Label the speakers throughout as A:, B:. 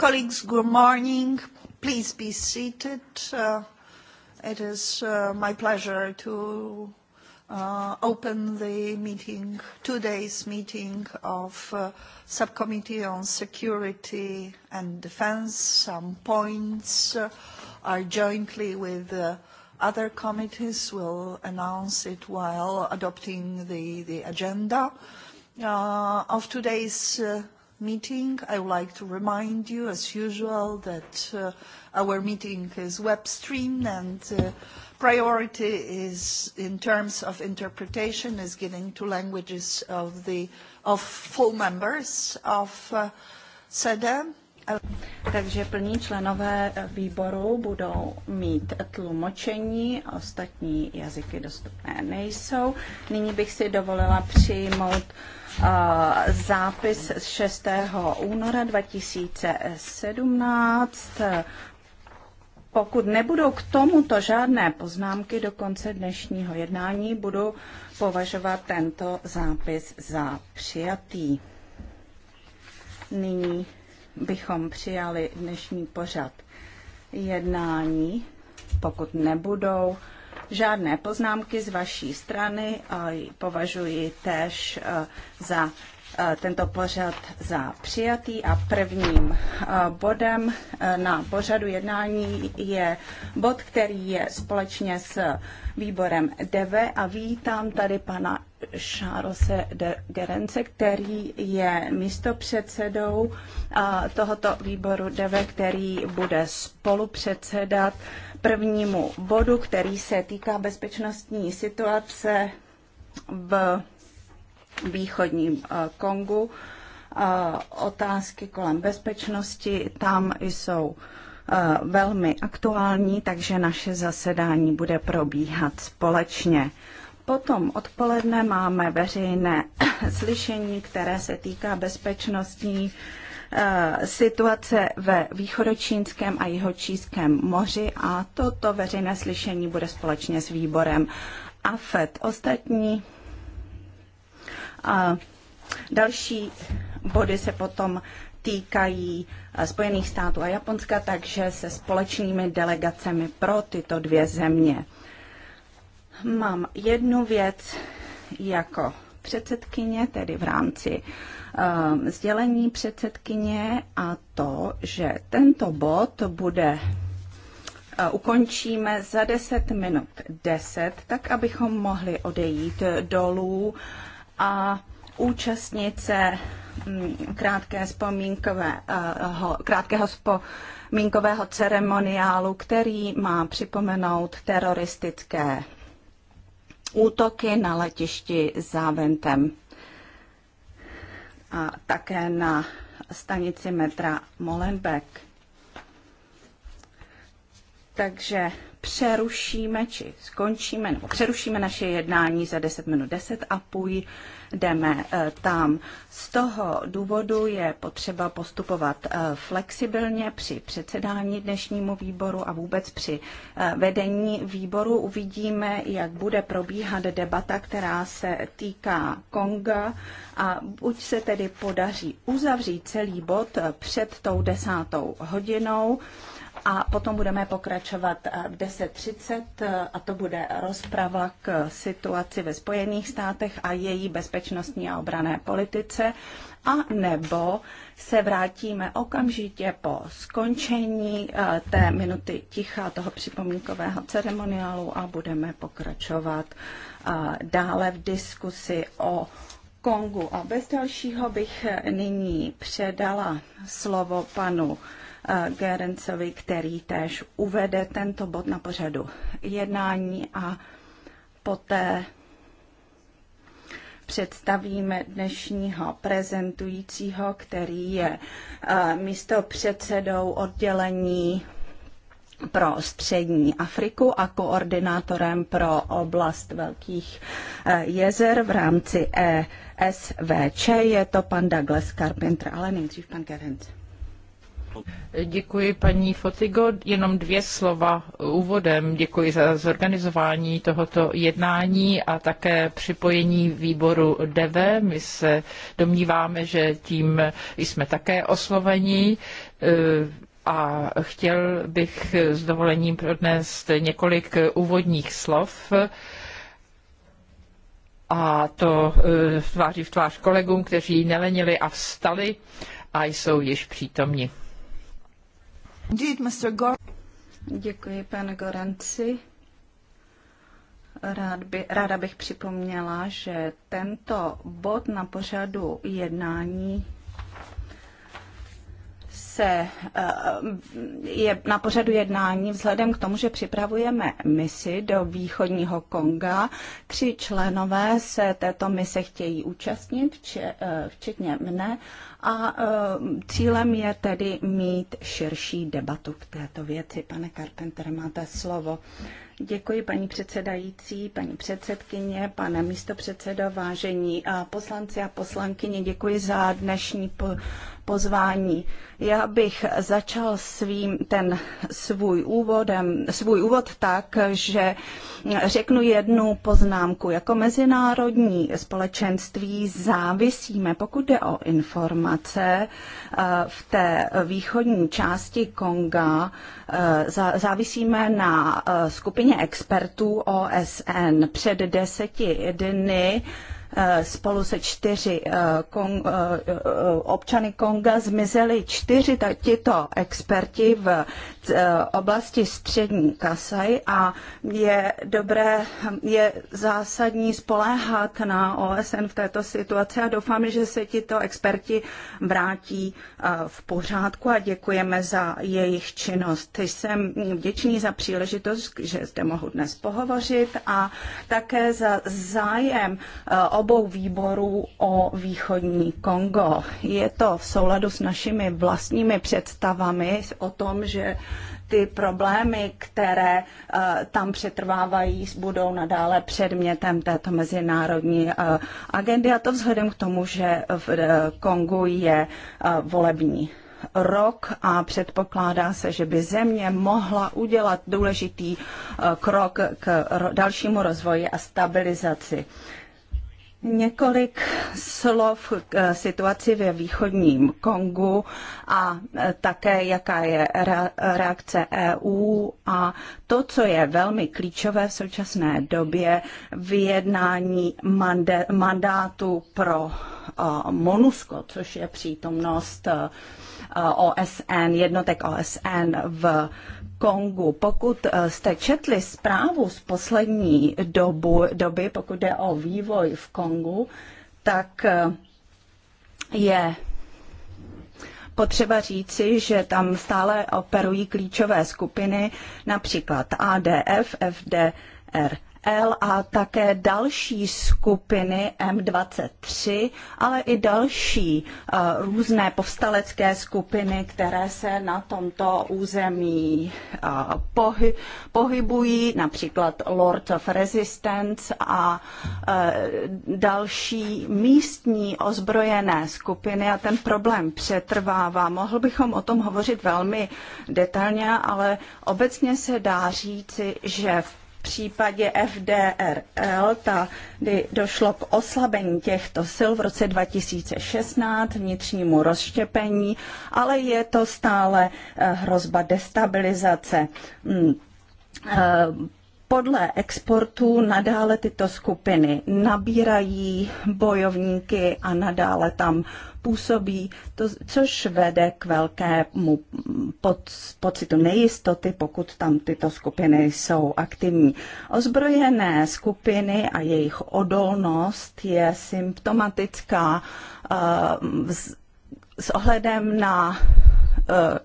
A: Colleagues, good morning. Please be seated. Uh, it is uh, my pleasure to uh, open the meeting, today's meeting of uh, Subcommittee on Security and Defense. Some points uh, are jointly with uh, other committees. We'll announce it while adopting the, the agenda uh, of today's uh, meeting. I would like to remind you, as usual, that uh, our meeting is web-streamed, and uh, priority is, in terms of interpretation, is given to languages of the full members of uh, SEDA. Takže plní členové výboru budou mít tlumočení, ostatní jazyky dostupné nejsou. Nyní bych si dovolila přijmout zápis z 6. února 2017. Pokud nebudou k tomuto žádné poznámky do konce dnešního jednání, budu považovat tento zápis za přijatý. Nyní bychom přijali dnešní pořad jednání, pokud nebudou žádné poznámky z vaší strany a považuji též eh, za Eh, tento pořad za přijatý a prvním eh, bodem eh, na pořadu jednání je bod, který je společně s výborem DV a vítám tady pana Šárose de Gerence, který je místopředsedou tohoto výboru DV, který bude spolupředsedat prvnímu bodu, který se týká bezpečnostní situace v východním eh, Kongu. Eh, otázky kolem bezpečnosti tam jsou eh, velmi aktuální, takže naše zasedání bude probíhat společně. Potom odpoledne máme veřejné slyšení, které se týká bezpečnostní situace ve východočínském a jihočínském moři a toto veřejné slyšení bude společně s výborem AFET. Ostatní a další body se potom týkají eh, Spojených států a Japonska, takže se společnými delegacemi pro tyto dvě země. Mám jednu věc jako předsedkyně, tedy v rámci um, sdělení předsedkyně, a to, že tento bod bude eh, ukončíme za 10 minut 10, tak abychom mohli odejít dolů a účastnit se mm, krátké vzpomínkového, eh, krátkého vzpomínkového ceremoniálu, který má připomenout teroristické útoky na letišti Záventem a také na stanici metra Molenbeek. Takže přerušíme, či skončíme, nebo přerušíme naše jednání za 10 minut 10 a půjdeme eh, tam. Z toho důvodu je potřeba postupovat eh, flexibilně při předsedání dnešnímu výboru a vůbec při eh, vedení výboru. Uvidíme, jak bude probíhat debata, která se týká Konga a buď se tedy podaří uzavřít celý bod před tou desátou hodinou, a potom budeme pokračovat v 10.30 a to bude rozprava k situaci ve Spojených státech a její bezpečnostní a obrané politice. A nebo se vrátíme okamžitě po skončení eh, té minuty ticha toho připomínkového ceremoniálu a budeme pokračovat eh, dále v diskusi o Kongu. A bez dalšího bych eh, nyní předala slovo panu Eh, Gerencovi, který též uvede tento bod na pořadu jednání a poté představíme dnešního prezentujícího, který je eh, místo předsedou oddělení pro střední Afriku a koordinátorem pro oblast Velkých eh, jezer v rámci ESVČ. Je to pan Douglas Carpenter, ale nejdřív pan Kerenc.
B: Děkuji paní Fotigo. Jenom dvě slova úvodem. Děkuji za zorganizování tohoto jednání a také připojení výboru DEVE. My se domníváme, že tím jsme také osloveni e, a chtěl bych s dovolením prodnést několik úvodních slov a to e, tváří v tvář kolegům, kteří nelenili a vstali a jsou již přítomni.
A: Indeed, Mr. Gor- Děkuji, pane Goranci. Rád by, ráda bych připomněla, že tento bod na pořadu jednání se eh, je na pořadu jednání vzhledem k tomu, že připravujeme misi do východního Konga. Tři členové se této mise chtějí účastnit, eh, včetně mne, a eh, cílem je tedy mít širší debatu k této věci. Pane Carpenter, máte slovo. Děkuji paní předsedající, paní předsedkyně, pane místopředsedo, vážení poslanci a poslankyně. Děkuji za dnešní pozvání. Já bych začal svým ten svůj úvodem, svůj úvod tak, že řeknu jednu poznámku. Jako mezinárodní společenství závisíme, pokud jde o informace, eh, v té východní části Konga eh, závisíme na eh, skupině expertů OSN. Před deseti dny Eh, spolu se čtyři eh, kon, eh, občany Konga zmizeli čtyři tito experti v oblasti střední Kasaj a je dobré, je zásadní spoléhat na OSN v této situaci a doufám, že se tito experti vrátí v pořádku a děkujeme za jejich činnost. Jsem vděčný za příležitost, že zde mohu dnes pohovořit a také za zájem o obou výborů o východní Kongo. Je to v souladu s našimi vlastními představami o tom, že ty problémy, které uh, tam přetrvávají, budou nadále předmětem této mezinárodní uh, agendy a to vzhledem k tomu, že v uh, Kongu je volební rok a předpokládá se, že by země mohla udělat důležitý krok k dalšímu rozvoji a stabilizaci. Několik slov k eh, situaci ve východním Kongu a eh, také jaká je reakce EU a to, co je velmi klíčové v současné době, vyjednání mandátu pro eh, MONUSCO, což je přítomnost OSN, jednotek OSN v Kongu. Pokud eh, jste četli zprávu z poslední dobu, doby, pokud jde o vývoj v Kongu, tak eh, je potřeba říci, že tam stále operují klíčové skupiny, například ADF, FDR. L a také další skupiny M23, ale i další uh, různé povstalecké skupiny, které se na tomto území uh, pohy- pohybují, například Lords of Resistance a uh, další místní ozbrojené skupiny a ten problém přetrvává. Mohl bychom o tom hovořit velmi detailně, ale obecně se dá říci, že v případě FDRL tady došlo k oslabení těchto sil v roce 2016, vnitřnímu rozštěpení, ale je to stále eh, hrozba destabilizace. Hmm. Eh, podle exportů nadále tyto skupiny nabírají bojovníky a nadále tam působí, to, což vede k velkému pod, pocitu nejistoty, pokud tam tyto skupiny jsou aktivní. Ozbrojené skupiny a jejich odolnost je symptomatická uh, s ohledem na Eh,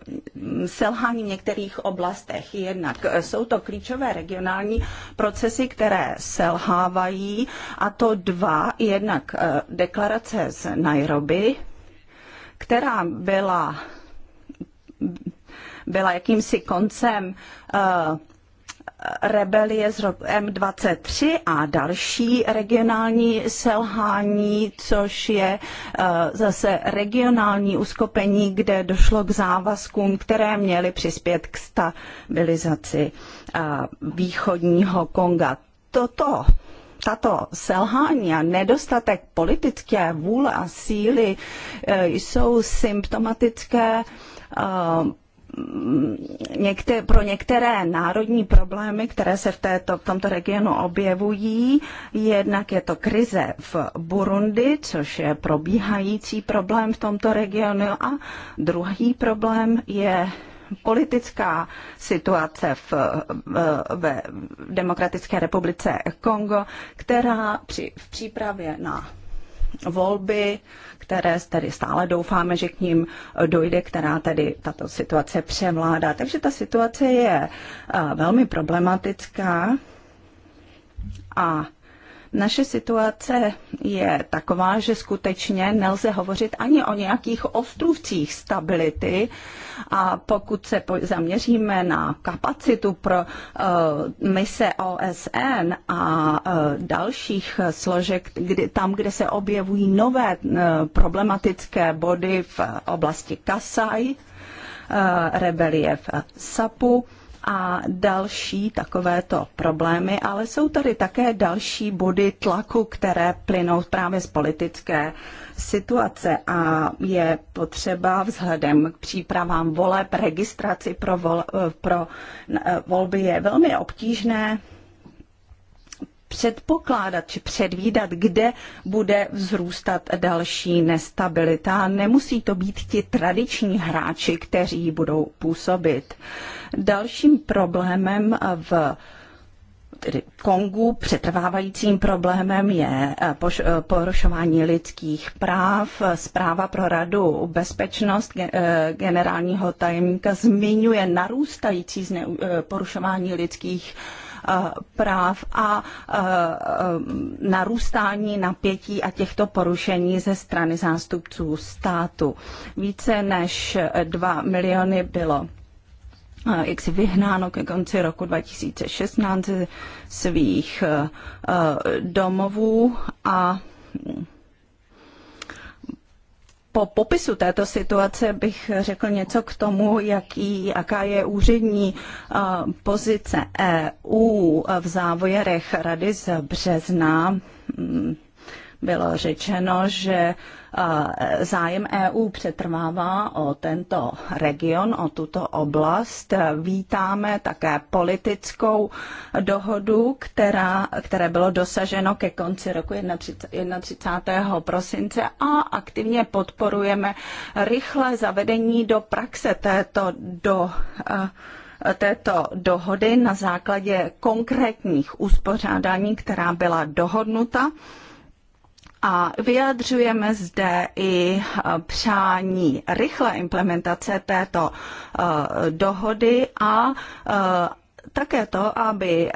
A: selhání v některých oblastech. Jednak eh, jsou to klíčové regionální procesy, které selhávají, a to dva, jednak eh, deklarace z Nairobi, která byla byla jakýmsi koncem rebelie z roku M23 a další regionální selhání, což je eh, zase regionální uskopení, kde došlo k závazkům, které měly přispět k stabilizaci eh, východního Konga. Toto tato selhání a nedostatek politické vůle a síly eh, jsou symptomatické pro některé národní problémy, které se v, této, v tomto regionu objevují. Jednak je to krize v Burundi, což je probíhající problém v tomto regionu a druhý problém je politická situace v, v, v Demokratické republice Kongo, která při, v přípravě na volby, které tedy stále doufáme, že k ním dojde, která tedy tato situace převládá. Takže ta situace je eh, velmi problematická a naše situace je taková, že skutečně nelze hovořit ani o nějakých ostrůvcích stability a pokud se zaměříme na kapacitu pro uh, mise OSN a uh, dalších složek, kdy, tam, kde se objevují nové uh, problematické body v oblasti Kasaj, uh, rebelie v Sapu, a další takovéto problémy, ale jsou tady také další body tlaku, které plynou právě z politické situace a je potřeba vzhledem k přípravám voleb, registraci pro, vol, pro volby je velmi obtížné předpokládat či předvídat, kde bude vzrůstat další nestabilita. Nemusí to být ti tradiční hráči, kteří budou působit. Dalším problémem v tedy Kongu přetrvávajícím problémem je eh, eh, porušování lidských práv. Zpráva pro radu bezpečnost eh, generálního tajemníka zmiňuje narůstající porušování lidských práv Eh, práv a eh, narůstání napětí a těchto porušení ze strany zástupců státu. Více než 2 miliony bylo eh, jak si vyhnáno ke konci roku 2016 svých domovů a po popisu této situace bych řekl něco k tomu, jaký, jaká je úřední pozice EU v závěrech Rady z března hmm, bylo řečeno, že zájem EU přetrvává o tento region, o tuto oblast. Vítáme také politickou dohodu, která, které bylo dosaženo ke konci roku 31. 31. prosince a aktivně podporujeme rychlé zavedení do praxe této do této dohody na základě konkrétních uspořádání, která byla dohodnuta a vyjadřujeme zde i eh, přání rychlé implementace této eh, dohody a eh, také to, aby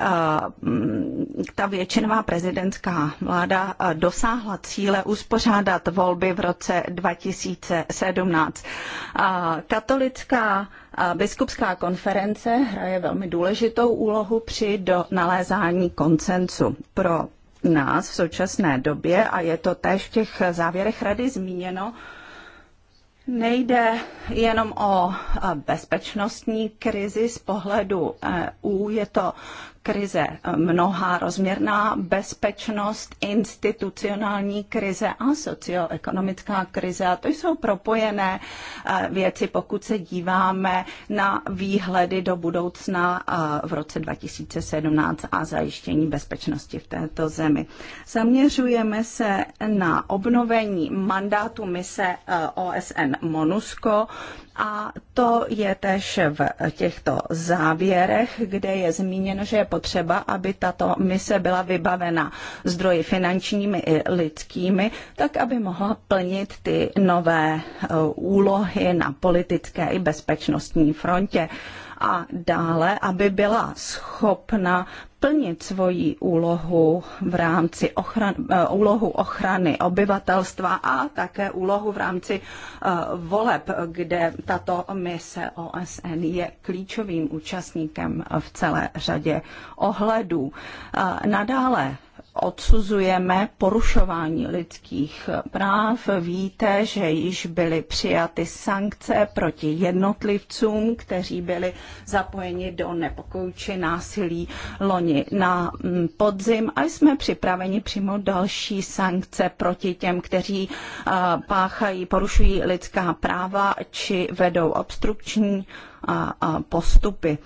A: ta většinová prezidentská vláda dosáhla cíle uspořádat volby v roce 2017. Katolická biskupská konference hraje velmi důležitou úlohu při do nalézání koncensu pro nás v současné době, a je to též v těch závěrech rady zmíněno, Nejde jenom o bezpečnostní krizi z pohledu EU, je to krize mnoha rozměrná, bezpečnost, institucionální krize a socioekonomická krize. A to jsou propojené eh, věci, pokud se díváme na výhledy do budoucna eh, v roce 2017 a zajištění bezpečnosti v této zemi. Zaměřujeme se na obnovení mandátu mise eh, OSN MONUSCO a to je tež v těchto závěrech, kde je zmíněno, že je potřeba, aby tato mise byla vybavena zdroji finančními i lidskými, tak aby mohla plnit ty nové eh, úlohy na politické i bezpečnostní frontě a dále, aby byla schopna plnit svoji úlohu v rámci ochran, eh, úlohu ochrany obyvatelstva a také úlohu v rámci eh, voleb, kde tato mise OSN je klíčovým účastníkem v celé řadě ohledů. Eh, nadále odsuzujeme porušování lidských práv. Víte, že již byly přijaty sankce proti jednotlivcům, kteří byli zapojeni do nepokojuči násilí loni na mm, podzim a jsme připraveni přijmout další sankce proti těm, kteří páchají, porušují lidská práva či vedou obstrukční postupy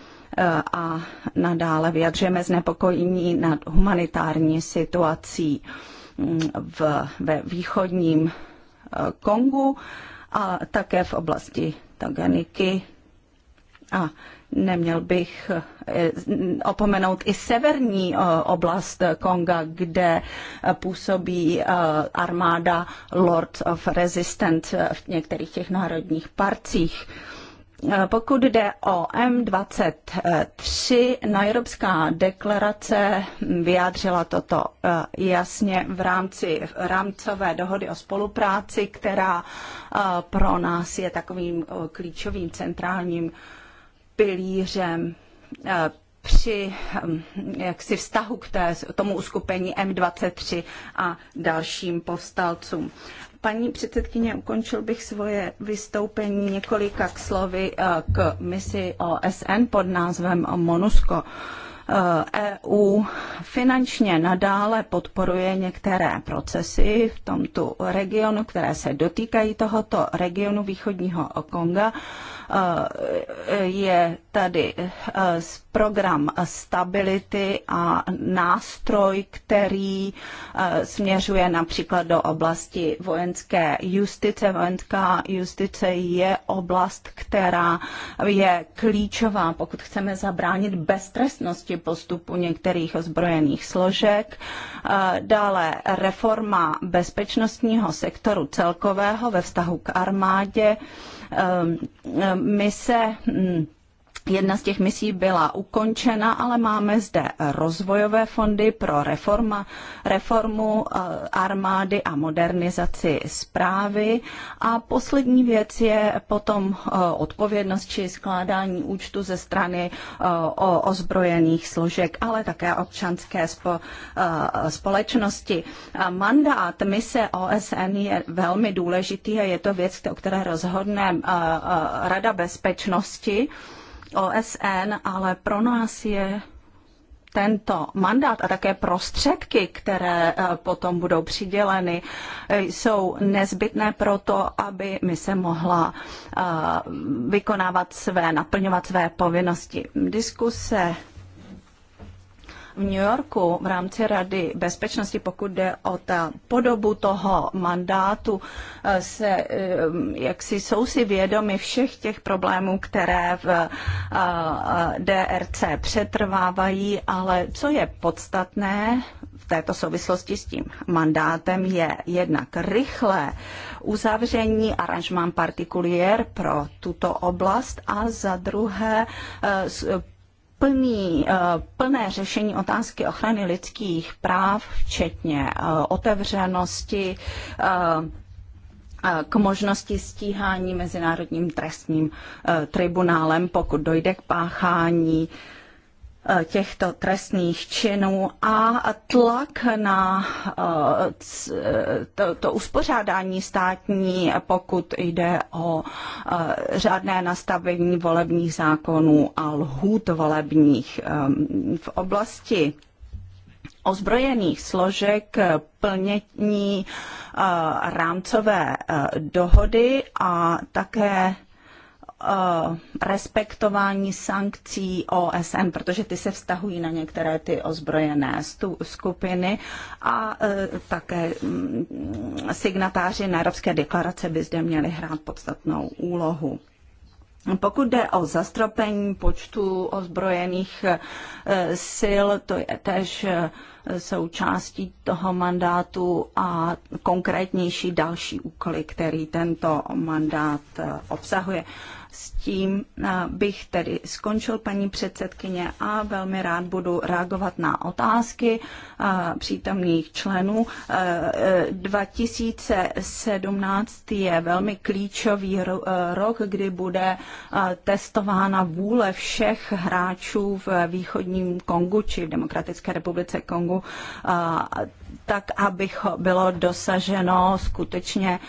A: a nadále vyjadřujeme znepokojení nad humanitární situací mm, v, ve východním e, Kongu a také v oblasti Taganiky a neměl bych e, opomenout i severní e, oblast Konga, kde působí armáda Lords of Resistance v některých těch národních parcích. Eh, pokud jde o M23, Nairobská deklarace vyjádřila toto eh, jasně v rámci rámcové dohody o spolupráci, která eh, pro nás je takovým klíčovým centrálním pilířem při hm, jaksi vztahu k té, tomu uskupení M23 a dalším povstalcům. Paní předsedkyně, ukončil bych svoje vystoupení několika k slovy eh, k misi OSN pod názvem MONUSCO. EU eh, e finančně nadále podporuje některé procesy v tomto regionu, které se dotýkají tohoto regionu východního Konga je tady eh, program stability a nástroj, který eh, směřuje například do oblasti vojenské justice. Vojenská justice je oblast, která je klíčová, pokud chceme zabránit beztrestnosti postupu některých ozbrojených složek. Eh, dále reforma bezpečnostního sektoru celkového ve vztahu k armádě my ehm, ehm, se Jedna z těch misí byla ukončena, ale máme zde rozvojové fondy pro reforma, reformu eh, armády a modernizaci zprávy. A poslední věc je potom eh, odpovědnost či skládání účtu ze strany eh, o ozbrojených složek, ale také občanské společnosti. Mandát mise OSN je velmi důležitý a je to věc, o které rozhodne Rada bezpečnosti. OSN, ale pro nás je tento mandát a také prostředky, které eh, potom budou přiděleny, eh, jsou nezbytné pro to, aby mi se mohla eh, vykonávat své, naplňovat své povinnosti. Diskuse v New Yorku v rámci Rady bezpečnosti, pokud jde o ta podobu toho mandátu, eh, se eh, jak si jsou si vědomi všech těch problémů, které v eh, DRC přetrvávají, ale co je podstatné v této souvislosti s tím mandátem je jednak rychlé uzavření aranžmán partikulier pro tuto oblast a za druhé plný, eh, plné řešení otázky ochrany lidských práv, včetně eh, otevřenosti eh, k možnosti stíhání Mezinárodním trestním tribunálem, pokud dojde k páchání Eh, těchto trestných činů a tlak na eh, eh, to, to uspořádání státní, pokud jde o řádné nastavení volebních zákonů a lhůt volebních v oblasti ozbrojených složek plnění rámcové dohody a také Eh, respektování sankcí OSN, protože ty se vztahují na některé ty ozbrojené skupiny a eh, také mm, signatáři na deklarace by zde měli hrát podstatnou úlohu. Pokud jde o zastropení počtu ozbrojených eh, sil, to je tež součástí toho mandátu a konkrétnější další úkoly, který tento mandát obsahuje. S tím eh, bych tedy skončil, paní předsedkyně, a velmi rád budu reagovat na otázky eh, přítomných členů. 2017 eh, je velmi klíčový rok, kdy bude testována vůle všech hráčů v východním Kongu či v Demokratické republice Kongu tak, aby bylo dosaženo skutečně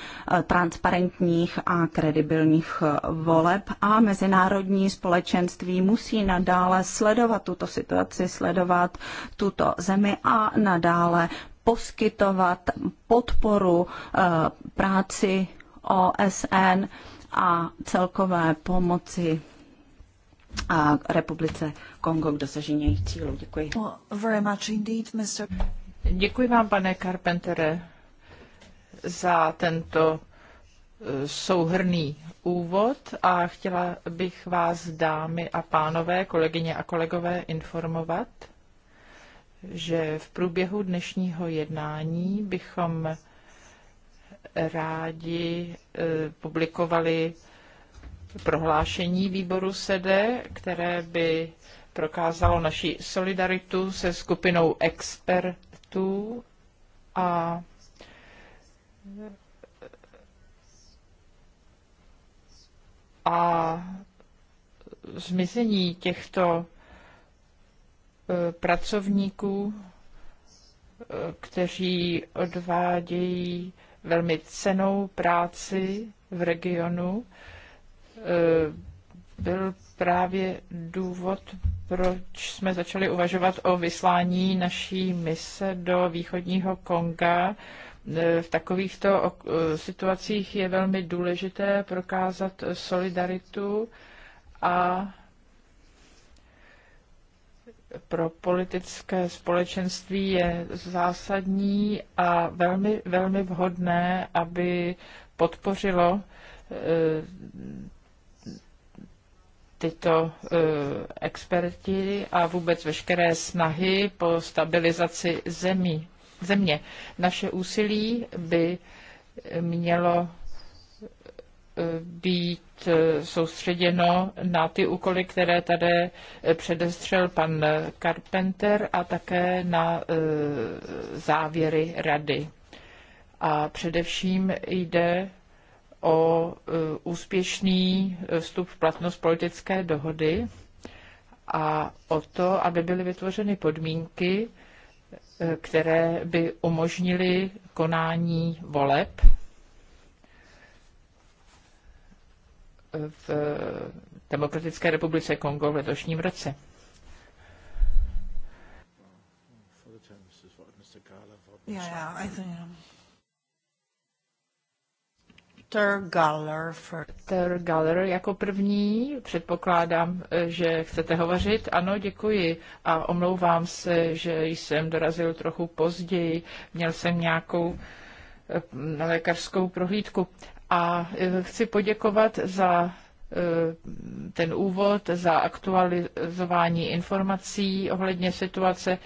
A: transparentních a kredibilních voleb voleb a mezinárodní společenství musí nadále sledovat tuto situaci, sledovat tuto zemi a nadále poskytovat podporu eh, práci OSN a celkové pomoci a eh, republice Kongo k dosažení jejich cílů. Děkuji.
B: Very much indeed, Mr. Děkuji vám, pane Carpentere, za tento souhrný úvod a chtěla bych vás, dámy a pánové, kolegyně a kolegové, informovat, že v průběhu dnešního jednání bychom rádi e, publikovali prohlášení výboru SEDE, které by prokázalo naši solidaritu se skupinou expertů a a zmizení těchto eh, pracovníků, eh, kteří odvádějí velmi cenou práci v regionu, eh, byl právě důvod, proč jsme začali uvažovat o vyslání naší mise do východního Konga E, v takovýchto e, situacích je velmi důležité prokázat solidaritu a pro politické společenství je zásadní a velmi, velmi vhodné, aby podpořilo e, tyto experti a vůbec veškeré snahy po stabilizaci zemí země. Naše úsilí by mělo eh, být eh, soustředěno na ty úkoly, které tady eh, předestřel pan Carpenter a také na závěry rady. A především jde o úspěšný vstup v platnost politické dohody a o to, aby byly vytvořeny podmínky, které by umožnily konání voleb v Demokratické republice Kongo v letošním roce. Yeah, yeah, I think, you um, know. Tergaller. Galler jako první. Předpokládám, eh, že chcete hovořit. Ano, děkuji. A omlouvám se, že jsem dorazil trochu později. Měl jsem nějakou eh, lékařskou prohlídku. A eh, chci poděkovat za ten úvod, za aktualizování informací ohledně situace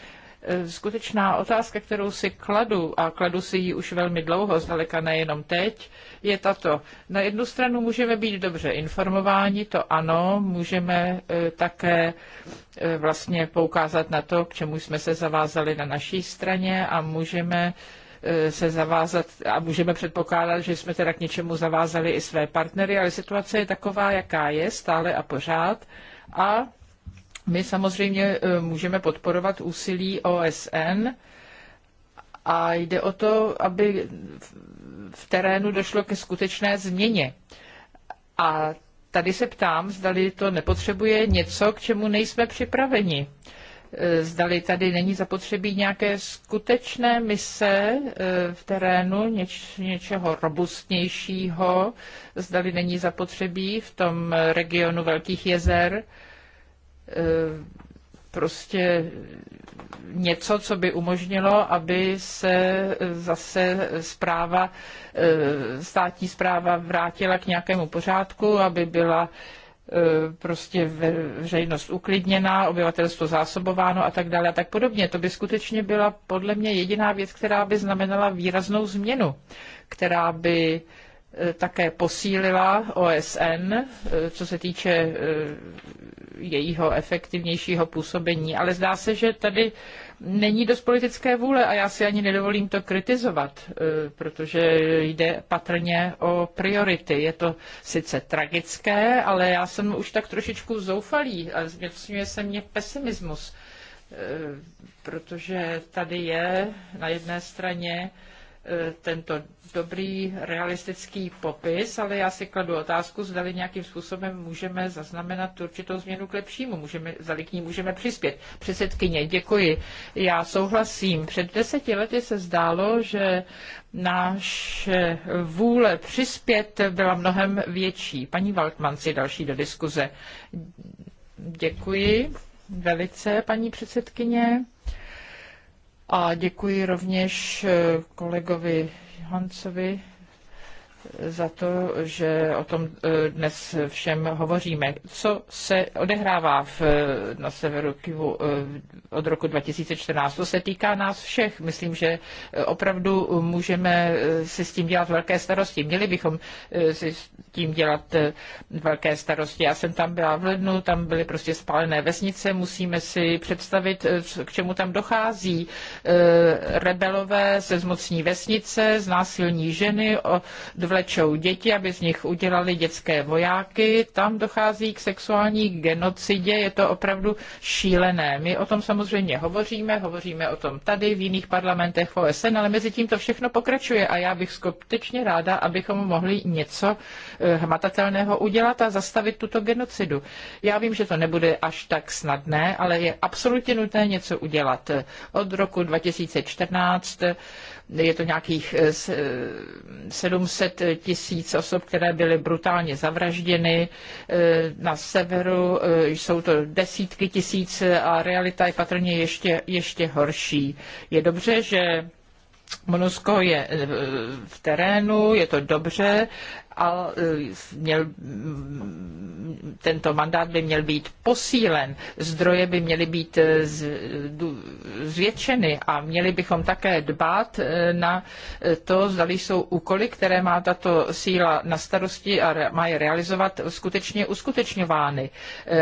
B: skutečná otázka, kterou si kladu, a kladu si ji už velmi dlouho, zdaleka nejenom teď, je tato. Na jednu stranu můžeme být dobře informováni, to ano, můžeme e, také e, vlastně poukázat na to, k čemu jsme se zavázali na naší straně a můžeme e, se zavázat a můžeme předpokládat, že jsme teda k něčemu zavázali i své partnery, ale situace je taková, jaká je, stále a pořád. A my samozřejmě můžeme podporovat úsilí OSN a jde o to, aby v terénu došlo ke skutečné změně. A tady se ptám, zdali to nepotřebuje něco, k čemu nejsme připraveni. E, zdali tady není zapotřebí nějaké skutečné mise e, v terénu, něč, něčeho robustnějšího, zdali není zapotřebí v tom regionu Velkých jezer e, prostě něco, co by umožnilo, aby se zase zpráva, eh, státní zpráva vrátila k nějakému pořádku, aby byla eh, prostě veřejnost uklidněná, obyvatelstvo zásobováno a tak dále a tak podobně. To by skutečně byla podle mě jediná věc, která by znamenala výraznou změnu, která by E, také posílila OSN, e, co se týče e, jejího efektivnějšího působení. Ale zdá se, že tady není dost politické vůle a já si ani nedovolím to kritizovat, protože jde patrně o priority. Je to sice tragické, ale já jsem už tak trošičku zoufalý a zmocňuje se mě pesimismus, protože tady je na jedné straně Eh, tento dobrý realistický popis, ale já si kladu otázku, zdali nějakým způsobem můžeme zaznamenat určitou změnu k lepšímu, můžeme, zdali k ní můžeme přispět. Předsedkyně, děkuji. Já souhlasím. Před deseti lety se zdálo, že naše vůle přispět byla mnohem větší. Paní Valtman si další do diskuze. Děkuji velice, paní předsedkyně a děkuji rovněž eh, kolegovi Hancovi za to, že o tom eh, dnes všem hovoříme. Co se odehrává v, eh, na severu Kivu eh, od roku 2014? To se týká nás všech. Myslím, že opravdu můžeme si s tím dělat velké starosti. Měli bychom si s tím dělat velké starosti. Já jsem tam byla v lednu, tam byly prostě spálené vesnice, musíme si představit, k čemu tam dochází. Rebelové se zmocní vesnice, znásilní ženy, dovle vlečou děti, aby z nich udělali dětské vojáky. Tam dochází k sexuální genocidě, je to opravdu šílené. My o tom samozřejmě hovoříme, hovoříme o tom tady, v jiných parlamentech OSN, ale mezi tím to všechno pokračuje a já bych skutečně ráda, abychom mohli něco eh, hmatatelného udělat a zastavit tuto genocidu. Já vím, že to nebude až tak snadné, ale je absolutně nutné něco udělat. Od roku 2014 eh, je to nějakých 700 eh, tisíc osob, které byly brutálně zavražděny. Eh, na severu eh, jsou to desítky tisíc a realita je patrně ještě, ještě horší. Je dobře, že Monusko je eh, v terénu, je to dobře, a e, měl, tento mandát by měl být posílen, zdroje by měly být e, zvětšeny a měli bychom také dbát e, na to, zda jsou úkoly, které má tato síla na starosti a má je realizovat, skutečně uskutečňovány.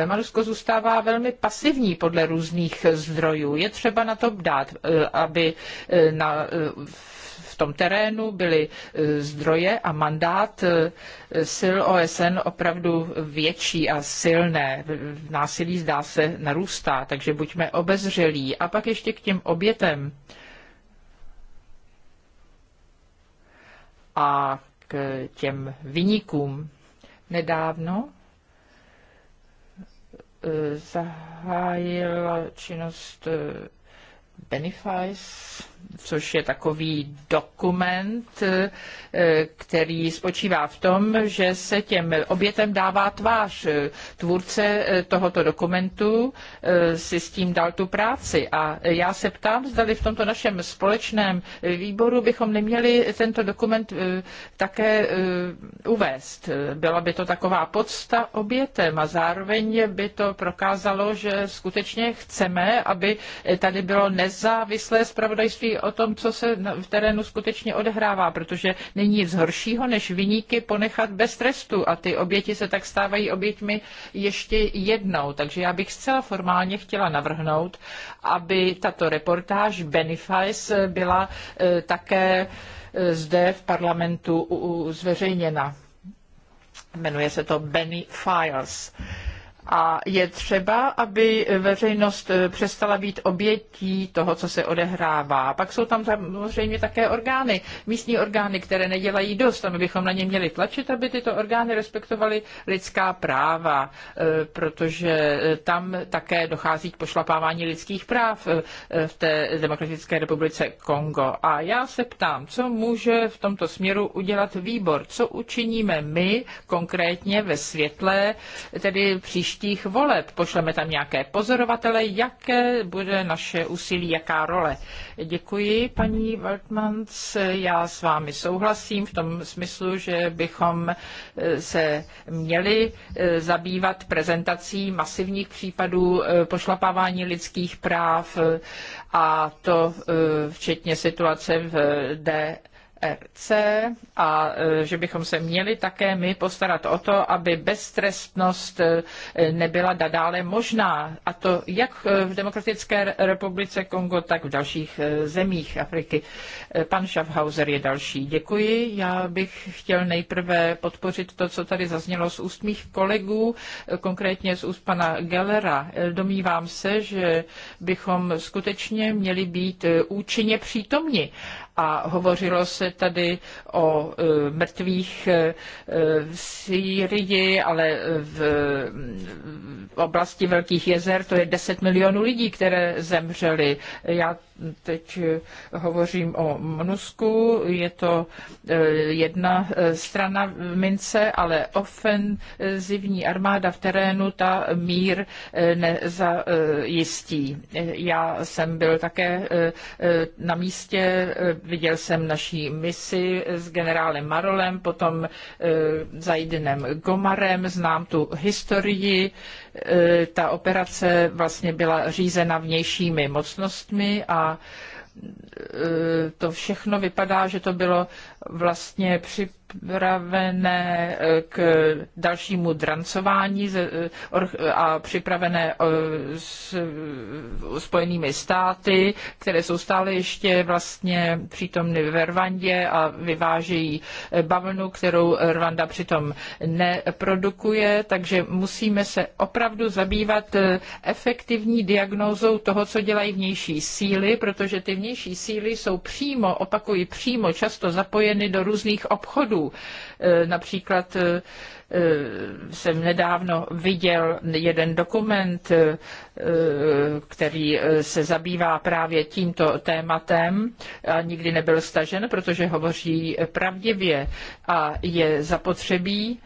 B: Marusko zůstává velmi pasivní podle různých zdrojů. Je třeba na to dát, aby na, v tom terénu, byly e, zdroje a mandát e, sil OSN opravdu větší a silné. Násilí zdá se narůstá, takže buďme obezřelí. A pak ještě k těm obětem. A k těm vynikům nedávno e, zahájila činnost Benefice což je takový dokument, eh, který spočívá v tom, že se těm obětem dává tvář. Tvůrce eh, tohoto dokumentu eh, si s tím dal tu práci. A já se ptám, zdali v tomto našem společném výboru bychom neměli tento dokument také uvést. Byla by to taková podsta obětem a zároveň by to prokázalo, že skutečně chceme, aby tady bylo nezávislé spravodajství hovoří o tom, co se v terénu skutečně odehrává, protože není nic horšího, než vyníky ponechat bez trestu a ty oběti se tak stávají oběťmi ještě jednou. Takže já bych zcela formálně chtěla navrhnout, aby tato reportáž Benefice byla eh, také eh, zde v parlamentu zveřejněna. Jmenuje se to Benny Files. A je třeba, aby veřejnost eh, přestala být obětí toho, co se odehrává. Pak jsou tam samozřejmě také orgány, místní orgány, které nedělají dost. A my bychom na ně měli tlačit, aby tyto orgány respektovaly lidská práva, eh, protože eh, tam také dochází k pošlapávání lidských práv v té Demokratické republice Kongo. A já se ptám, co může v tomto směru udělat výbor? Co učiníme my konkrétně ve světle, tedy příští příštích voleb. Pošleme tam nějaké pozorovatele, jaké bude naše úsilí, jaká role. Děkuji, paní Wertmans. Já s vámi souhlasím v tom smyslu, že bychom eh, se měli eh, zabývat prezentací masivních případů eh, pošlapávání lidských práv a to včetně situace v D RC e a e, že bychom se měli také my postarat o to, aby beztrestnost e, nebyla nadále možná. A to jak v Demokratické republice Kongo, tak v dalších zemích Afriky. Pan Schaffhauser je další. Děkuji. Já bych chtěl nejprve podpořit to, co tady zaznělo z úst mých kolegů, konkrétně z úst pana Gellera. Domnívám se, že bychom skutečně měli být účinně přítomni a hovořilo se tady o e, mrtvých e, v Syrii, ale v oblasti Velkých jezer to je 10 milionů lidí, které zemřeli. Já Teď eh, hovořím o Monusku, je to eh, jedna eh, strana mince, ale ofenzivní armáda v terénu ta mír nezajistí. Já jsem byl také na místě, viděl jsem naší misi s generálem Marolem, potom Zajdinem Gomarem, znám tu historii, Eh, ta operace vlastně byla řízena vnějšími mocnostmi a eh, to všechno vypadá, že to bylo vlastně při připravené eh, k dalšímu drancování eh, eh, a připravené s spojenými státy, které jsou stále ještě vlastně přítomny ve Rwandě a vyvážejí bavlnu, kterou Rwanda přitom neprodukuje, takže musíme se opravdu zabývat efektivní diagnózou toho, co dělají vnější síly, protože ty vnější síly jsou přímo, opakuji, přímo často zapojeny do různých obchodů Eh, například eh, eh, jsem nedávno viděl jeden dokument, který se zabývá právě tímto tématem a nikdy nebyl stažen, protože hovoří pravdivě a je zapotřebí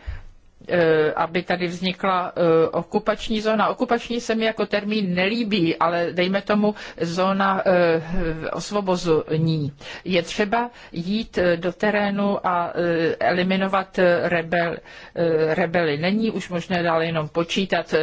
B: Eh, aby tady vznikla eh, okupační zóna. Okupační se mi jako termín nelíbí, ale dejme tomu zóna eh, osvobození. Je třeba jít do terénu a eliminovat rebel, rebely. Není už možné dále jenom počítat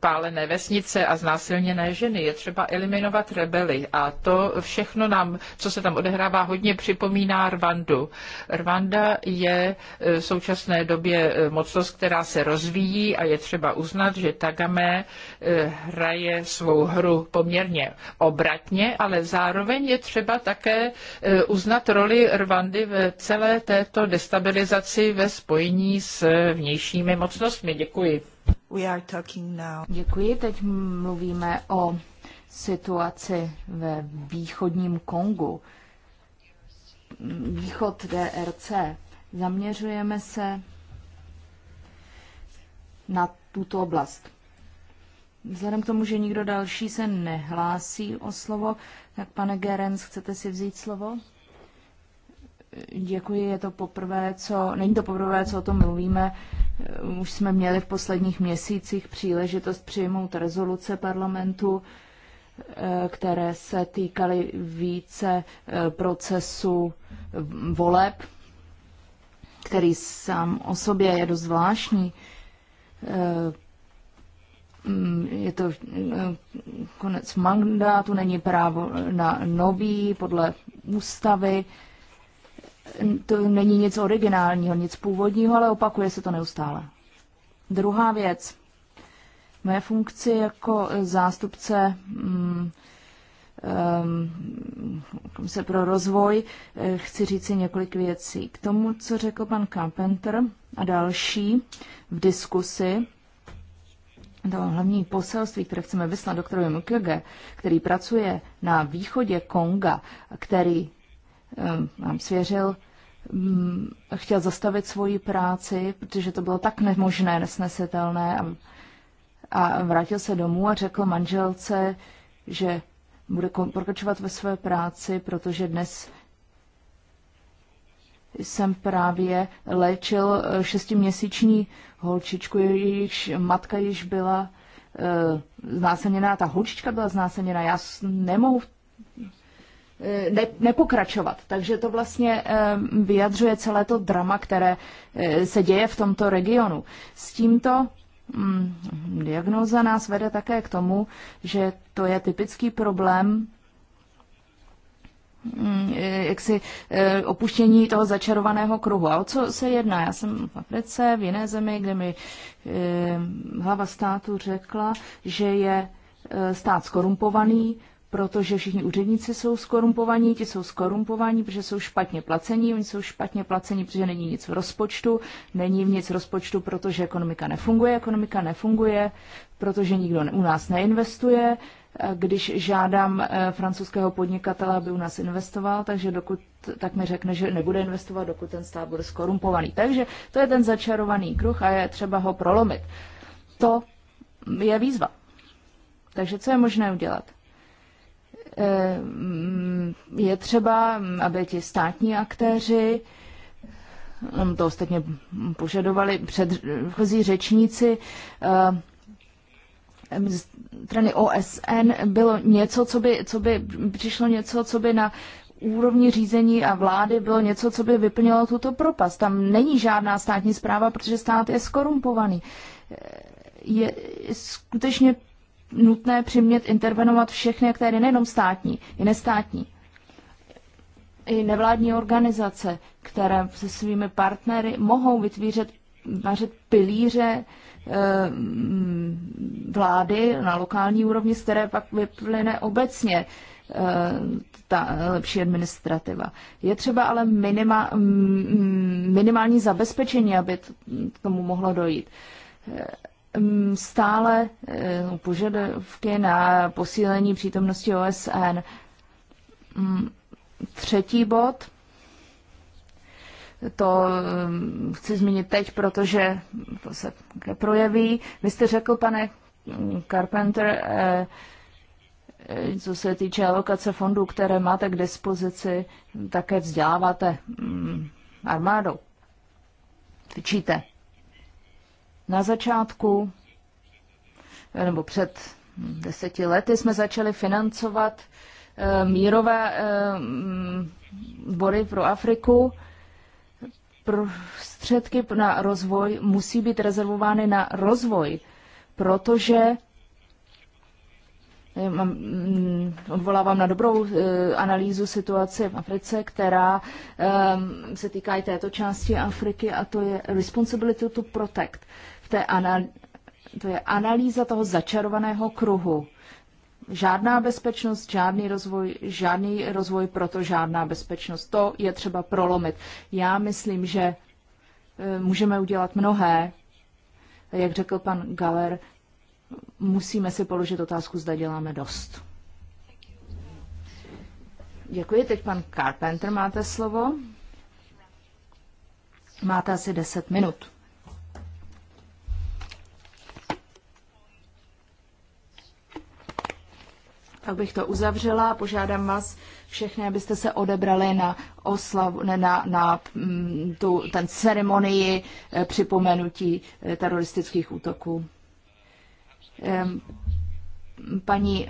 B: pálené vesnice a znásilněné ženy. Je třeba eliminovat rebely. A to všechno nám, co se tam odehrává, hodně připomíná Rwandu. Rwanda je v současné době Eh, mocnost, která se rozvíjí a je třeba uznat, že Tagame eh, hraje svou hru poměrně obratně, ale zároveň je třeba také eh, uznat roli Rwandy v celé této destabilizaci ve spojení s vnějšími mocnostmi. Děkuji.
C: We are talking now. Děkuji, teď mluvíme o situaci ve východním Kongu. Východ DRC. Zaměřujeme se na tuto oblast. Vzhledem k tomu, že nikdo další se nehlásí o slovo, tak pane Gerenc, chcete si vzít slovo? Děkuji, je to poprvé, co, není to poprvé, co o tom mluvíme. Už jsme měli v posledních měsících příležitost přijmout rezoluce parlamentu, které se týkaly více eh, procesu voleb, který sám o sobě je dost zvláštní Eh, mm, je to eh, konec mandátu, není právo na nový podle ústavy. To není nic originálního, nic původního, ale opakuje se to neustále. Druhá věc. moje funkci jako zástupce mm, Um, se pro rozvoj, eh, chci říci několik věcí. K tomu, co řekl pan Carpenter a další v diskusi, to hlavní poselství, které chceme vyslat doktorovi Mukwege, který pracuje na východě Konga, který eh, nám svěřil, mm, chtěl zastavit svoji práci, protože to bylo tak nemožné, nesnesitelné a, a vrátil se domů a řekl manželce, že bude pokračovat ve své práci, protože dnes jsem právě léčil eh, šestiměsíční holčičku, jejíž matka již byla e, znásilněná, ta holčička byla znásilněná, já nemohu eh, ne, nepokračovat. Takže to vlastně e, vyjadřuje celé to drama, které e, se děje v tomto regionu. S tímto Mm, Diagnoza nás vede také k tomu, že to je typický problém mm, e, jaksi e, opuštění toho začarovaného kruhu. A o co se jedná? Já jsem v Africe, v jiné zemi, kde mi e, hlava státu řekla, že je stát skorumpovaný, protože všichni úředníci jsou skorumpovaní, ti jsou skorumpovaní, protože jsou špatně placení, oni jsou špatně placení, protože není nic v rozpočtu, není v nic v rozpočtu, protože ekonomika nefunguje, ekonomika nefunguje, protože nikdo u nás neinvestuje, když žádám eh, francouzského podnikatele, aby u nás investoval, takže dokud, tak mi řekne, že nebude investovat, dokud ten stát bude skorumpovaný. Takže to je ten začarovaný kruh a je třeba ho prolomit. To je výzva. Takže co je možné udělat? Eh, je třeba, aby ti státní aktéři, mm, to ostatně požadovali předchozí řečníci, eh, strany OSN bylo něco, co by, co by přišlo něco, co by na úrovni řízení a vlády bylo něco, co by vyplnilo tuto propast. Tam není žádná státní zpráva, protože stát je skorumpovaný. Eh, je skutečně nutné přimět intervenovat všechny aktéry, nejenom státní, i nestátní, i nevládní organizace, které se svými partnery mohou vytvířet vařit pilíře eh, mm, vlády na lokální úrovni, z které pak vyplyne obecně eh, ta lepší administrativa. Je třeba ale minima, mm, mm, minimální zabezpečení, aby k tomu mohlo dojít. Eh, Mm, stále eh, požadavky na posílení přítomnosti OSN. Mm, třetí bod, to mm, chci zmínit teď, protože to se projeví. Vy jste řekl, pane Carpenter, eh, co se týče alokace fondů, které máte k dispozici, také vzděláváte armádu. Vyčíte na začátku, nebo před deseti lety, jsme začali financovat eh, mírové eh, bory pro Afriku. Prostředky na rozvoj musí být rezervovány na rozvoj, protože eh, mm, odvolávám na dobrou analýzu situace v Africe, která se týká i této části Afriky a to je responsibility to protect té anal, to je analýza toho začarovaného kruhu. Žádná bezpečnost, žádný rozvoj, žádný rozvoj, proto žádná bezpečnost. To je třeba prolomit. Já myslím, že e, můžeme udělat mnohé. Jak řekl pan Galer, musíme si položit otázku, zda děláme dost. Děkuji. Teď pan Carpenter máte slovo. Máte asi 10 minut. Tak bych to uzavřela a požádám vás všechny, abyste se odebrali na oslavu, ne, na, na mm, tu, ten ceremonii eh, připomenutí eh, teroristických útoků. Paní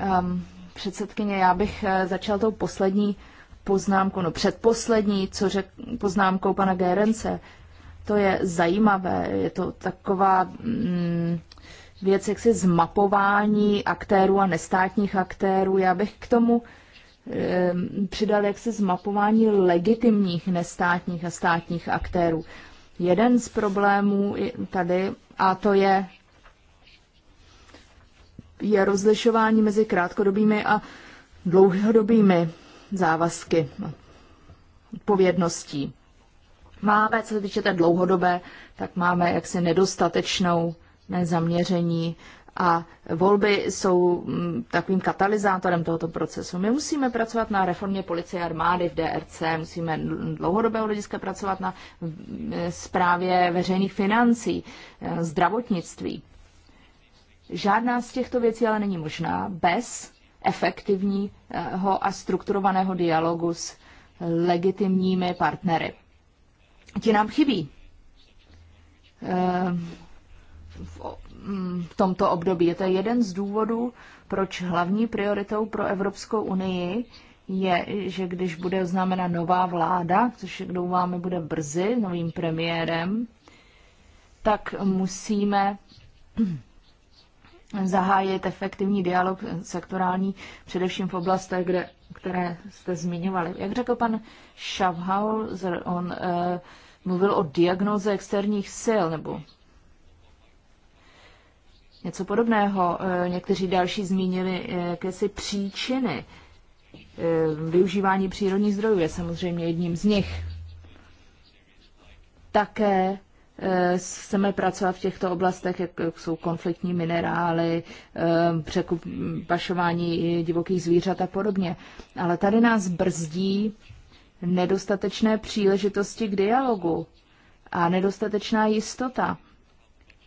C: předsedkyně, já bych eh, začal tou poslední poznámkou, no předposlední, co řekl poznámkou pana Gerence. To je zajímavé, je to taková mm, věc jaksi zmapování aktérů a nestátních aktérů. Já bych k tomu e, přidal jaksi zmapování legitimních nestátních a státních aktérů. Jeden z problémů tady, a to je, je rozlišování mezi krátkodobými a dlouhodobými závazky odpovědností. Máme, co se týče té dlouhodobé, tak máme jaksi nedostatečnou zaměření a volby jsou mm, takovým katalyzátorem tohoto procesu. My musíme pracovat na reformě policie a armády v DRC, musíme dlouhodobého hlediska pracovat na zprávě e, veřejných financí, e, zdravotnictví. Žádná z těchto věcí ale není možná bez efektivního a strukturovaného dialogu s legitimními partnery. Ti nám chybí. Ehm, Mm, v tomto období. Je to jeden z důvodů, proč hlavní prioritou pro Evropskou unii je, že když bude oznámena nová vláda, což máme bude brzy novým premiérem, tak musíme zahájit efektivní dialog sektorální, především v oblastech, kde, které jste zmiňovali. Jak řekl pan Schaffhauser, on uh, mluvil o diagnoze externích sil nebo něco podobného. Eh, někteří další zmínili eh, jakési příčiny. Eh, využívání přírodních zdrojů je samozřejmě jedním z nich. Také chceme pracovat v těchto oblastech, jak jsou konfliktní minerály, překup, pašování divokých zvířat a podobně. Ale tady nás brzdí nedostatečné příležitosti k dialogu a nedostatečná jistota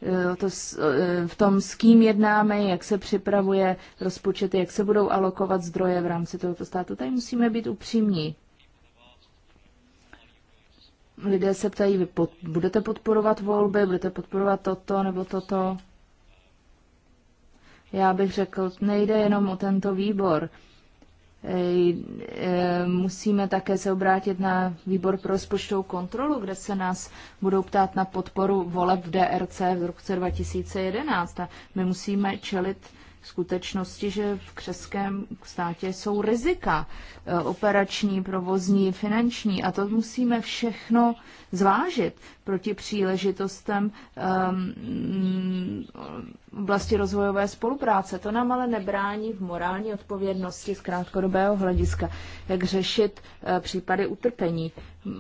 C: Eh, to, eh, v tom, s kým jednáme, jak se připravuje rozpočet, jak se budou alokovat zdroje v rámci tohoto státu. Tady musíme být upřímní. Lidé se ptají, vy pod, budete podporovat volby, budete podporovat toto nebo toto. Já bych řekl, nejde jenom o tento výbor. Eh, eh, musíme také se obrátit na výbor pro rozpočtovou kontrolu, kde se nás budou ptát na podporu voleb v DRC v roce 2011. A my musíme čelit skutečnosti, že v křeském státě jsou rizika eh, operační, provozní, finanční a to musíme všechno zvážit proti příležitostem um, rozvojové spolupráce. To nám ale nebrání v morální odpovědnosti z krátkodobého hlediska, jak řešit uh, případy utrpení.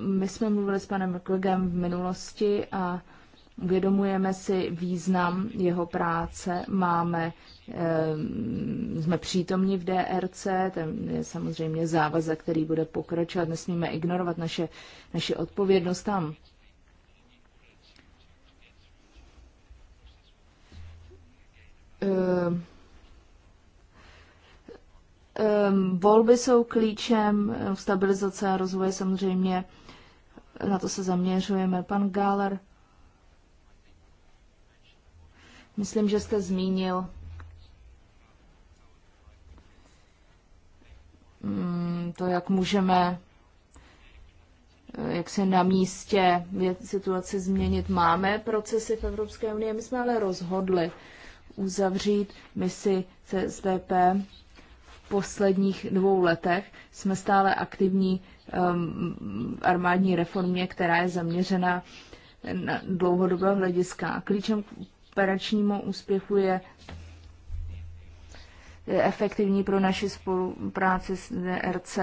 C: My jsme mluvili s panem Mrkligem v minulosti a Uvědomujeme si význam jeho práce, máme Ehm, jsme přítomní v DRC, tam je samozřejmě závazek, který bude pokračovat, nesmíme ignorovat naše, naši odpovědnost tam. Um, um, volby jsou klíčem stabilizace a rozvoje samozřejmě. Na to se zaměřujeme. Pan Gáler, myslím, že jste zmínil Mm, to, jak můžeme eh, jak se na místě situaci změnit. Máme procesy v Evropské unii, my jsme ale rozhodli uzavřít misi CSDP v posledních dvou letech. Jsme stále aktivní ehm, v armádní reformě, která je zaměřena na dlouhodobé hlediska. Klíčem k operačnímu úspěchu je efektivní pro naši spolupráci s DRC.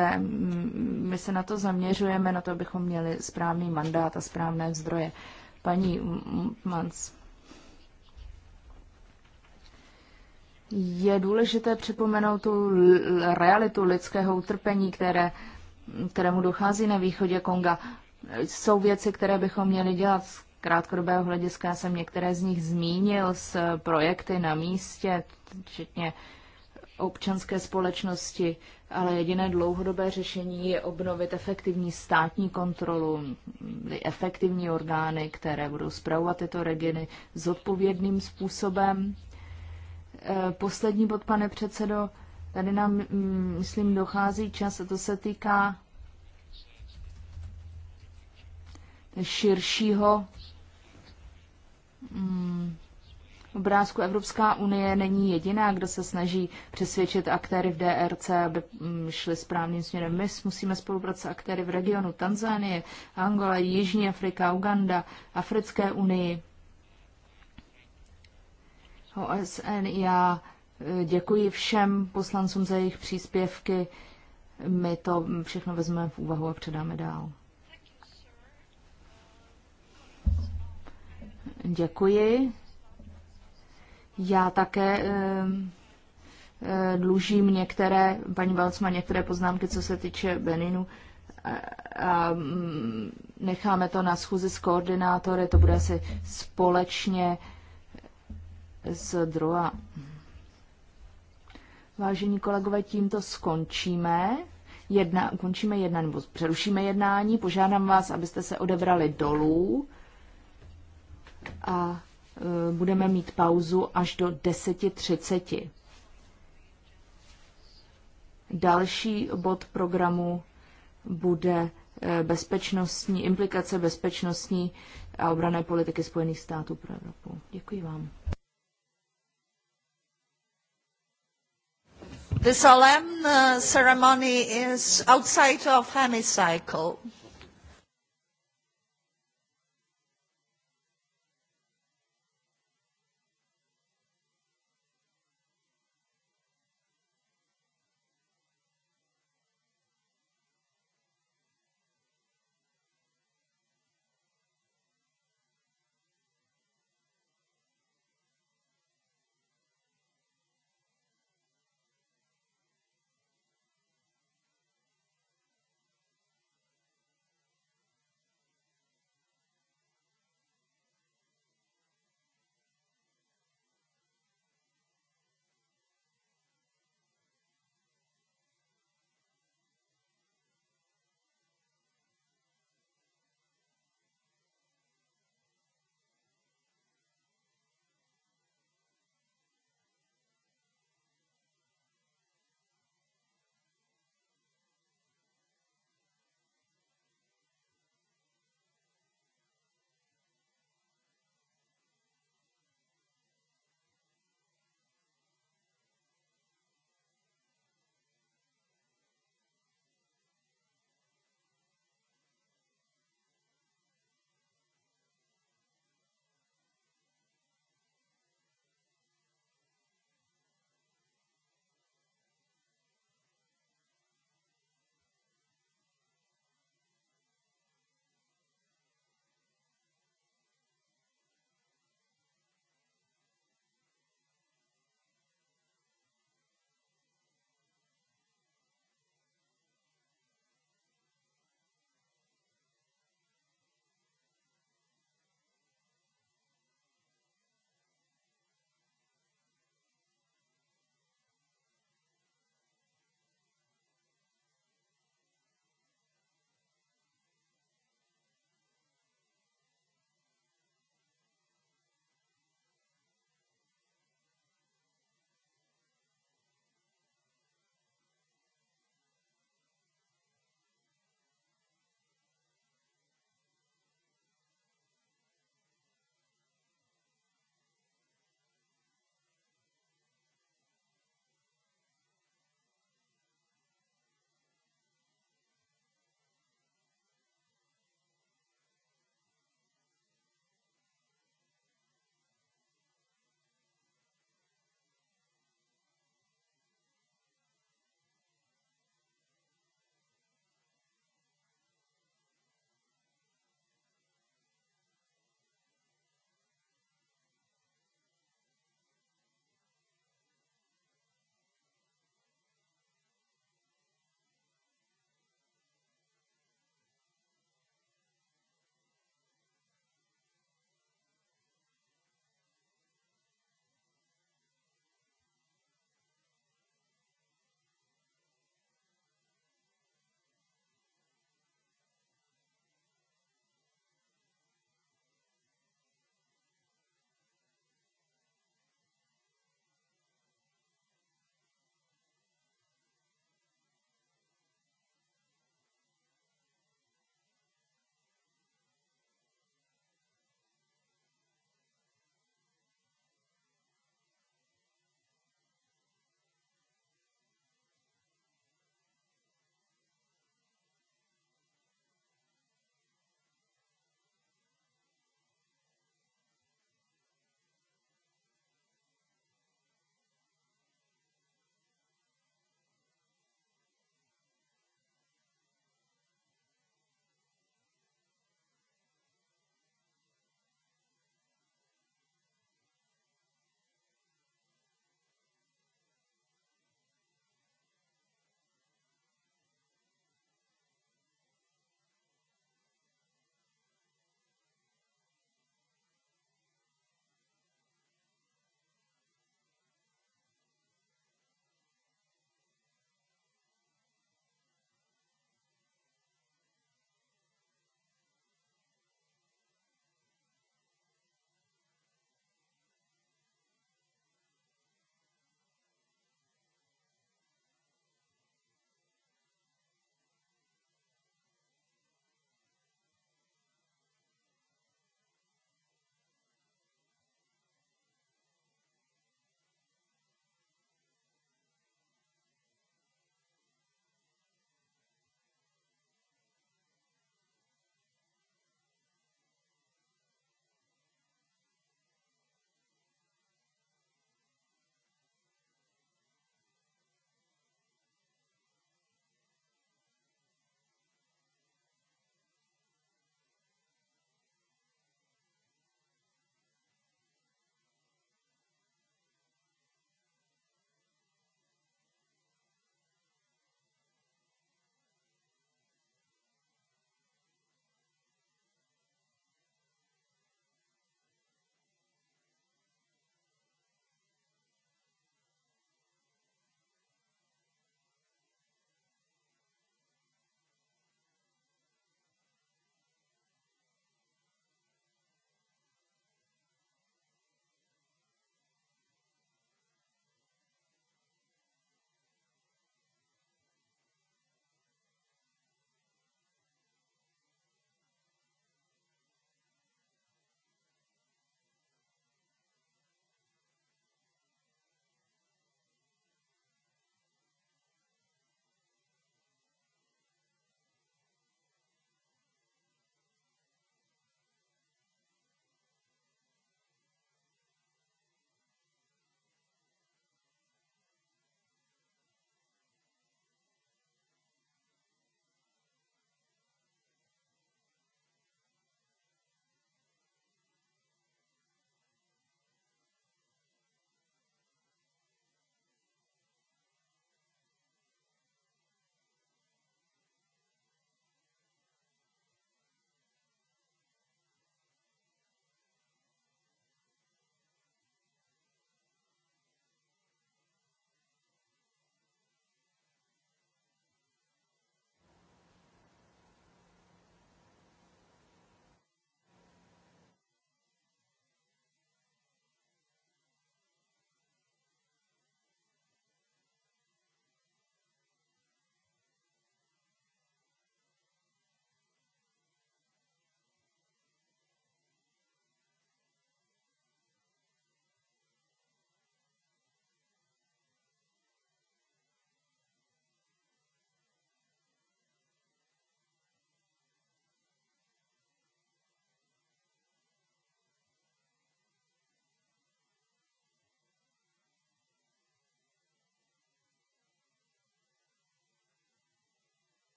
C: My se na to zaměřujeme, na to, abychom měli správný mandát a správné zdroje. Paní Mans, je důležité připomenout tu realitu lidského utrpení, které, kterému dochází na východě Konga. Jsou věci, které bychom měli dělat z krátkodobého hlediska. Já jsem některé z nich zmínil z projekty na místě, včetně uh, občanské společnosti, ale jediné dlouhodobé řešení je obnovit efektivní státní kontrolu, efektivní orgány, které budou zpravovat tyto regiony zodpovědným způsobem. Eh, poslední bod, pane předsedo, tady nám, mm, myslím, dochází čas a to se týká širšího mm, obrázku Evropská unie není jediná, kdo se snaží přesvědčit aktéry v DRC, aby mm, šli správným směrem. My musíme spolupracovat s aktéry v regionu Tanzánie, Angola, Jižní Afrika, Uganda, Africké unii. OSN, já e, děkuji všem poslancům za jejich příspěvky. My to všechno vezmeme v úvahu a předáme dál. Děkuji. Já také dlužím některé, paní Valcma, některé poznámky, co se týče Beninu. A mm, necháme to na schůzi s koordinátory, to bude asi společně s druhá. Vážení kolegové, tímto skončíme. Jedna, ukončíme jedna, nebo přerušíme jednání. Požádám vás, abyste se odebrali dolů. A Eh, budeme mít pauzu až do 10.30. Další bod programu bude eh, bezpečnostní, implikace bezpečnostní a obrané politiky Spojených států pro Evropu. Děkuji vám.
A: The solemn eh, ceremony is outside of hemicycle.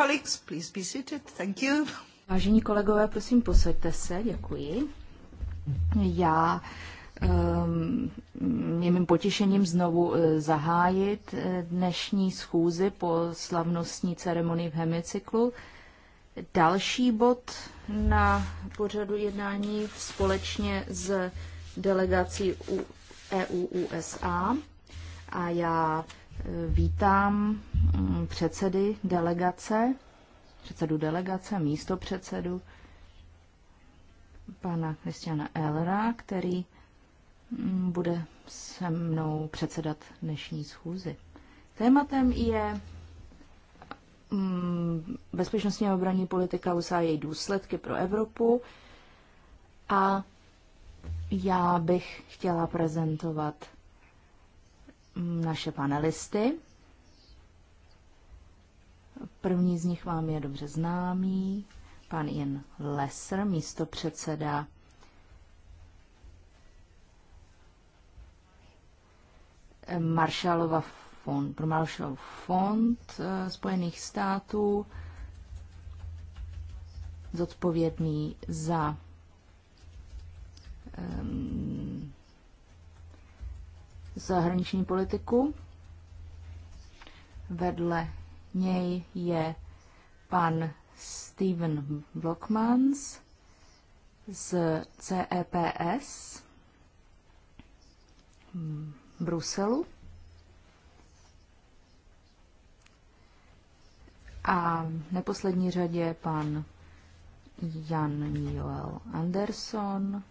C: colleagues, please be seated. Thank you. Vážení kolegové, prosím, posaďte se, děkuji. Já um, ehm, je mým potěšením znovu e, zahájit e, dnešní schůzi po slavnostní ceremonii v hemicyklu. Další bod na pořadu jednání společně s delegací EU-USA a já e, vítám Mm, předsedy delegace, předsedu delegace, místo předsedu pana Kristiana Elra, který mm, bude se mnou předsedat dnešní schůzi. Tématem je mm, bezpečnostní a obranní politika USA její důsledky pro Evropu a já bych chtěla prezentovat naše panelisty. První z nich vám je dobře známý, pan Ian Lesser, místo předseda Marshallova fond, pro Marshallov fond eh, Spojených států, zodpovědný za ehm, zahraniční politiku vedle něj je pan Steven Blockmans z CEPS Bruselu. A v neposlední řadě pan Jan Joel Anderson,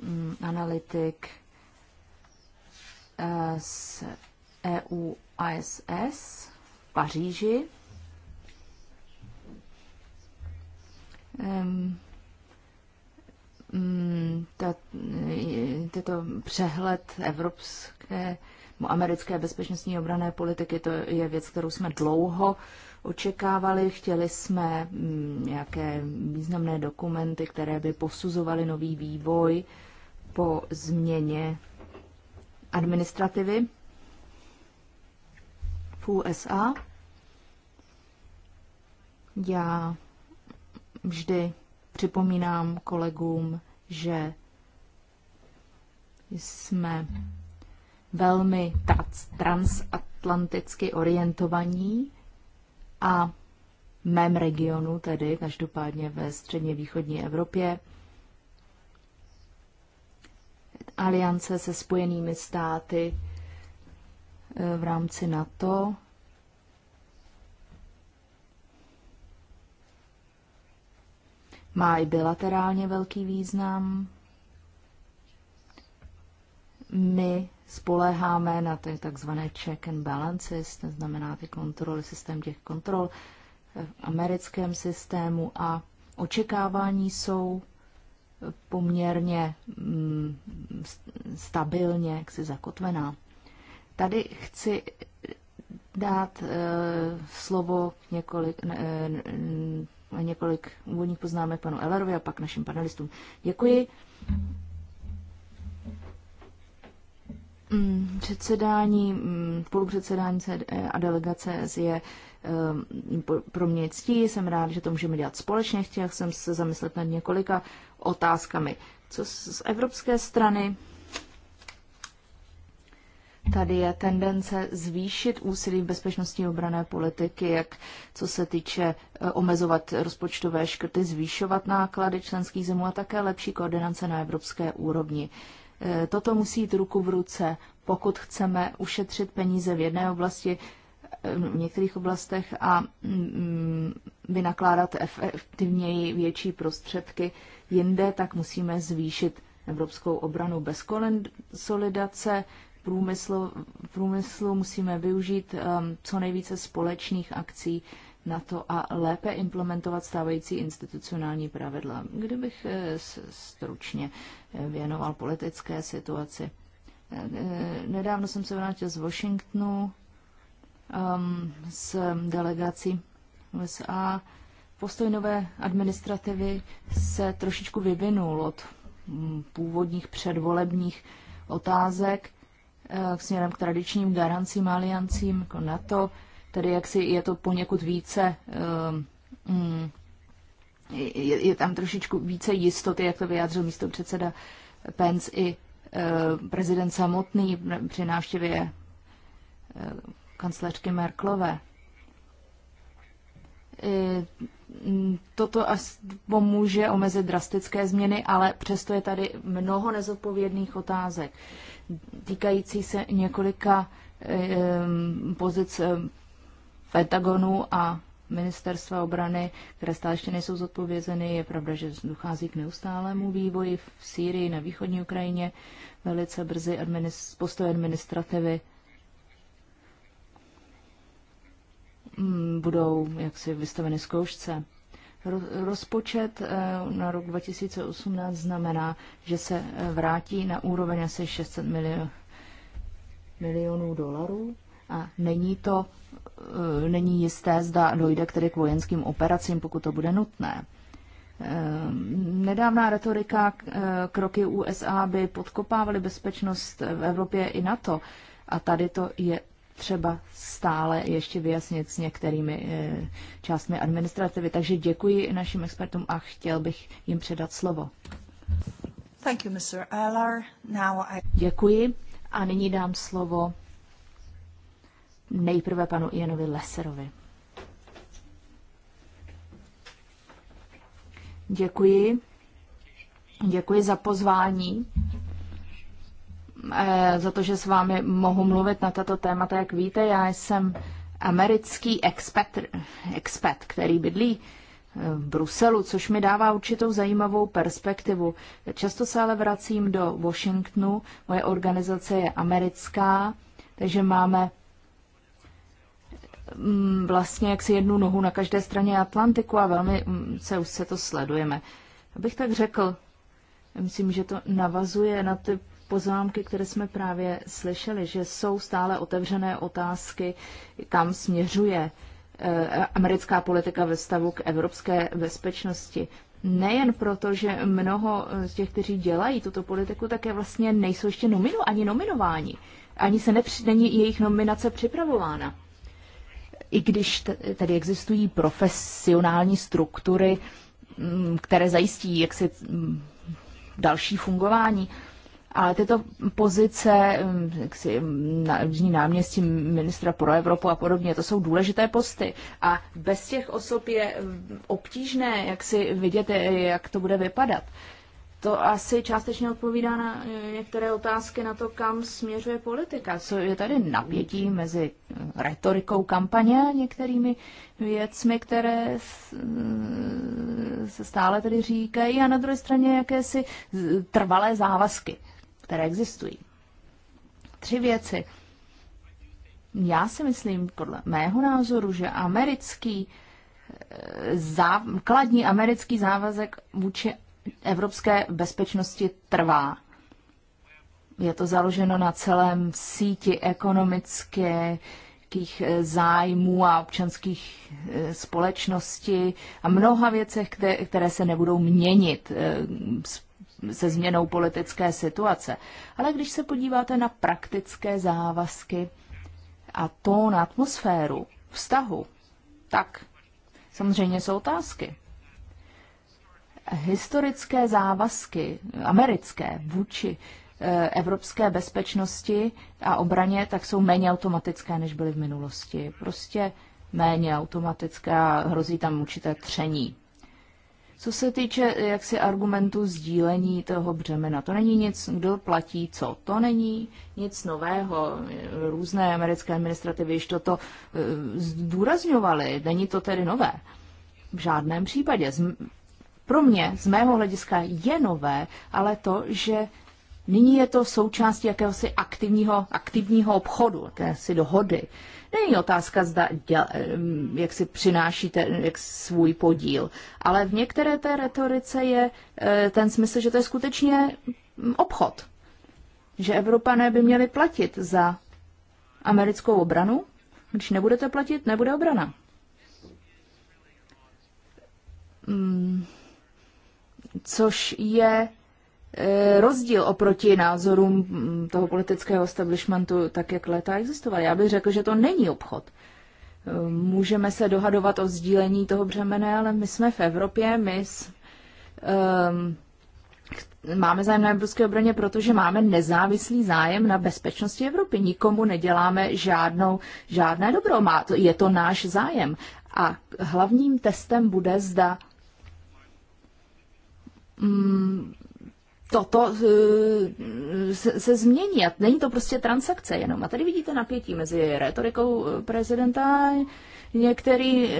C: mm, analytik Eh, s EU ASS, v Paříži. Um, tento přehled evropské americké bezpečnostní obrané politiky, to je věc, kterou jsme dlouho očekávali. Chtěli jsme mm, nějaké významné dokumenty, které by posuzovaly nový vývoj po změně administrativy v USA. Já vždy připomínám kolegům, že jsme velmi transatlanticky orientovaní a v mém regionu, tedy každopádně ve středně východní Evropě, aliance se spojenými státy eh, v rámci NATO. Má i bilaterálně velký význam. My spoléháme na ty takzvané check and balances, to znamená ty kontroly, systém těch kontrol eh, v americkém systému a očekávání jsou poměrně mm, stabilně jaksi zakotvená. Tady chci dát e, slovo několik, e, několik úvodních poznámek panu Ellerovi a pak našim panelistům. Děkuji. Mm, předsedání, mm, spolupředsedání e a delegace je mm, pro mě ctí, jsem rád, že to můžeme dělat společně, chtěl jsem se zamyslet nad několika otázkami. Co z evropské strany? Tady je tendence zvýšit úsilí v bezpečnostní obrané politiky, jak co se týče eh, omezovat rozpočtové škrty, zvýšovat náklady členských zemů a také lepší koordinace na evropské úrovni. Eh, toto musí jít ruku v ruce, pokud chceme ušetřit peníze v jedné oblasti, eh, v některých oblastech a mm, vynakládat efektivněji větší prostředky jinde, tak musíme zvýšit evropskou obranu bez konsolidace průmyslu, průmyslu musíme využít um, co nejvíce společných akcí na to a lépe implementovat stávající institucionální pravidla. Kdybych eh, stručně eh, věnoval politické situaci. Eh, nedávno jsem se vrátil z Washingtonu um, s delegací USA. Postoj nové administrativy se trošičku vyvinul od hm, původních předvolebních otázek k směrem k tradičním garancím, aliancím jako NATO. Tedy jaksi je to poněkud více, ehm, mm, je, je tam trošičku více jistoty, jak to vyjádřil místo předseda Pence i eh, prezident samotný při návštěvě eh, kancelářky Merklové. Mm, toto asi pomůže omezit drastické změny, ale přesto je tady mnoho nezodpovědných otázek týkající se několika ehm, pozic Pentagonu a ministerstva obrany, které stále ještě nejsou zodpovězeny. Je pravda, že dochází k neustálému vývoji v Sýrii, na východní Ukrajině, velice brzy administ- postoj administrativy mm, budou jaksi vystaveny zkoušce. Rozpočet eh, na rok 2018 znamená, že se eh, vrátí na úroveň asi 600 milionů dolarů a není to e, není jisté, zda dojde k tedy k vojenským operacím, pokud to bude nutné. E, nedávná retorika e, kroky USA by podkopávaly bezpečnost v Evropě i NATO. A tady to je třeba stále ještě vyjasnit s některými částmi administrativy. Takže děkuji našim expertům a chtěl bych jim předat slovo. Děkuji a nyní dám slovo nejprve panu Ianovi Leserovi. Děkuji. Děkuji za pozvání, eh, za to, že s vámi mohu mluvit na tato témata. Jak víte, já jsem americký expat, expat který bydlí eh, v Bruselu, což mi dává určitou zajímavou perspektivu. Často se ale vracím do Washingtonu. Moje organizace je americká, takže máme Mm, vlastně jaksi jednu nohu na každé straně Atlantiku a velmi mm, se už se to sledujeme. Abych tak řekl, myslím, že to navazuje na ty poznámky, které jsme právě slyšeli, že jsou stále otevřené otázky, kam směřuje eh, americká politika ve stavu k evropské bezpečnosti. Nejen proto, že mnoho eh, z těch, kteří dělají tuto politiku, také vlastně nejsou ještě nominu, ani nominováni. Ani se nepři, není jejich nominace připravována i když tedy existují profesionální struktury, mm, které zajistí jaksi mm, další fungování, ale tyto pozice, mm, jaksi na, náměstí ministra pro Evropu a podobně, to jsou důležité posty. A bez těch osob je obtížné, jak si vidět, jak to bude vypadat to asi částečně odpovídá na eh, některé otázky na to, kam směřuje politika. Co je tady napětí mezi eh, retorikou kampaně a některými věcmi, které eh, se stále tedy říkají, a na druhé straně jakési trvalé závazky, které existují. Tři věci. Já si myslím, podle mého názoru, že americký základní americký závazek vůči evropské bezpečnosti trvá. Je to založeno na celém síti ekonomických eh, zájmů a občanských eh, společností a mnoha věcech, které se nebudou měnit eh, se změnou politické situace. Ale když se podíváte na praktické závazky a to na atmosféru vztahu, tak samozřejmě jsou otázky historické závazky americké vůči eh, evropské bezpečnosti a obraně, tak jsou méně automatické, než byly v minulosti. Prostě méně automatické a hrozí tam určité tření. Co se týče eh, jaksi argumentu sdílení toho břemena, to není nic, kdo platí co. To není nic nového. Různé americké administrativy již toto eh, zdůrazňovaly. Není to tedy nové. V žádném případě pro mě, z mého hlediska, je nové, ale to, že nyní je to součástí jakéhosi aktivního, aktivního obchodu, jakési dohody. Není otázka, zda děl, jak si přinášíte jak svůj podíl, ale v některé té retorice je e, ten smysl, že to je skutečně obchod. Že Evropané by měli platit za americkou obranu, když nebudete platit, nebude obrana. Hmm což je e, rozdíl oproti názorům mm, toho politického establishmentu, tak jak léta existoval. Já bych řekl, že to není obchod. E, můžeme se dohadovat o sdílení toho břemene, ale my jsme v Evropě, my s, um, máme zájem na evropské obraně, protože máme nezávislý zájem na bezpečnosti Evropy. Nikomu neděláme žádnou, žádné dobro. Má to, je to náš zájem. A hlavním testem bude, zda Mm, toto eh, se, se změní a není to prostě transakce jenom. A tady vidíte napětí mezi retorikou eh, prezidenta některými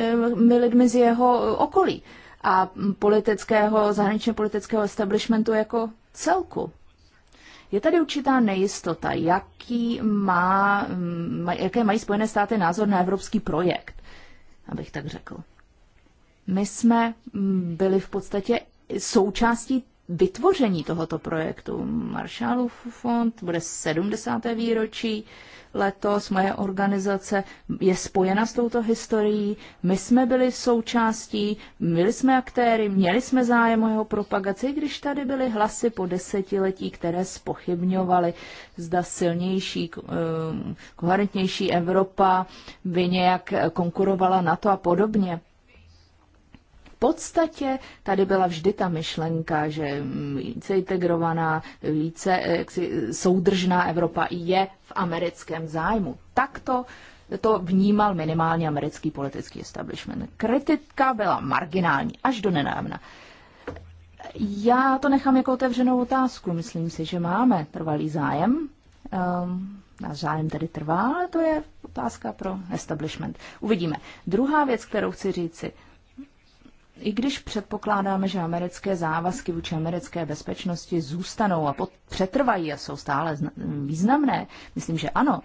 C: eh, lidmi z jeho okolí a politického, zahraničně politického establishmentu jako celku. Je tady určitá nejistota, jaký má, mm, jaké mají Spojené státy názor na evropský projekt, abych tak řekl. My jsme mm, byli v podstatě součástí vytvoření tohoto projektu. Marshallův fond bude 70. výročí letos, moje organizace je spojena s touto historií, my jsme byli součástí, byli jsme aktéry, měli jsme zájem o jeho propagaci, když tady byly hlasy po desetiletí, které spochybňovaly, zda silnější, eh, koherentnější Evropa by nějak konkurovala na to a podobně podstatě tady byla vždy ta myšlenka, že více integrovaná, více eh, jaksi, soudržná Evropa je v americkém zájmu. Tak to to vnímal minimálně americký politický establishment. Kritika byla marginální až do nedávna. Já to nechám jako otevřenou otázku. Myslím si, že máme trvalý zájem. Um, náš zájem tedy trvá, ale to je otázka pro establishment. Uvidíme. Druhá věc, kterou chci říci, i když předpokládáme, že americké závazky vůči americké bezpečnosti zůstanou a pod, přetrvají a jsou stále významné, myslím, že ano,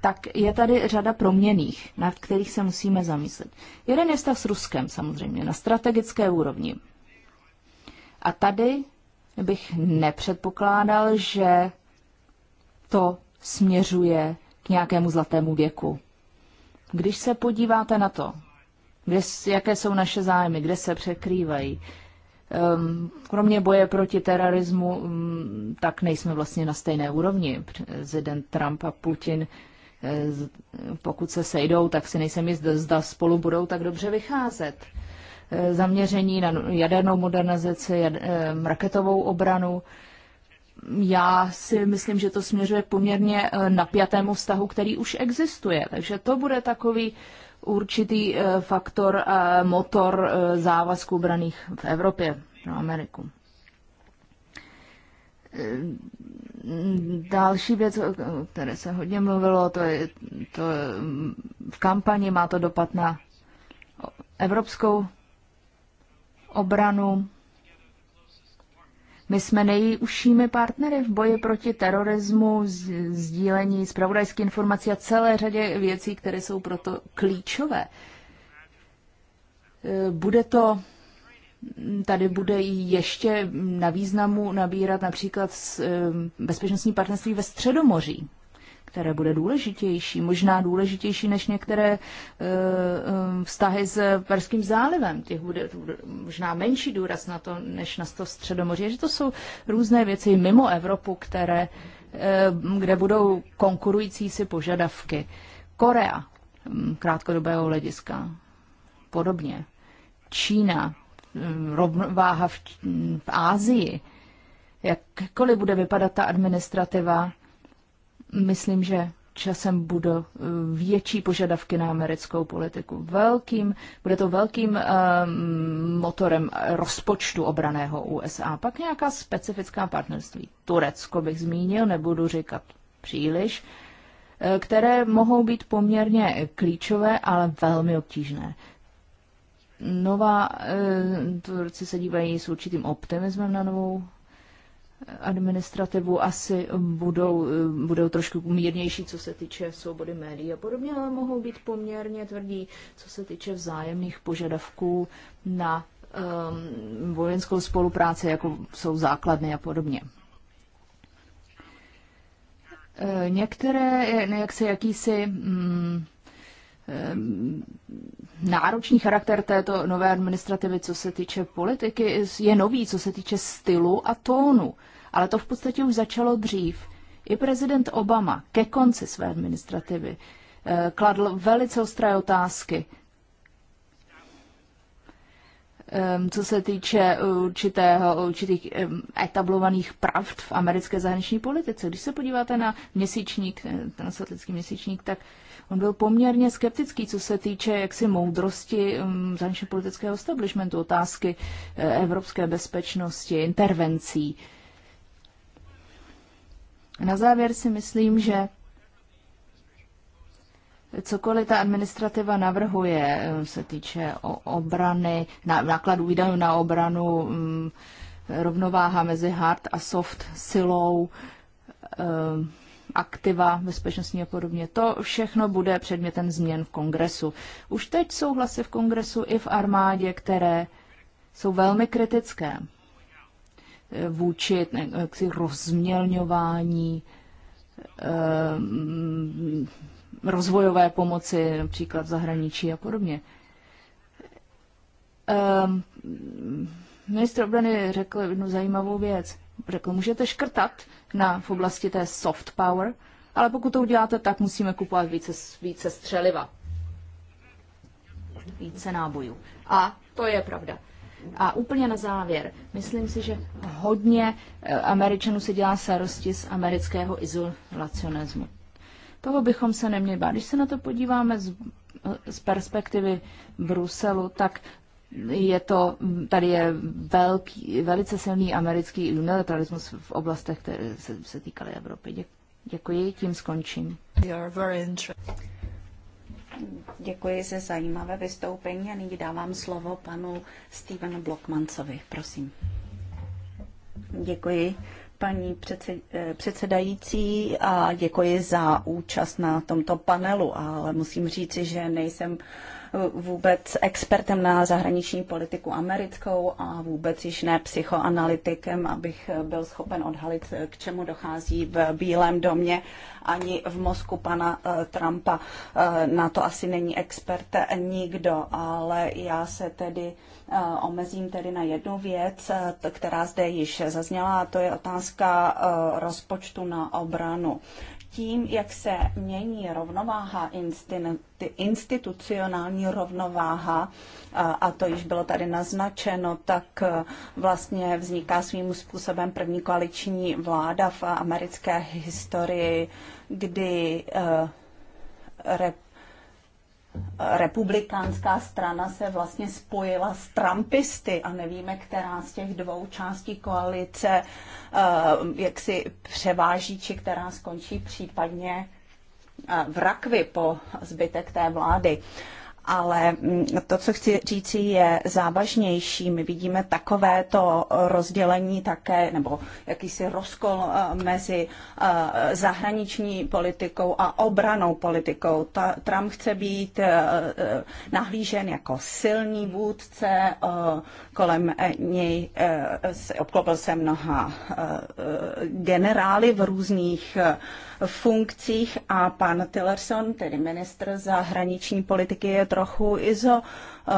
C: tak je tady řada proměných, nad kterých se musíme zamyslet. Jeden je stav s Ruskem samozřejmě, na strategické úrovni. A tady bych nepředpokládal, že to směřuje k nějakému zlatému věku. Když se podíváte na to, kde, jaké jsou naše zájmy, kde se překrývají. Ehm, kromě boje proti terorismu, mm, tak nejsme vlastně na stejné úrovni. Prezident Trump a Putin, eh, pokud se sejdou, tak si nejsem jist, zda spolu budou tak dobře vycházet. Eh, zaměření na no- jadernou modernizaci, eh, raketovou obranu. Já si myslím, že to směřuje k poměrně napjatému vztahu, který už existuje. Takže to bude takový určitý eh, faktor, eh, motor eh, závazků braných v Evropě pro Ameriku. Další věc, o které se hodně mluvilo, to je to v kampani má to dopad na evropskou obranu. My jsme nejužšími partnery v boji proti terorismu, sdílení zpravodajské informací a celé řadě věcí, které jsou proto klíčové. E, bude to tady bude i ještě na významu nabírat například e, bezpečnostní partnerství ve Středomoří které bude důležitější, možná důležitější než některé eh, eh, vztahy s Perským zálivem. Těch bude možná menší důraz na to, než na to středomoří. Že to jsou různé věci mimo Evropu, které, eh, kde budou konkurující si požadavky. Korea, hm, krátkodobého hlediska, podobně. Čína, hm, rovnováha v, hm, v Ázii, jakkoliv bude vypadat ta administrativa, Myslím, že časem budou eh, větší požadavky na americkou politiku. Velkým, bude to velkým um, motorem rozpočtu obraného USA. Pak nějaká specifická partnerství. Turecko bych zmínil, nebudu říkat příliš, eh, které mohou být poměrně klíčové, ale velmi obtížné. Nová, eh, Turci se dívají s určitým optimismem na novou administrativu asi um, budou, um, budou trošku mírnější, co se týče svobody médií a podobně, ale mohou být poměrně tvrdí, co se týče vzájemných požadavků na um, vojenskou spolupráci, jako jsou základny a podobně. E, některé, jak se jakýsi mm, Ehm, náročný charakter této nové administrativy, co se týče politiky, je nový, co se týče stylu a tónu. Ale to v podstatě už začalo dřív. I prezident Obama ke konci své administrativy eh, kladl velice ostré otázky, ehm, co se týče určitého, určitých ehm, etablovaných pravd v americké zahraniční politice. Když se podíváte na měsíčník, eh, transatlantický měsíčník, tak On byl poměrně skeptický, co se týče jaksi moudrosti um, zahraničně politického establishmentu, otázky eh, evropské bezpečnosti, intervencí. Na závěr si myslím, že cokoliv ta administrativa navrhuje, eh, se týče obrany, nákladů výdajů na obranu, mm, rovnováha mezi hard a soft silou, eh, aktiva bezpečnostní a podobně. To všechno bude předmětem změn v kongresu. Už teď jsou hlasy v kongresu i v armádě, které jsou velmi kritické vůči jaksi rozmělňování eh, rozvojové pomoci, například v zahraničí a podobně. Eh, ministr obrany řekl jednu zajímavou věc řekl, můžete škrtat na, v oblasti té soft power, ale pokud to uděláte, tak musíme kupovat více, více střeliva, více nábojů. A to je pravda. A úplně na závěr, myslím si, že hodně eh, Američanů se dělá starosti z amerického izolacionismu. Toho bychom se neměli bát. Když se na to podíváme z, eh, z perspektivy Bruselu, tak je to, tady je velký, velice silný americký unilateralismus v oblastech, které se, se týkaly Evropy. Děkuji, tím skončím.
A: Děkuji za zajímavé vystoupení a nyní dávám slovo panu Stevenu Blockmancovi. Prosím. Děkuji paní předsedající a děkuji za účast na tomto panelu, ale musím říci, že nejsem uh, vůbec expertem na zahraniční politiku americkou a vůbec již ne psychoanalytikem, abych byl schopen odhalit, k čemu dochází v Bílém domě ani v mozku pana eh, Trumpa. Eh, na to asi není expert nikdo, ale já se tedy eh, omezím tedy na jednu věc, která zde již zazněla, a to je otázka rozpočtu na obranu tím, jak se mění rovnováha, institucionální rovnováha, a to již bylo tady naznačeno, tak e, vlastně vzniká svým způsobem první koaliční vláda v americké historii, kdy e, rep republikánská strana se vlastně spojila s Trumpisty a nevíme, která z těch dvou částí koalice eh, jak si převáží, či která skončí případně eh, v rakvi po zbytek té vlády ale mm, to, co chci říci, je závažnější. My vidíme takovéto rozdělení také, nebo jakýsi rozkol eh, mezi eh, zahraniční politikou a obranou politikou. Trump chce být eh, nahlížen jako silný vůdce, kolem něj obklopil se mnoha generály v různých funkcích a pan Tillerson, tedy ministr zahraniční politiky, je trochu trochu izo, eh,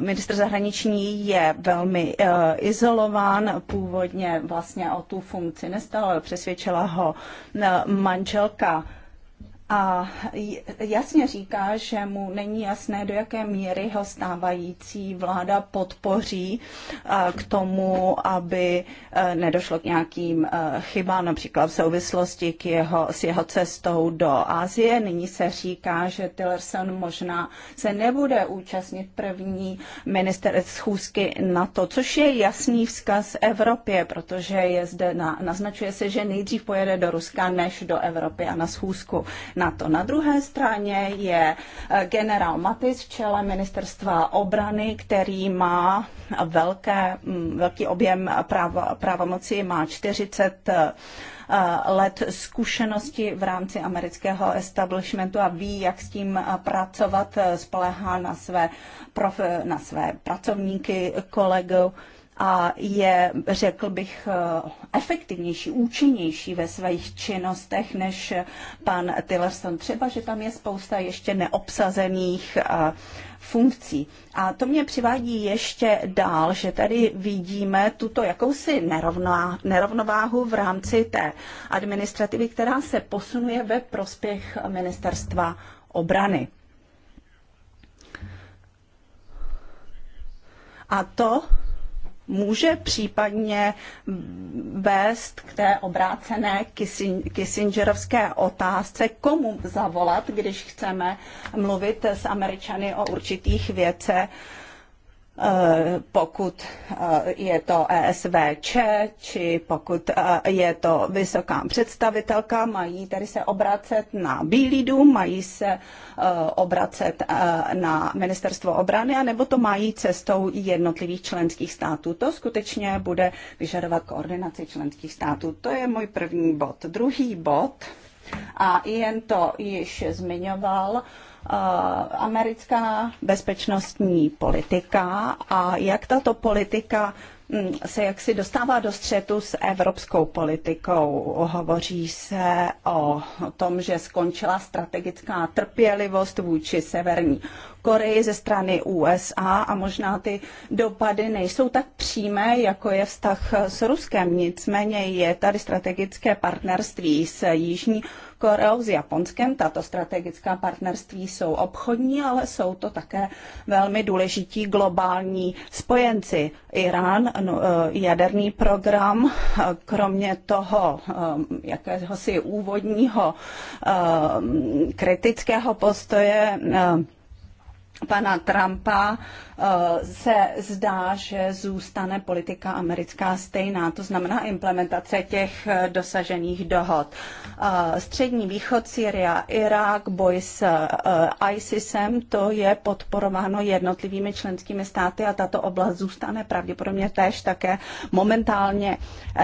A: minister zahraniční je velmi eh, izolován, původně vlastně o tu funkci nestal, ale přesvědčila ho eh, manželka a jasně říká, že mu není jasné, do jaké míry ho stávající vláda podpoří eh, k tomu, aby eh, nedošlo k nějakým eh, chybám, například v souvislosti k jeho, s jeho cestou do Asie. Nyní se říká, že Tillerson možná se nebude účastnit první minister schůzky na to, což je jasný vzkaz Evropě, protože je zde na, naznačuje se, že nejdřív pojede do Ruska než do Evropy a na schůzku NATO. Na druhé straně je eh, generál Matis v čele ministerstva obrany, který má velké, mm, velký objem práv právomoci, má 40 eh, let zkušenosti v rámci amerického establishmentu a ví, jak s tím eh, pracovat, spolehá na své, prof, na své pracovníky, kolegu a je, řekl bych, eh, efektivnější, účinnější ve svých činnostech než pan Tillerson. Třeba, že tam je spousta ještě neobsazených eh, funkcí. A to mě přivádí ještě dál, že tady vidíme tuto jakousi nerovnováhu v rámci té administrativy, která se posunuje ve prospěch ministerstva obrany. A to může případně vést k té obrácené Kissingerovské otázce, komu zavolat, když chceme mluvit s Američany o určitých věcech Eh, pokud eh, je to ESVČ, či pokud eh, je to vysoká představitelka, mají tedy se obracet na Bílý dům, mají se obracet na ministerstvo obrany, anebo to mají cestou jednotlivých členských států. To skutečně bude vyžadovat koordinaci členských států. To je můj první bod. Druhý bod, a jen to již zmiňoval, Eh, americká bezpečnostní politika a jak tato politika hm, se jaksi dostává do střetu s evropskou politikou. Hovoří se o tom, že skončila strategická trpělivost vůči Severní Koreji ze strany USA a možná ty dopady nejsou tak přímé, jako je vztah s Ruskem. Nicméně je tady strategické partnerství s Jižní Koreou, s Japonskem. Tato strategická partnerství jsou obchodní, ale jsou to také velmi důležití globální spojenci. Irán, no, eh, jaderný program, eh, kromě toho eh, jakéhosi úvodního kritického postoje pana Trumpa Eh, se zdá, že zůstane politika americká stejná, to znamená implementace těch eh, dosažených dohod. Eh, střední východ, Syria, Irák, boj s ISISem, to je podporováno jednotlivými členskými státy a tato oblast zůstane pravděpodobně též také momentálně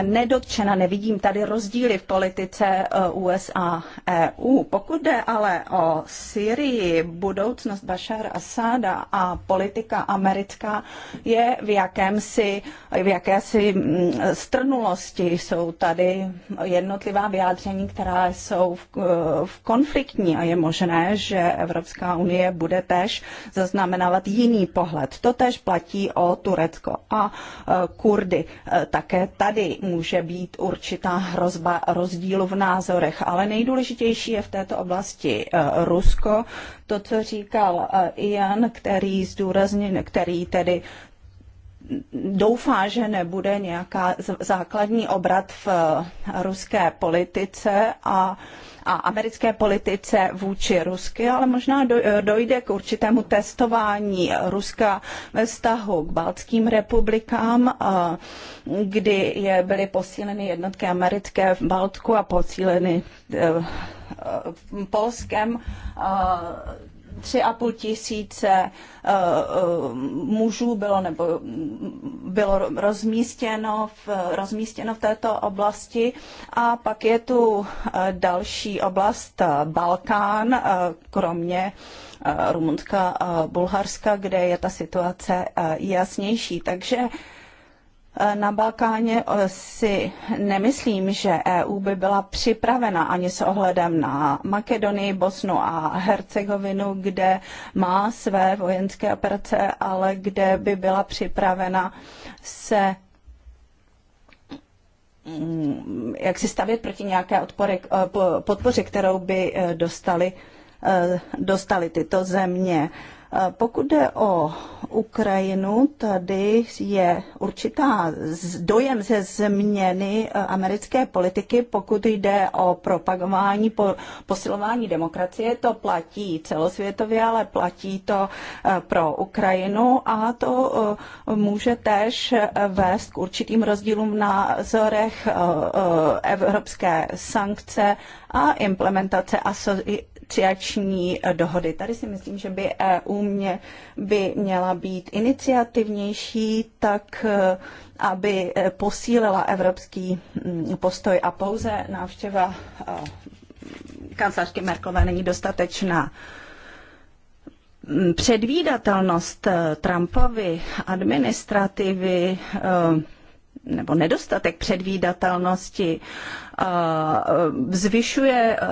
A: nedotčena. Nevidím tady rozdíly v politice USA EU. Pokud jde ale o Syrii, budoucnost Bashar Asada a politika americká, je v jakémsi, v jakési mm, strnulosti. Jsou tady jednotlivá vyjádření, která jsou v, v konfliktní a je možné, že Evropská unie bude tež zaznamenávat jiný pohled. To tež platí o Turecko a e, Kurdy. E, také tady může být určitá hrozba rozdílu v názorech, ale nejdůležitější je v této oblasti e, Rusko, to, co říkal eh, Ian, který zdůraznil, který tedy doufá, že nebude nějaká základní obrat v eh, ruské politice a a americké politice vůči Rusky, ale možná eh, dojde k určitému testování Ruska ve vztahu k baltským republikám, eh, kdy je, byly posíleny jednotky americké v Baltku a posíleny eh, Polskem Tři a půl tisíce eh, eh, mužů bylo, nebo mm, bylo rozmístěno v, rozmístěno v této oblasti. A pak je tu eh, další oblast Balkán, kromě Rumunska a Bulharska, kde je ta situace jasnější. Takže na Balkáně eh, si nemyslím, že EU by byla připravena ani s ohledem na Makedonii, Bosnu a Hercegovinu, kde má své vojenské operace, ale kde by byla připravena se mm, jak si stavět proti nějaké odpory, eh, podpoře, kterou by eh, dostali, dostali tyto země. Eh, pokud jde o Ukrajinu, tady je určitá dojem ze změny eh, americké politiky, pokud jde o propagování, po, posilování demokracie. To platí celosvětově, ale platí to eh, pro Ukrajinu a to může tež vést k určitým rozdílům v názorech evropské sankce a implementace asociační eh, dohody. Tady si myslím, že by EU mě, by měla být iniciativnější, tak eh, aby eh, posílila evropský mm, postoj a pouze návštěva kancelářky Merkelové není dostatečná mm, předvídatelnost Trumpovy administrativy nebo nedostatek předvídatelnosti Eh, zvyšuje eh,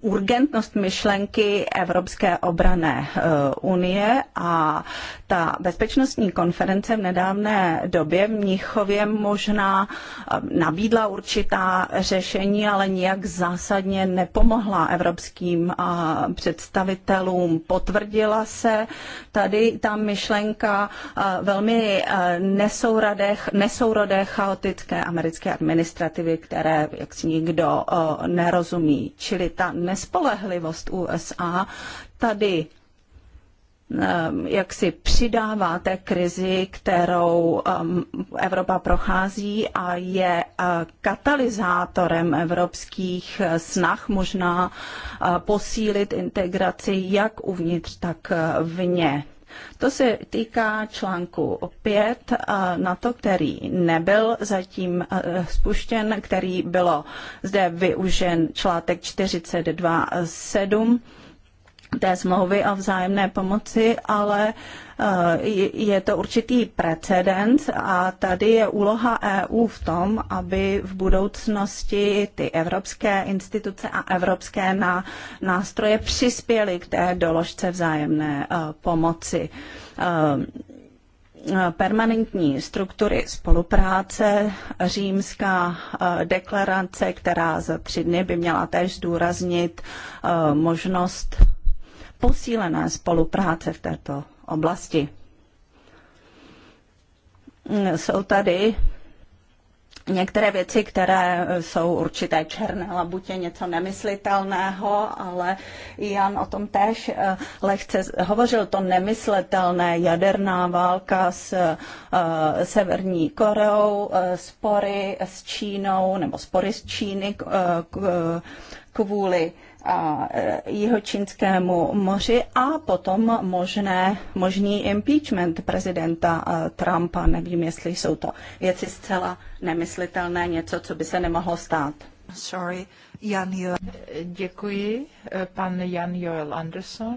A: urgentnost myšlenky Evropské obrané eh, unie a ta bezpečnostní konference v nedávné době v Mnichově možná nabídla určitá řešení, ale nijak zásadně nepomohla evropským představitelům. Potvrdila se tady ta myšlenka velmi nesourodé, nesourodé chaotické americké administrativy, které jak nikdo eh, nerozumí. Čili ta nespolehlivost USA tady eh, jak si přidává té krizi, kterou eh, Evropa prochází a je katalyzátorem evropských snah možná posílit integraci jak uvnitř, tak vně. To se týká článku 5 eh, na to, který nebyl zatím eh, spuštěn, který bylo zde využen článek 42.7 té smlouvy a vzájemné pomoci, ale eh, je to určitý precedens a tady je úloha EU v tom, aby v budoucnosti ty evropské instituce a evropské nástroje přispěly k té doložce vzájemné eh, pomoci eh, permanentní struktury spolupráce, římská deklarace, která za tři dny by měla též zdůraznit možnost posílené spolupráce v této oblasti. Jsou tady některé věci, které jsou určité černé labutě, něco nemyslitelného, ale Jan o tom též eh, lehce hovořil, to nemyslitelné jaderná válka s eh, Severní Koreou, eh, spory s Čínou nebo spory s Číny kvůli E, Jihočínskému moři a potom možné, možný impeachment prezidenta e, Trumpa. Nevím, jestli jsou to věci zcela nemyslitelné, něco, co by se nemohlo stát. Sorry, Jan Joel.
B: Děkuji. E, pan Jan Joel Anderson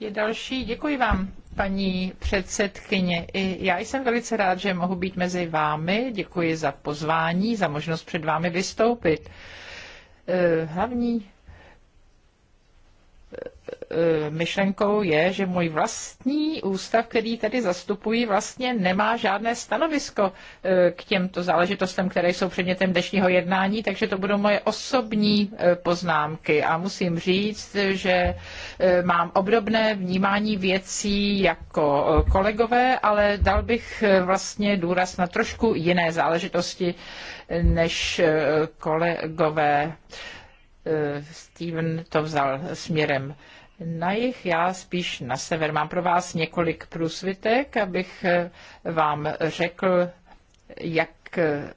B: je další. Děkuji vám, paní předsedkyně. I já jsem velice rád, že mohu být mezi vámi. Děkuji za pozvání, za možnost před vámi vystoupit. Hlavní Eh, myšlenkou je, že můj vlastní ústav, který tady zastupuji, vlastně nemá žádné stanovisko eh, k těmto záležitostem, které jsou předmětem dnešního jednání, takže to budou moje osobní eh, poznámky. A musím říct, že mám obdobné vnímání věcí jako kolegové, ale dal bych vlastně důraz na trošku jiné záležitosti než kolegové. Steven to vzal směrem na jich, já spíš na sever. Mám pro vás několik průsvitek, abych eh, vám řekl, jak eh,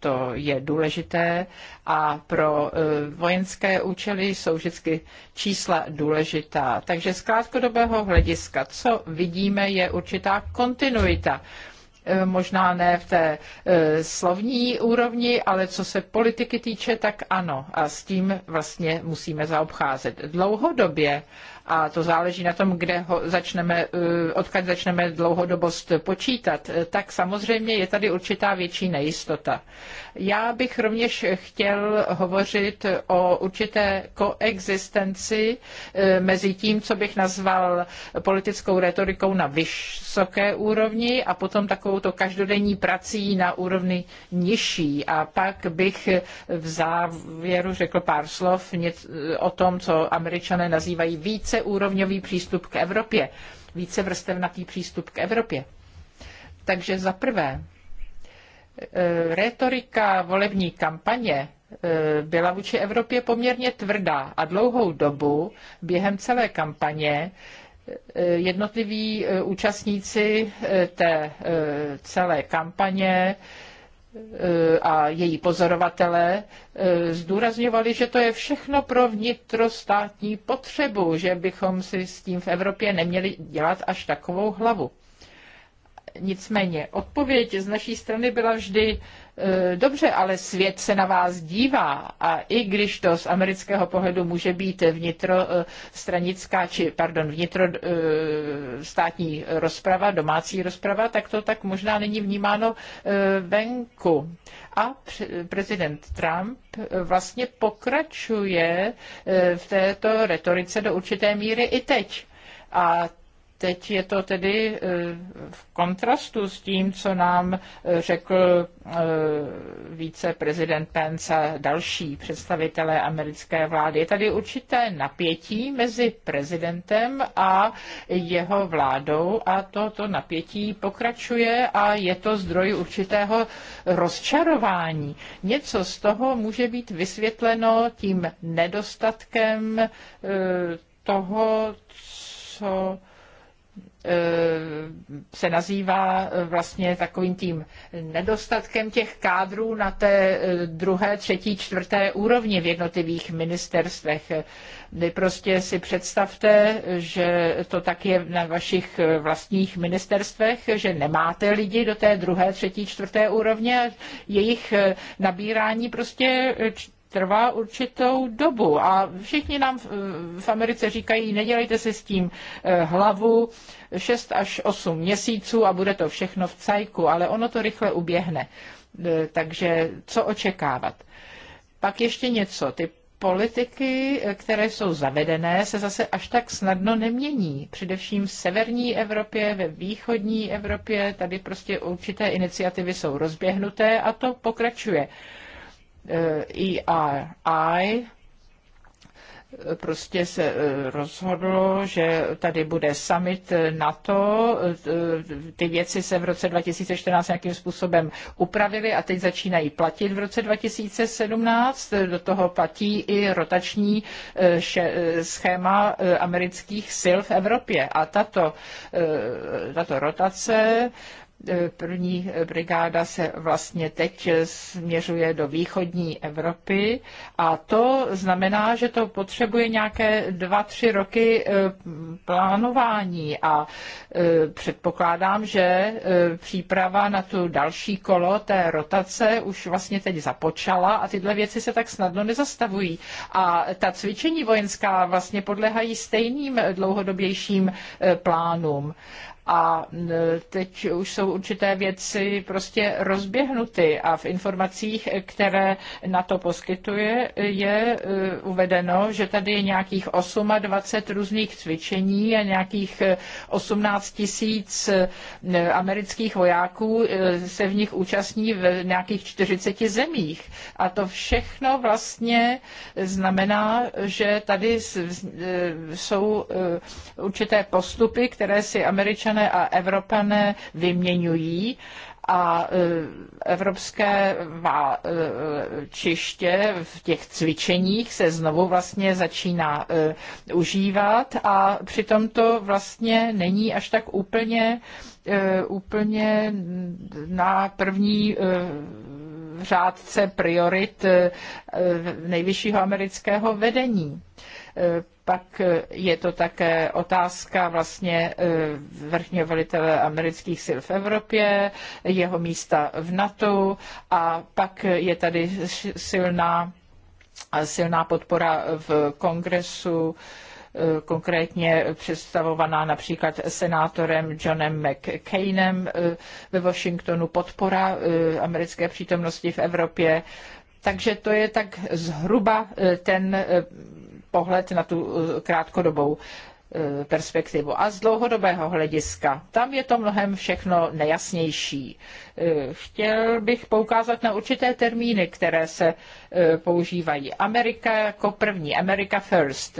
B: to je důležité a pro eh, vojenské účely jsou vždycky čísla důležitá. Takže z krátkodobého hlediska, co vidíme, je určitá kontinuita Eh, možná ne v té eh, slovní úrovni, ale co se politiky týče, tak ano. A s tím vlastně musíme zaobcházet. Dlouhodobě a to záleží na tom, kde ho začneme, eh, odkud začneme dlouhodobost počítat, eh, tak samozřejmě je tady určitá větší nejistota. Já bych rovněž chtěl hovořit o určité koexistenci eh, mezi tím, co bych nazval politickou retorikou na vysoké úrovni a potom takovou to každodenní prací na úrovni nižší. A pak bych v závěru řekl pár slov o tom, co američané nazývají více víceúrovňový přístup k Evropě, vícevrstevnatý přístup k Evropě. Takže za prvé, e, retorika volební kampaně e, byla vůči Evropě poměrně tvrdá a dlouhou dobu během celé kampaně e, jednotliví účastníci té celé kampaně a její pozorovatelé e, zdůrazňovali, že to je všechno pro vnitrostátní potřebu, že bychom si s tím v Evropě neměli dělat až takovou hlavu. Nicméně odpověď z naší strany byla vždy Eh, dobře, ale svět se na vás dívá a i když to z amerického pohledu může být vnitrostranická, eh, či pardon, vnitrostátní eh, rozprava, domácí rozprava, tak to tak možná není vnímáno venku. A prezident Trump vlastně pokračuje v této retorice do určité míry i teď. A Teď je to tedy eh, v kontrastu s tím, co nám eh, řekl eh, více prezident Pence a další představitelé americké vlády. Je tady určité napětí mezi prezidentem a jeho vládou a toto napětí pokračuje a je to zdroj určitého rozčarování. Něco z toho může být vysvětleno tím nedostatkem toho, co E, se nazývá e, vlastně takovým tím nedostatkem těch kádrů na té e, druhé, třetí, čtvrté úrovni v jednotlivých ministerstvech. Vy prostě si představte, že to tak je na vašich vlastních ministerstvech, že nemáte lidi do té druhé, třetí, čtvrté úrovně, jejich nabírání prostě trvá určitou dobu. A všichni nám v Americe říkají, nedělejte si s tím eh, hlavu 6 až 8 měsíců a bude to všechno v cajku, ale ono to rychle uběhne. Eh, takže co očekávat? Pak ještě něco. Ty politiky, eh, které jsou zavedené, se zase až tak snadno nemění. Především v severní Evropě, ve východní Evropě, tady prostě určité iniciativy jsou rozběhnuté a to pokračuje. ERI prostě se rozhodlo, že tady bude summit NATO. Ty věci se v roce 2014 nějakým způsobem upravily a teď začínají platit v roce 2017. Do toho platí i rotační schéma amerických sil v Evropě. A tato, tato rotace První brigáda se vlastně teď směřuje do východní Evropy a to znamená, že to potřebuje nějaké dva, tři roky eh, plánování a eh, předpokládám, že eh, příprava na tu další kolo té rotace už vlastně teď započala a tyhle věci se tak snadno nezastavují. A ta cvičení vojenská vlastně podlehají stejným dlouhodobějším plánům a e, teď už jsou určité věci prostě rozběhnuty a v informacích, které na to poskytuje, je e, uvedeno, že tady je nějakých 28 různých cvičení a nějakých 18 e, tisíc amerických vojáků se v nich účastní v nějakých 40 zemích. A to všechno vlastně znamená, že tady jsou určité postupy, které si američané američané a evropané vyměňují a e, evropské čiště v těch cvičeních se znovu vlastně začíná e, užívat a přitom to vlastně není až tak úplně, e, úplně na první řádce priorit nejvyššího amerického vedení pak eh, je to také otázka vlastně eh, vrchního velitele amerických sil v Evropě, jeho místa v NATO a pak je tady silná, silná podpora v kongresu, eh, konkrétně představovaná například senátorem Johnem McCainem ve Washingtonu, podpora americké přítomnosti v Evropě. Takže to je tak zhruba ten pohled na tu uh, krátkodobou uh, perspektivu. A z dlouhodobého hlediska, tam je to mnohem všechno nejasnější. Uh, chtěl bych poukázat na určité termíny, které se používají. Amerika jako první, America first,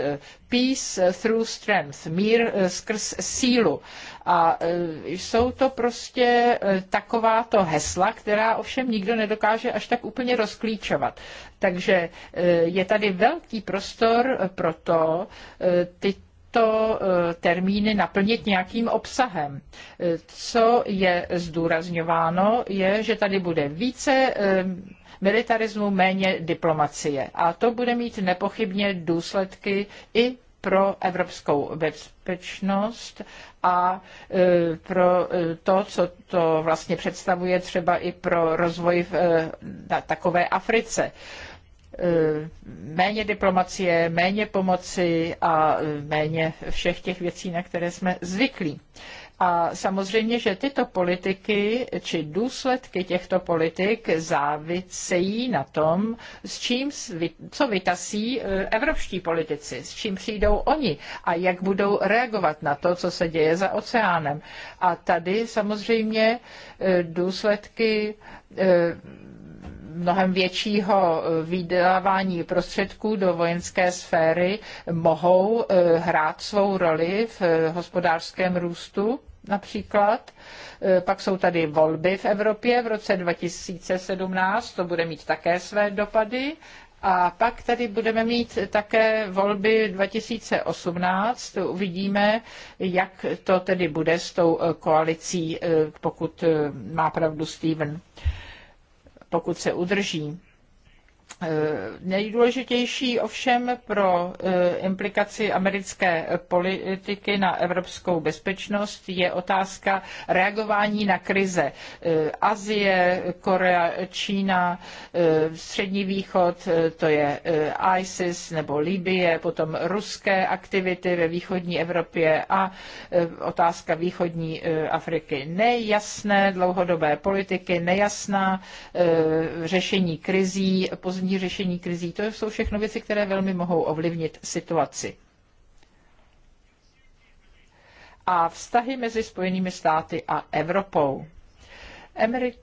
B: peace through strength, mír skrz sílu. A e, jsou to prostě e, takováto hesla, která ovšem nikdo nedokáže až tak úplně rozklíčovat. Takže e, je tady velký prostor pro to, ty tyto termíny naplnit nějakým obsahem. Co je zdůrazňováno, je, že tady bude více militarismu, méně diplomacie. A to bude mít nepochybně důsledky i pro evropskou bezpečnost a e, pro e, to, co to vlastně představuje třeba i pro rozvoj v e, takové Africe méně diplomacie, méně pomoci a méně všech těch věcí, na které jsme zvyklí. A samozřejmě, že tyto politiky či důsledky těchto politik závisejí na tom, s čím, co vytasí e, evropští politici, s čím přijdou oni a jak budou reagovat na to, co se děje za oceánem. A tady samozřejmě e, důsledky e, mnohem většího eh, vydávání prostředků do vojenské sféry mohou eh, hrát svou roli v eh, hospodářském růstu například. Pak jsou tady volby v Evropě v roce 2017, to bude mít také své dopady. A pak tady budeme mít také volby 2018. Uvidíme, jak to tedy bude s tou koalicí, pokud má pravdu Steven pokud se udrží. Eh, nejdůležitější ovšem pro eh, implikaci americké politiky na evropskou bezpečnost je otázka reagování na krize. Eh, Azie, Korea, Čína, Střední východ, to je ISIS nebo Libye, potom ruské aktivity ve východní Evropě a otázka východní Afriky. Nejasné dlouhodobé politiky, nejasná řešení krizí, pozdní efektivní řešení krizí. To jsou všechno věci, které velmi mohou ovlivnit situaci. A vztahy mezi Spojenými státy a Evropou.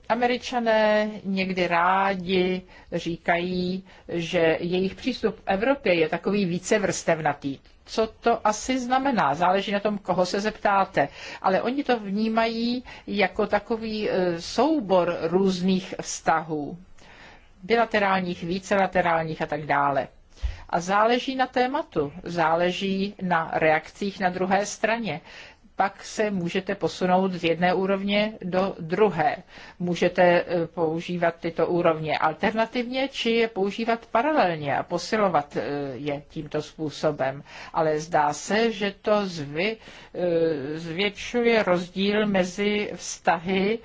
B: Američané někdy rádi říkají, že jejich přístup v Evropě je takový vícevrstevnatý. Co to asi znamená? Záleží na tom, koho se zeptáte. Ale oni to vnímají jako takový e, soubor různých vztahů bilaterálních, vícelaterálních a tak dále. A záleží na tématu, záleží na reakcích na druhé straně pak se můžete posunout z jedné úrovně do druhé. Můžete eh, používat tyto úrovně alternativně, či je používat paralelně a posilovat eh, je tímto způsobem. Ale zdá se, že to zvy, eh, zvětšuje rozdíl mezi vztahy,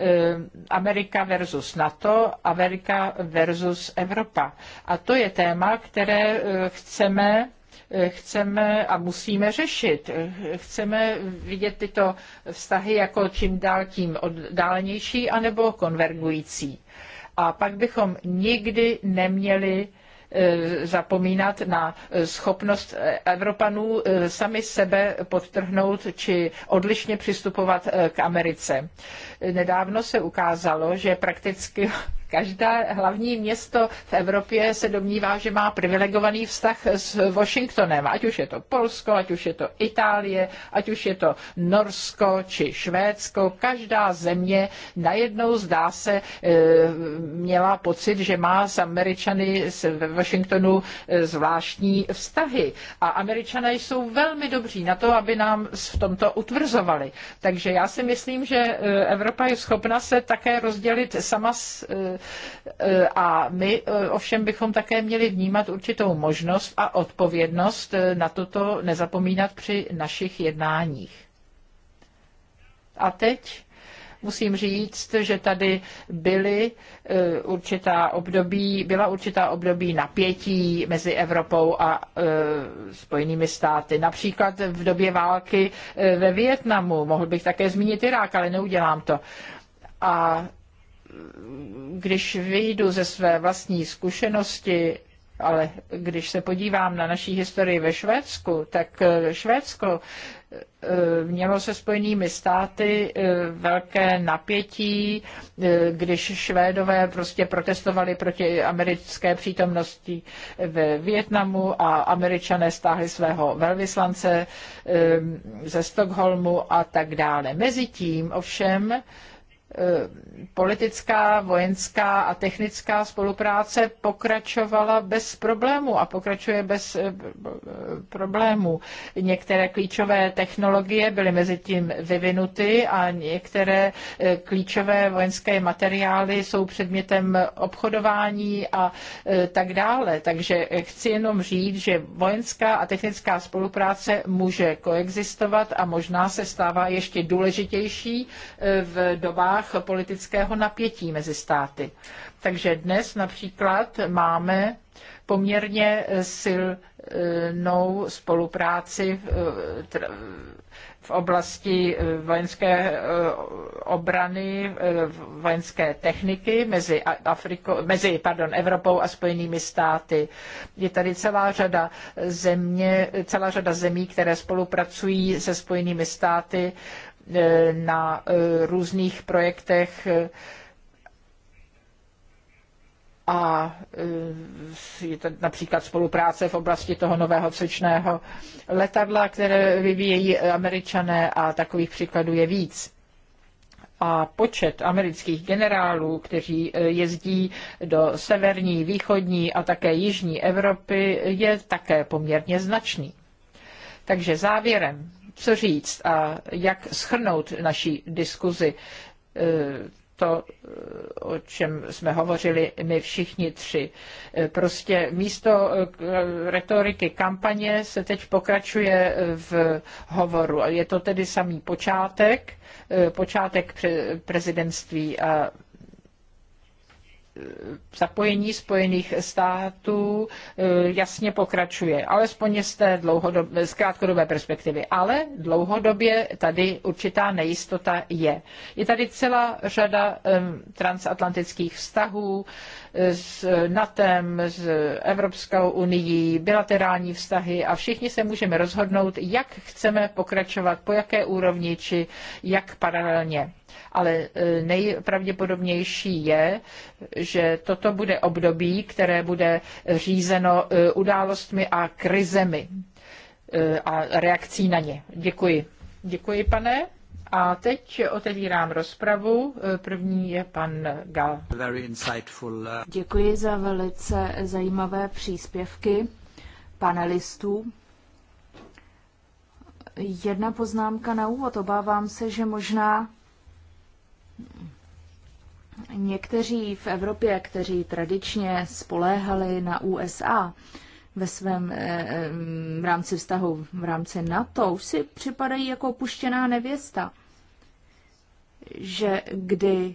B: Eh, Amerika versus NATO, Amerika versus Evropa. A to je téma, které eh, chceme eh, chceme a musíme řešit. Chceme vidět tyto vztahy jako čím dál tím oddálenější anebo konvergující. A pak bychom nikdy neměli E, zapomínat na schopnost Evropanů e, sami sebe podtrhnout či odlišně přistupovat e, k Americe. Nedávno se ukázalo, že prakticky Každá hlavní město v Evropě se domnívá, že má privilegovaný vztah s Washingtonem, ať už je to Polsko, ať už je to Itálie, ať už je to Norsko či Švédsko. Každá země najednou zdá se eh, měla pocit, že má s Američany z Washingtonu eh, zvláštní vztahy. A Američané jsou velmi dobří na to, aby nám v tomto utvrzovali. Takže já si myslím, že eh, Evropa je schopna se také rozdělit sama s, Eh, a my eh, ovšem bychom také měli vnímat určitou možnost a odpovědnost eh, na toto nezapomínat při našich jednáních. A teď musím říct, že tady byly určitá období, byla určitá období napětí mezi Evropou a Spojenými státy. Například v době války ve Vietnamu, mohl bych také zmínit Irák, ale neudělám to. A když vyjdu ze své vlastní zkušenosti, ale když se podívám na naší historii ve Švédsku, tak eh, Švédsko eh, mělo se spojenými státy eh, velké napětí, když Švédové prostě protestovali proti americké přítomnosti ve Vietnamu a američané stáhli svého velvyslance ze Stockholmu a tak dále. Mezitím ovšem Eh, politická, vojenská a technická spolupráce pokračovala bez problému a pokračuje bez eh, problémů. Některé klíčové technologie byly mezi tím vyvinuty a některé eh, klíčové vojenské materiály jsou předmětem obchodování a tak dále. Takže chci jenom říct, že vojenská a technická spolupráce může koexistovat a možná se stává ještě důležitější v dobách, dobách politického napětí mezi státy. Takže dnes například máme poměrně silnou spolupráci v oblasti vojenské eh, obrany, eh, vojenské techniky mezi, Afriko, mezi pardon, Evropou a Spojenými státy. Je tady celá řada, země, celá řada zemí, které spolupracují se Spojenými státy E, na e, různých projektech e, a je to například spolupráce v oblasti toho nového cvičného letadla, které vyvíjejí američané a takových příkladů je víc a počet amerických generálů, kteří jezdí do severní, východní a také jižní Evropy, je také poměrně značný. Takže závěrem co říct a jak schrnout naší diskuzi. E, to, o čem jsme hovořili my všichni tři. E, prostě místo retoriky kampaně se teď pokračuje v hovoru. Je to tedy samý počátek, e, počátek prezidentství a zapojení Spojených států eh, jasně pokračuje, alespoň z té z krátkodobé perspektivy. Ale dlouhodobě tady určitá nejistota je. Je tady celá řada eh, transatlantických vztahů, s NATEM, s Evropskou unii, bilaterální vztahy a všichni se můžeme rozhodnout, jak chceme pokračovat, po jaké úrovni či jak paralelně. Ale e, nejpravděpodobnější je, že toto bude období, které bude řízeno e, událostmi a krizemi e, a reakcí na ně. Děkuji. Děkuji, pane. A teď otevírám rozpravu. První je pan Gal. Uh,
C: Děkuji za velice zajímavé příspěvky panelistů. Jedna poznámka na úvod. Obávám se, že možná někteří v Evropě, kteří tradičně spoléhali na USA ve svém eh, eh, v rámci vztahu v rámci NATO, už si připadají jako opuštěná nevěsta že kdy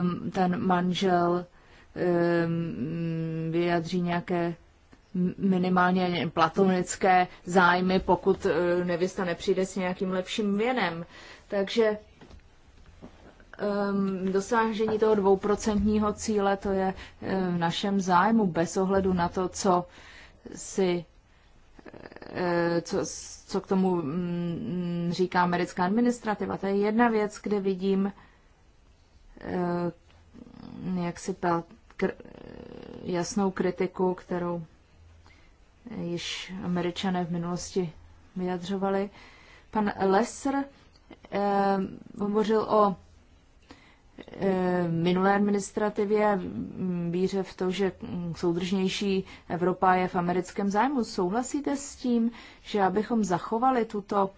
C: um, ten manžel um, vyjadří nějaké minimálně platonické zájmy, pokud uh, nevěsta nepřijde s nějakým lepším věnem. Takže um, ehm, dosážení toho dvouprocentního cíle, to je uh, v našem zájmu, bez ohledu na to, co si Eh, co, co k tomu mm, mm, říká americká administrativa. To je jedna věc, kde vidím, eh, jak si ta jasnou kritiku, kterou již američané v minulosti vyjadřovali. Pan Lesser eh, hovořil o Eh, minulé administrativě mm, víře v to, že mm, soudržnější Evropa je v americkém zájmu. Souhlasíte s tím, že abychom zachovali tuto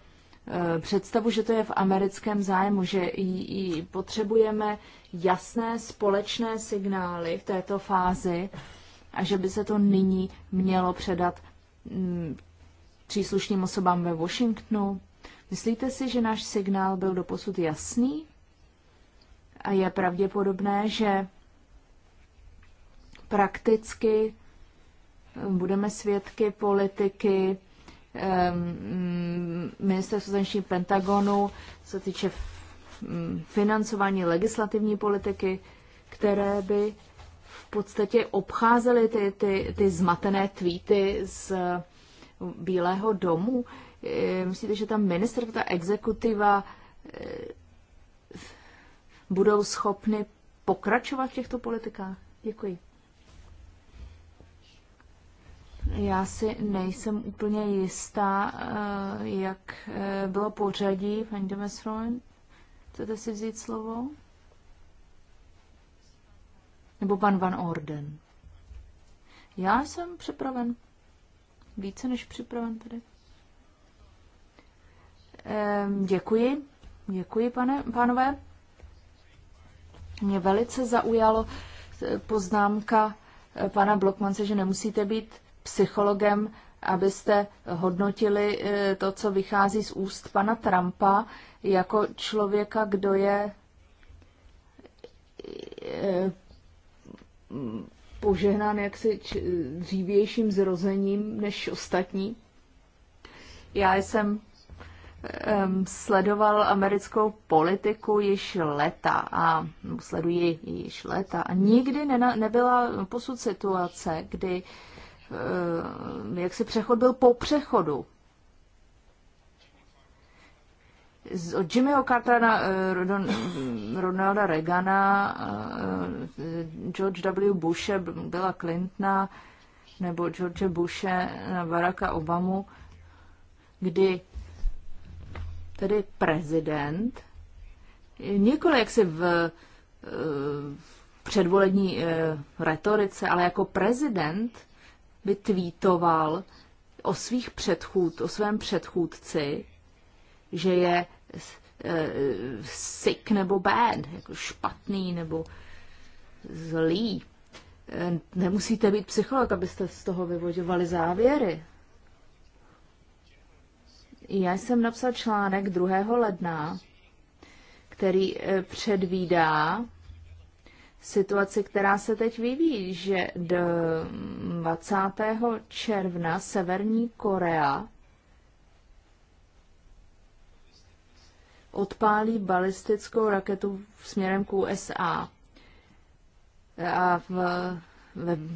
C: eh, představu, že to je v americkém zájmu, že i, potřebujeme jasné společné signály v této fázi a že by se to nyní mělo předat mm, příslušným osobám ve Washingtonu? Myslíte si, že náš signál byl doposud jasný? a je pravděpodobné, že prakticky eh, budeme svědky politiky ehm, mm, ministerstva zahraničí Pentagonu, co se týče mm, financování legislativní politiky, které by v podstatě obcházely ty, ty, ty zmatené tweety z eh, Bílého domu. Eh, myslíte, že ta minister ta exekutiva budou schopny pokračovat v těchto politikách? Děkuji. Já si nejsem úplně jistá, eh, jak eh, bylo pořadí. Paní Demesroen, chcete si vzít slovo? Nebo pan Van Orden? Já jsem připraven. Více než připraven tady. Děkuji. Děkuji, pane, pánové. Mě velice zaujalo eh, poznámka eh, pana Blokmance, že nemusíte být psychologem, abyste hodnotili eh, to, co vychází z úst pana Trumpa, jako člověka, kdo je požehnán jaksi dřívějším zrozením než ostatní. Já jsem um, sledoval americkou politiku již leta a sleduji již leta a nikdy nena, nebyla posud situace, kdy um, jak si přechod byl po přechodu. Z, od Jimmyho Cartera na uh, eh, Ronalda Reagana, uh, George W. Bushe, byla Clintona nebo George Bushe na Baracka Obamu, kdy tedy prezident, nikoli jaksi v, eh, v předvolební eh, retorice, ale jako prezident by tweetoval o svých předchůd, o svém předchůdci, že je eh, sick nebo bad, jako špatný nebo zlý. Nemusíte být psycholog, abyste z toho vyvodovali závěry. Já jsem napsal článek 2. ledna, který eh, předvídá situaci, která se teď vyvíjí, že do 20. června Severní Korea odpálí balistickou raketu směrem k USA. A v, v,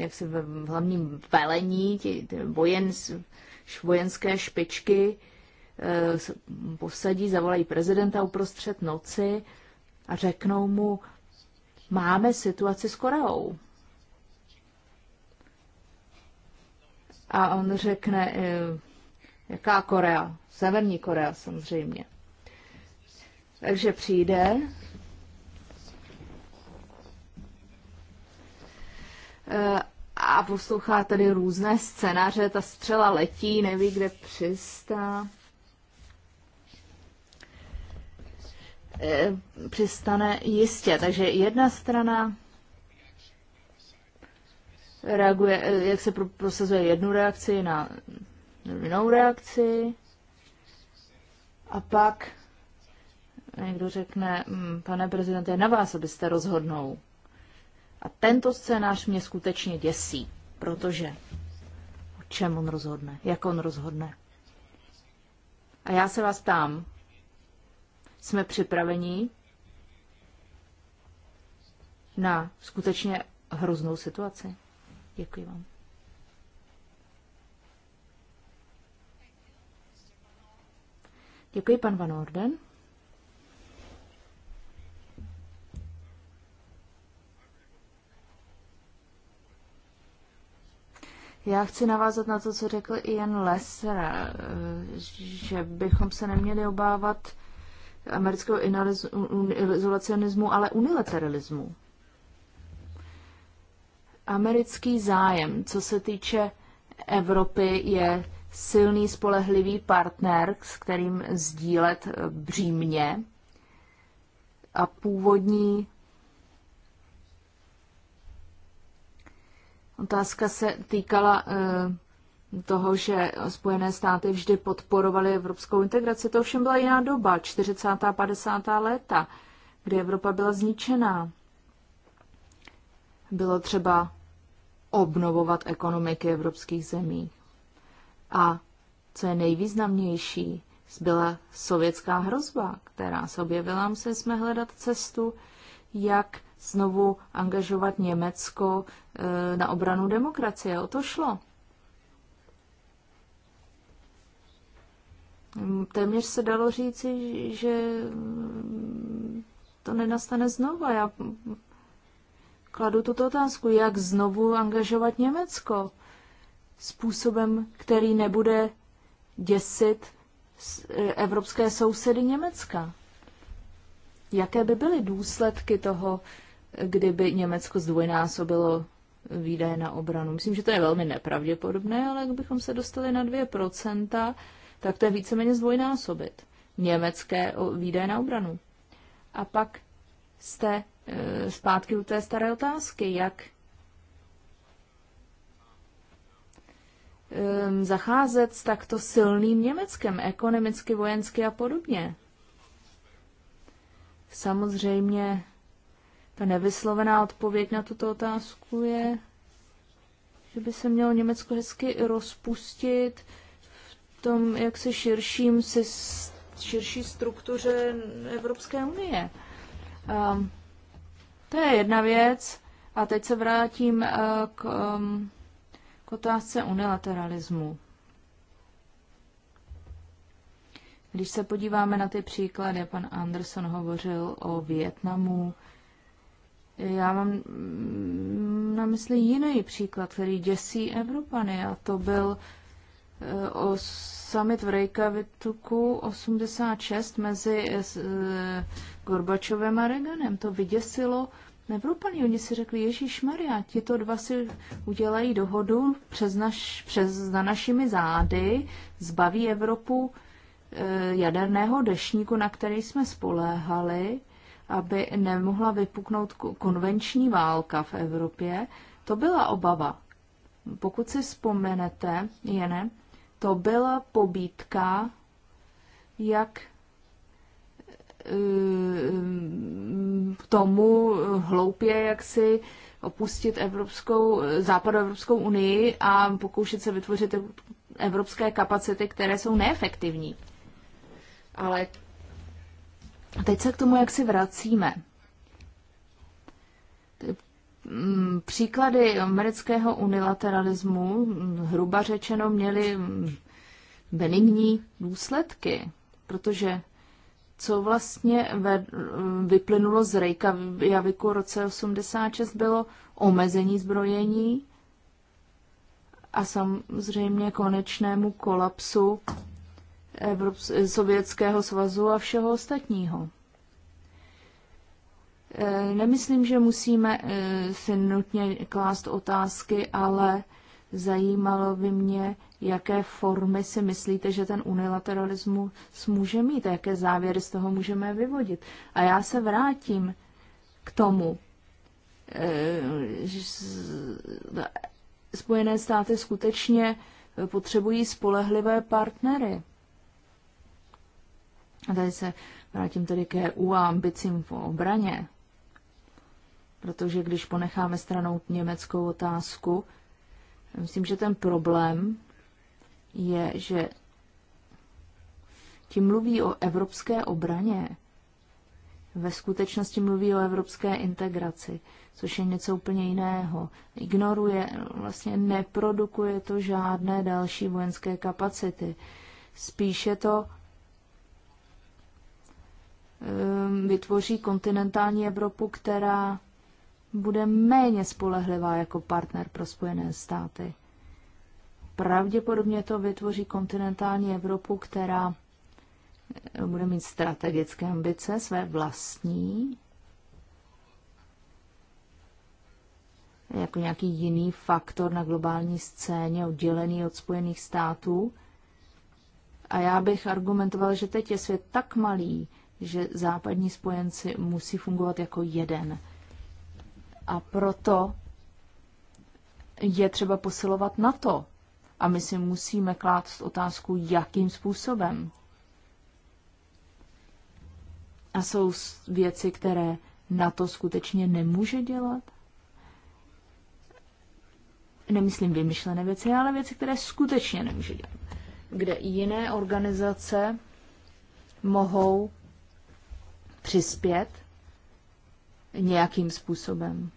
C: jak se v hlavním velení tě, tě, vojen vojenské špičky eh, posadí, zavolají prezidenta uprostřed noci a řeknou mu, máme situaci s Koreou. A on řekne, eh, jaká Korea? Severní Korea samozřejmě. Takže přijde, eh, a poslouchá tady různé scénáře, ta střela letí, neví, kde přistá. E, přistane jistě. Takže jedna strana reaguje, e, jak se prosazuje jednu reakci na jinou reakci a pak někdo řekne, pane prezidente, je na vás, abyste rozhodnou. A tento scénář mě skutečně děsí, protože o čem on rozhodne, jak on rozhodne. A já se vás ptám, jsme připraveni na skutečně hroznou situaci? Děkuji vám. Děkuji, pan Van Orden. Já chci navázat na to, co řekl Ian Lesser, že bychom se neměli obávat amerického izolacionismu, ale unilateralismu. Americký zájem, co se týče Evropy, je silný, spolehlivý partner, s kterým sdílet břímně a původní Otázka se týkala eh, toho, že Spojené státy vždy podporovaly evropskou integraci. To ovšem byla jiná doba, 40. a 50. léta, kdy Evropa byla zničená. Bylo třeba obnovovat ekonomiky evropských zemí. A co je nejvýznamnější, byla sovětská hrozba, která se objevila. Museli jsme hledat cestu, jak znovu angažovat Německo eh, na obranu demokracie. O to šlo. Mm, téměř se dalo říci, že mm, to nenastane znovu. Já kladu tuto otázku, jak znovu angažovat Německo způsobem, který nebude děsit eh, evropské sousedy Německa. Jaké by byly důsledky toho kdyby Německo zdvojnásobilo výdaje na obranu. Myslím, že to je velmi nepravděpodobné, ale kdybychom se dostali na 2%, tak to je víceméně zdvojnásobit německé výdaje na obranu. A pak jste e, zpátky u té staré otázky, jak zacházet s takto silným Německem, ekonomicky, vojensky a podobně. Samozřejmě nevyslovená odpověď na tuto otázku je, že by se mělo Německo hezky rozpustit v tom jak se širším, se širší struktuře Evropské unie. Um, to je jedna věc. A teď se vrátím uh, k, um, k otázce unilateralismu. Když se podíváme na ty příklady, pan Anderson hovořil o Větnamu, já mám na mysli jiný příklad, který děsí Evropany a to byl eh, o summit v Reykjaviku 86 mezi eh, eh, Gorbačovem a Reaganem. To vyděsilo Evropany. Oni si řekli, Ježíš Maria, to dva si udělají dohodu přes, naš, přes na našimi zády, zbaví Evropu jaderného dešníku, na který jsme spoléhali aby nemohla vypuknout konvenční válka v Evropě. To byla obava. Pokud si vzpomenete, Jene, to byla pobítka, jak eh, k tomu hloupě, jak si opustit Evropskou, západoevropskou unii a pokoušet se vytvořit evropské kapacity, které jsou neefektivní. Ale a teď se k tomu, jak si vracíme. Mm, příklady amerického unilateralismu, mm, hruba řečeno, měly mm, benigní důsledky, protože co vlastně ve, vyplynulo z Reykjaviku v roce 86 bylo omezení zbrojení a samozřejmě konečnému kolapsu Evrops- Sovětského svazu a všeho ostatního. E, nemyslím, že musíme e, si nutně klást otázky, ale zajímalo by mě, jaké formy si myslíte, že ten unilateralismus může mít, jaké závěry z toho můžeme vyvodit. A já se vrátím k tomu, e, Spojené státy skutečně potřebují spolehlivé partnery. A tady se vrátím tedy k EU a ambicím v obraně, protože když ponecháme stranou německou otázku, myslím, že ten problém je, že ti mluví o evropské obraně, ve skutečnosti mluví o evropské integraci, což je něco úplně jiného. Ignoruje, vlastně neprodukuje to žádné další vojenské kapacity. Spíše to Ehm, vytvoří kontinentální Evropu, která bude méně spolehlivá jako partner pro Spojené státy. Pravděpodobně to vytvoří kontinentální Evropu, která eh, bude mít strategické ambice, své vlastní, jako nějaký jiný faktor na globální scéně, oddělený od Spojených států. A já bych argumentoval, že teď je svět tak malý, že západní spojenci musí fungovat jako jeden. A proto je třeba posilovat to, A my si musíme klást otázku, jakým způsobem. A jsou věci, které na to skutečně nemůže dělat? Nemyslím vymyšlené věci, ale věci, které skutečně nemůže dělat. Kde jiné organizace mohou přispět nějakým způsobem.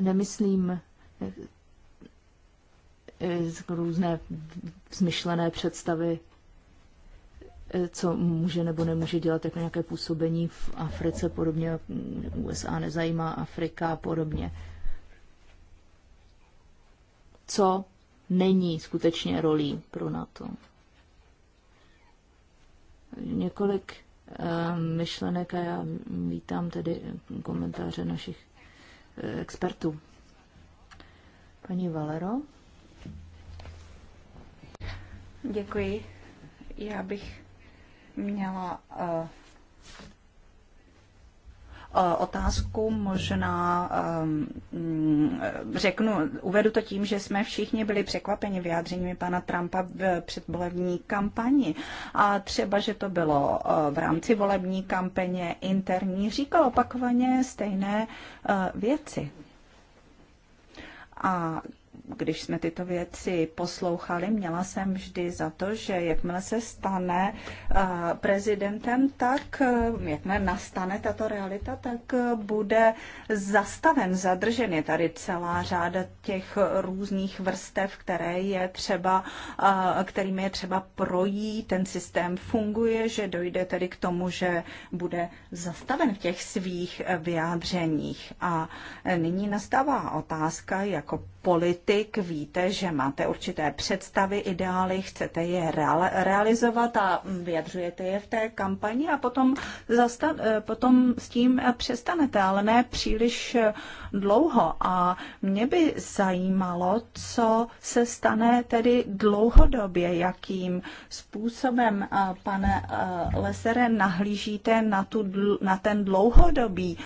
C: Nemyslím eh, různé vzmyšlené představy, eh, co může nebo nemůže dělat jako nějaké působení v Africe, podobně USA nezajímá Afrika a podobně. Co není skutečně rolí pro NATO? Několik eh, myšlenek a já vítám tedy komentáře našich eh, expertů. Paní Valero.
A: Děkuji. Já bych měla uh, Eh, otázku, možná eh, řeknu, uvedu to tím, že jsme všichni byli překvapeni vyjádřeními pana Trumpa v předvolební kampani. A třeba, že to bylo eh, v rámci volební kampaně interní, říkal opakovaně stejné věci. A když jsme tyto věci poslouchali, měla jsem vždy za to, že jakmile se stane eh, prezidentem, tak eh, jakmile nastane tato realita, tak eh, bude zastaven, zadržen. Je tady celá řáda těch různých vrstev, které je třeba, kterými je třeba projít. Ten systém funguje, že dojde tedy k tomu, že bude zastaven v těch svých vyjádřeních. A nyní nastává otázka, jako politik, víte, že máte určité představy, ideály, chcete je real, realizovat a vyjadřujete je v té kampani a potom, zasta, potom s tím přestanete, ale ne příliš dlouho. A mě by zajímalo, co se stane tedy dlouhodobě, jakým způsobem, pane Lesere, nahlížíte na, tu, na ten dlouhodobý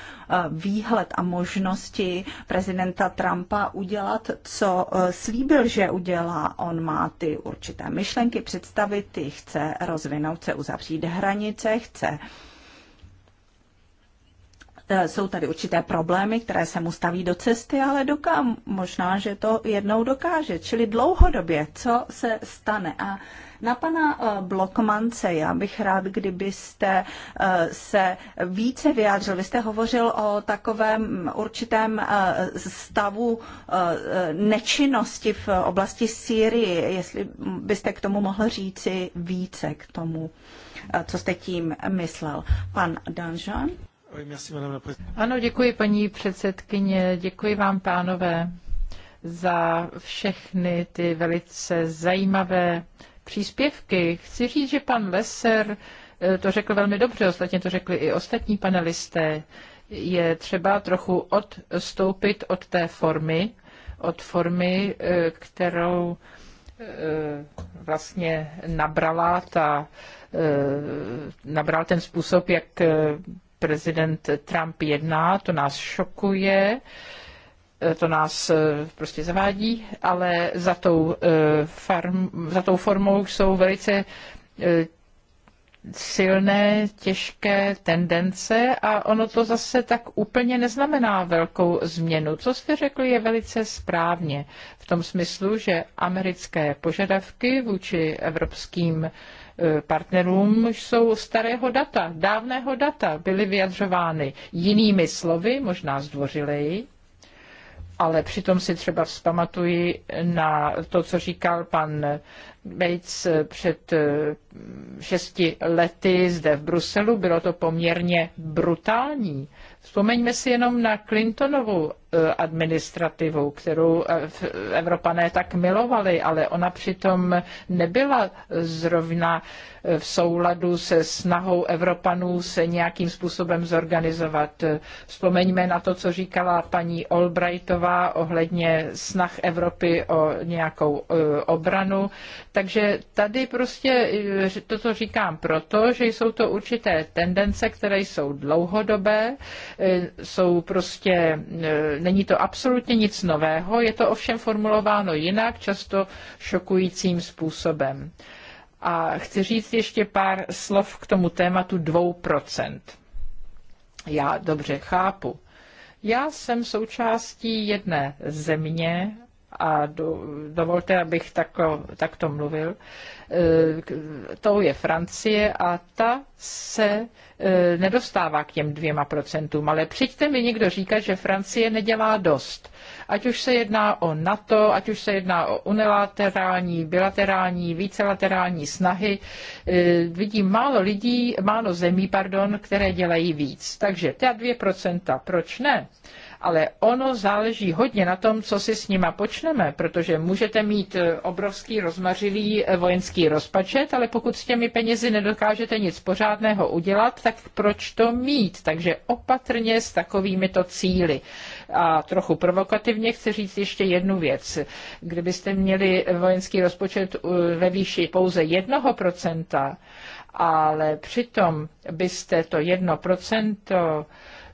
A: výhled a možnosti prezidenta Trumpa udělat co eh, slíbil, že udělá. On má ty určité myšlenky, představy, ty chce rozvinout, chce uzavřít hranice, chce eh, jsou tady určité problémy, které se mu staví do cesty, ale doká, možná, že to jednou dokáže. Čili dlouhodobě, co se stane. A na pana eh, Blokmance, já bych rád, kdybyste eh, se více vyjádřil. Vy jste hovořil o takovém určitém eh, stavu nečinnosti v oblasti Sýrii. Jestli byste k tomu mohl říci více k
B: tomu, co jste tím myslel. Pan Danžan. Ano, děkuji paní předsedkyně, děkuji vám pánové za všechny ty velice zajímavé příspěvky. Chci říct, že pan Lesser eh, to řekl velmi dobře, ostatně to řekli i ostatní panelisté. Je třeba trochu odstoupit od té formy, od formy, eh, kterou eh, vlastně nabrala ta, nabral ten způsob, jak prezident Trump jedná, to nás šokuje. Eh, to nás eh, prostě zavádí, ale za tou, eh, farm, za tou formou jsou velice silné, těžké tendence a ono to zase tak úplně neznamená velkou změnu. Co jste řekli je velice správně v tom smyslu, že americké požadavky vůči evropským partnerům jsou starého data, dávného data, byly vyjadřovány jinými slovy, možná zdvořileji, ale přitom si třeba vzpamatuji na to, co říkal pan Bates před eh, šesti lety zde v Bruselu. Bylo to poměrně brutální. Vzpomeňme si jenom na Clintonovu E, administrativou, kterou e, Evropané tak milovali, ale ona přitom nebyla zrovna e, v souladu se snahou Evropanů se nějakým způsobem zorganizovat. Vzpomeňme na to, co říkala paní Albrightová ohledně snah Evropy o nějakou obranu. Takže tady prostě toto říkám proto, že jsou to určité tendence, které jsou dlouhodobé, jsou prostě Není to absolutně nic nového, je to ovšem formulováno jinak, často šokujícím způsobem. A chci říct ještě pár slov k tomu tématu 2%. Já dobře chápu. Já jsem součástí jedné země, a do, dovolte, abych takto, takto mluvil, Eh, tou je Francie a ta se eh, nedostává k těm dvěma procentům. Ale přijďte mi někdo říkat, že Francie nedělá dost ať už se jedná o NATO, ať už se jedná o unilaterální, bilaterální, vícelaterální snahy. Eh, vidím málo lidí, málo zemí, pardon, které dělají víc. Takže ta procenta, proč ne? ale ono záleží hodně na tom, co si s nima počneme, protože můžete mít e, obrovský rozmařilý e, vojenský rozpačet, ale pokud s těmi penězi nedokážete nic pořádného udělat, tak proč to mít? Takže opatrně s takovými to cíly. A trochu provokativně chci říct ještě jednu věc. Kdybyste měli vojenský rozpočet ve výši pouze 1%, ale přitom byste to 1%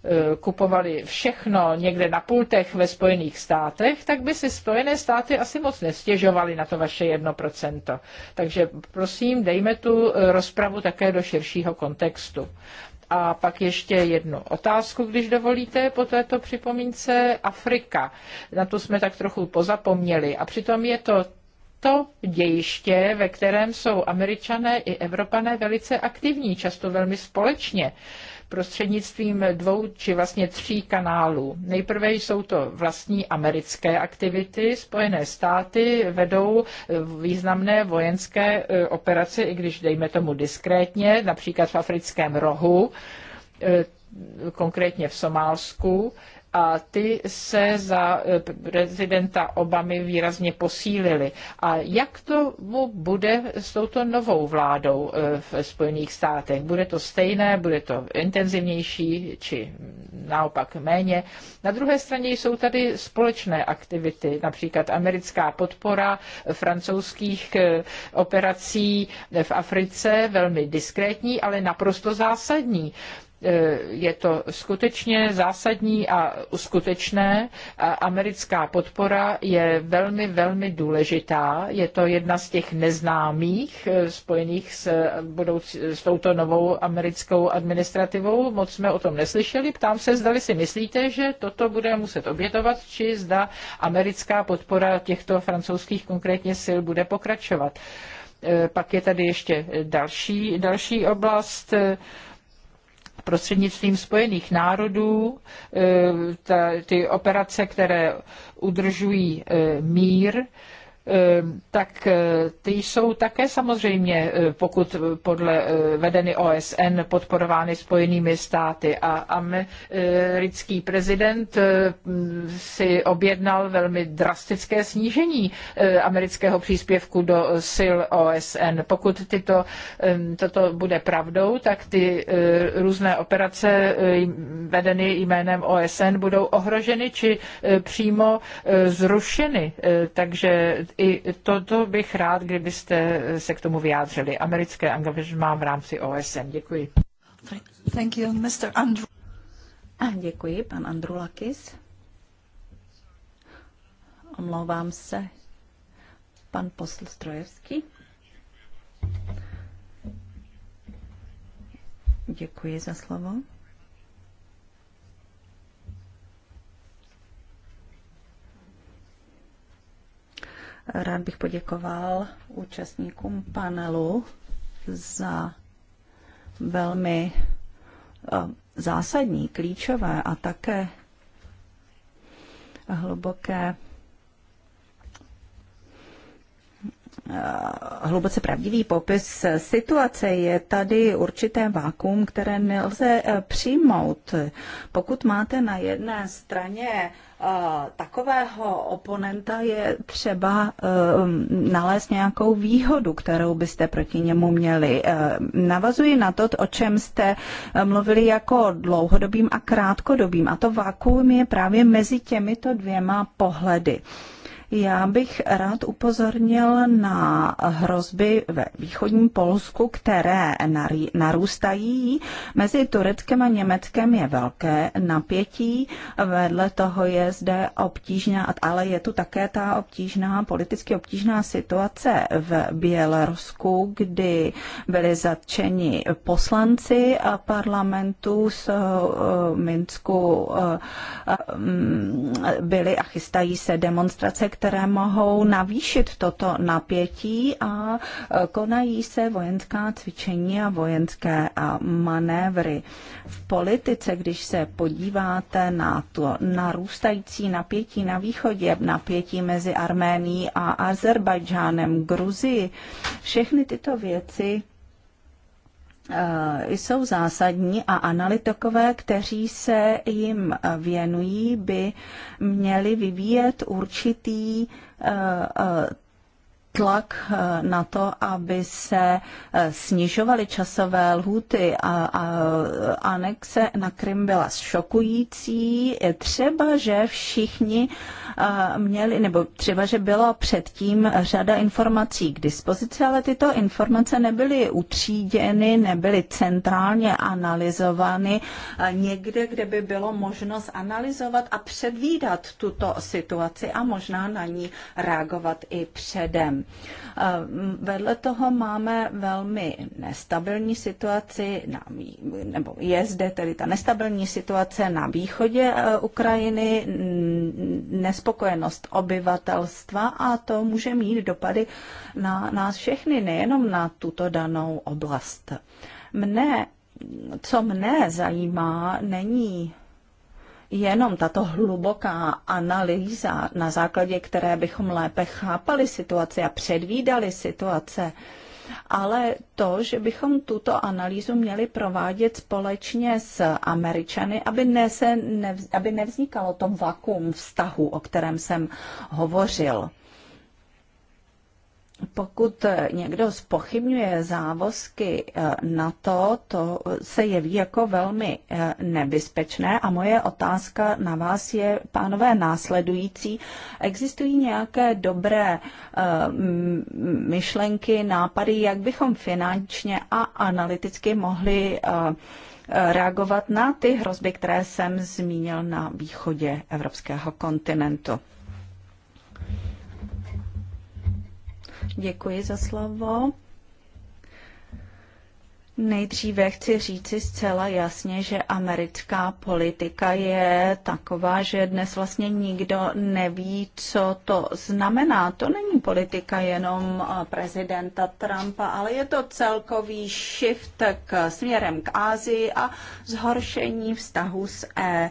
B: Eh, kupovali všechno někde na pultech ve Spojených státech, tak by si Spojené státy asi moc nestěžovaly na to vaše 1%. Takže prosím, dejme tu eh, rozpravu také do širšího kontextu. A pak ještě jednu otázku, když dovolíte, po této připomínce Afrika. Na to jsme tak trochu pozapomněli. A přitom je to to dějiště, ve kterém jsou američané i evropané velice aktivní, často velmi společně. Uh, prostřednictvím dvou či vlastně tří kanálů. Nejprve jsou to vlastní americké aktivity. Spojené státy vedou eh, významné vojenské eh, operace, i když dejme tomu diskrétně, například v africkém rohu eh, konkrétně v Somálsku a ty se za eh, prezidenta Obamy výrazně posílily. A jak to bude s touto novou vládou eh, v Spojených státech? Bude to stejné, bude to intenzivnější či naopak méně? Na druhé straně jsou tady společné aktivity, například americká podpora francouzských eh, operací v Africe, velmi diskrétní, ale naprosto zásadní. E, je to skutečně zásadní a skutečné. Americká podpora je velmi, velmi důležitá. Je to jedna z těch neznámých e, spojených s, budoucí, s touto novou americkou administrativou. Moc jsme o tom neslyšeli. Ptám se, zdali si myslíte, že toto bude muset obětovat, či zda americká podpora těchto francouzských konkrétně sil bude pokračovat. E, pak je tady ještě další, další oblast prostřednictvím Spojených národů eh, ty operace, které udržují eh, mír, Ehm, tak eh, ty jsou také samozřejmě, eh, pokud podle eh, vedeny OSN, podporovány spojenými státy. A americký prezident si objednal velmi drastické snížení amerického příspěvku do sil OSN. Pokud tyto, ehm, toto bude pravdou, tak ty různé operace vedeny jménem OSN budou ohroženy či přímo zrušeny. Takže i toto bych rád, kdybyste se k tomu vyjádřili. Americké angažmá v rámci OSN. Děkuji.
A: Thank you, Mr. Andrew. A děkuji, pan Andrulakis. Omlouvám se, pan posl Strojevský. Děkuji za slovo. Rád bych poděkoval účastníkům panelu za velmi eh, zásadní, klíčové a také hluboké Eh, hluboce pravdivý popis situace. Je tady určité vákum, které nelze eh, přijmout. Pokud máte na jedné straně eh, takového oponenta je třeba nalézt nějakou výhodu, kterou byste proti němu měli. Navazuji na to, o čem jste mluvili jako dlouhodobým a krátkodobým. A to vákuum je právě mezi těmito dvěma pohledy. Já bych rád upozornil na hrozby ve východním Polsku, které narůstají. Mezi Tureckem a Německem je velké napětí, vedle toho je zde obtížná, ale je tu také ta obtížná, politicky obtížná situace v Bělorusku, kdy byli zatčeni poslanci parlamentu z eh, Minsku, eh, eh, mm, byli a chystají se demonstrace, které mohou navýšit toto napětí a e, konají se vojenská cvičení a vojenské manévry. V politice, když se podíváte na to narůstající napětí na východě, napětí mezi Arménií a Azerbajdžánem, Gruzii, všechny tyto věci Eh, jsou zásadní a analytikové, kteří se jim eh, věnují, by měli vyvíjet určitý eh, tlak eh, na to, aby se eh, snižovaly časové lhuty a, a anexe na Krym byla šokující. Třeba, že všichni eh, měli, nebo třeba, že bylo předtím řada informací k dispozici, ale tyto informace nebyly utříděny, nebyly centrálně analyzovány někde, kde by bylo možnost analyzovat a předvídat tuto situaci a možná na ní reagovat i předem. Eh, vedle toho máme velmi nestabilní situaci, na, nebo je zde tedy ta nestabilní situace na východě eh, Ukrajiny, nespokojenost obyvatelstva a to může mít dopady na nás všechny, nejenom na tuto danou oblast. Mne, co mne zajímá, není jenom tato hluboká analýza, na základě které bychom lépe chápali situaci a předvídali situace, ale to, že bychom tuto analýzu měli provádět společně s Američany, aby, ne se nevz, aby nevznikalo to vakuum vztahu, o kterém jsem hovořil. Pokud eh, někdo spochybňuje závozky eh, na to, to se jeví jako velmi eh, nebezpečné a moje otázka na vás je, pánové, následující. Existují nějaké dobré myšlenky, nápady, jak bychom finančně a analyticky mohli reagovat na ty hrozby, které jsem zmínil na východě evropského kontinentu? Děkuji za slovo. Nejdříve chci říci zcela jasně, že americká politika je taková, že dnes vlastně nikdo neví, co to znamená. To není politika jenom eh, prezidenta Trumpa, ale je to celkový shift k směrem k Ázii a zhoršení vztahu s EU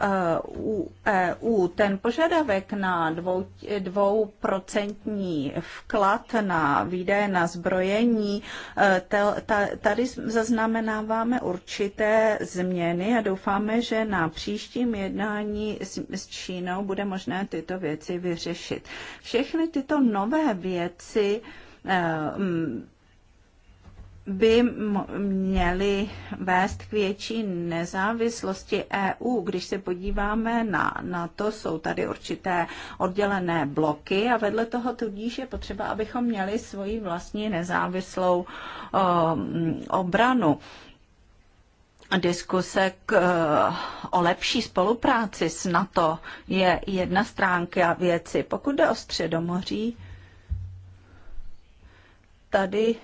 A: EU. E Ten požadavek na dvou, dvouprocentní vklad na výdaje na zbrojení, e, tady zaznamenáváme určité změny a doufáme, že na příštím jednání s Čínou bude možné tyto věci vyřešit. Všechny tyto nové věci e, by měly vést k větší nezávislosti EU. Když se podíváme na, na to, jsou tady určité oddělené bloky a vedle toho tudíž je potřeba, abychom měli svoji vlastní nezávislou um, obranu diskuse k, o lepší spolupráci s NATO je jedna stránka a věci. Pokud jde o Středomoří, tady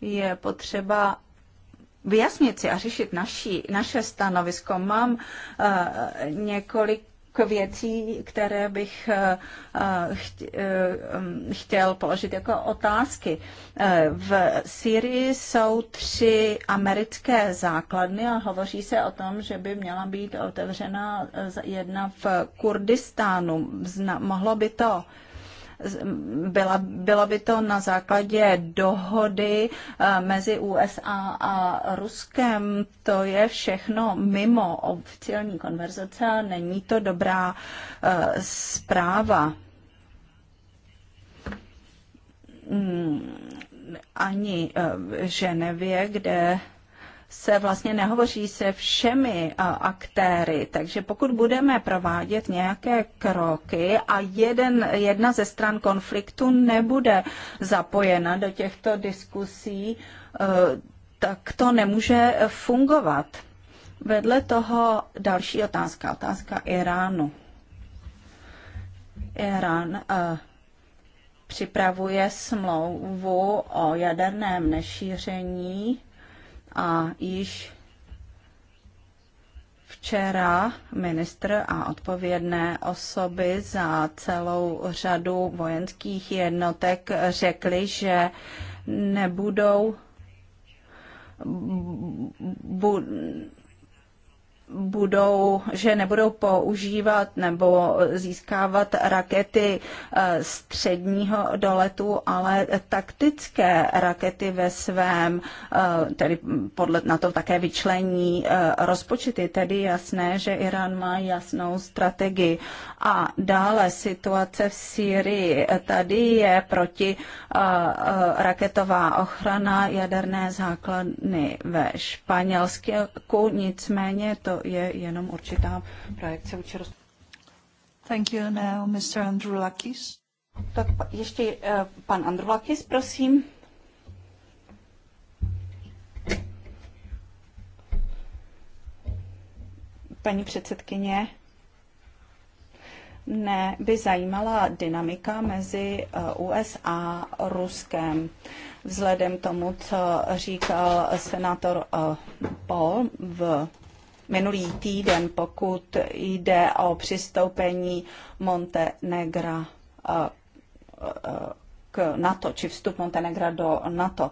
A: je potřeba vyjasnit si a řešit naši, naše stanovisko. Mám uh, několik věcí, které bych eh, eh, mm, chtěl položit jako otázky. V Syrii jsou tři americké základny a hovoří se o tom, že by měla být otevřena jedna v Kurdistánu. Mohlo by to byla, byla by to na základě dohody eh, mezi USA a Ruskem. To je všechno mimo oficiální konverzace a není to dobrá eh, zpráva hmm, ani eh, v Ženevě, kde se vlastně nehovoří se všemi aktéry, takže pokud budeme provádět nějaké kroky a jeden, jedna ze stran konfliktu nebude zapojena do těchto diskusí, e, tak to nemůže fungovat. Vedle toho další otázka, otázka Iránu. Irán e, připravuje smlouvu o jaderném nešíření a již Včera ministr a odpovědné osoby za celou řadu vojenských jednotek řekli, že nebudou bu, budou, že nebudou používat nebo získávat rakety eh, středního doletu, ale taktické rakety ve svém, eh, tedy podle na to také vyčlení eh, rozpočet. Je tedy jasné, že Irán má jasnou strategii. A dále situace v Sýrii. Tady je proti raketová ochrana jaderné základny ve Španělsku, nicméně to je jenom určitá projekce vůči Thank you now, Mr. Andrulakis. Tak ještě uh, pan Andrulakis, prosím. Paní předsedkyně, mne by zajímala dynamika mezi eh, USA a Ruskem. Vzhledem tomu, co říkal senátor eh, Paul v minulý týden, pokud jde o přistoupení Montenegra eh, eh, k NATO, či vstup Montenegra do NATO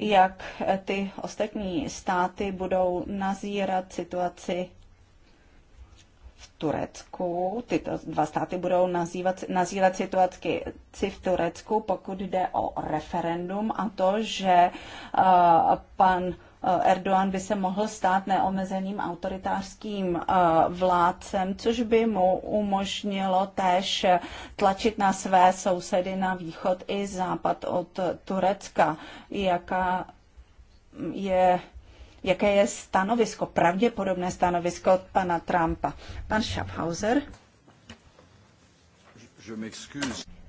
A: jak ty ostatní státy budou nazírat situaci v Turecku. Tyto dva státy budou nazývat, nazírat situaci v Turecku, pokud jde o referendum a to, že uh, pan Eh, Erdogan by se mohl stát neomezeným autoritářským eh, vládcem, což by mu umožnilo též tlačit na své sousedy na východ i západ od Turecka. Jaká je jaké je stanovisko, pravděpodobné stanovisko od pana Trumpa. Pan Schaffhauser.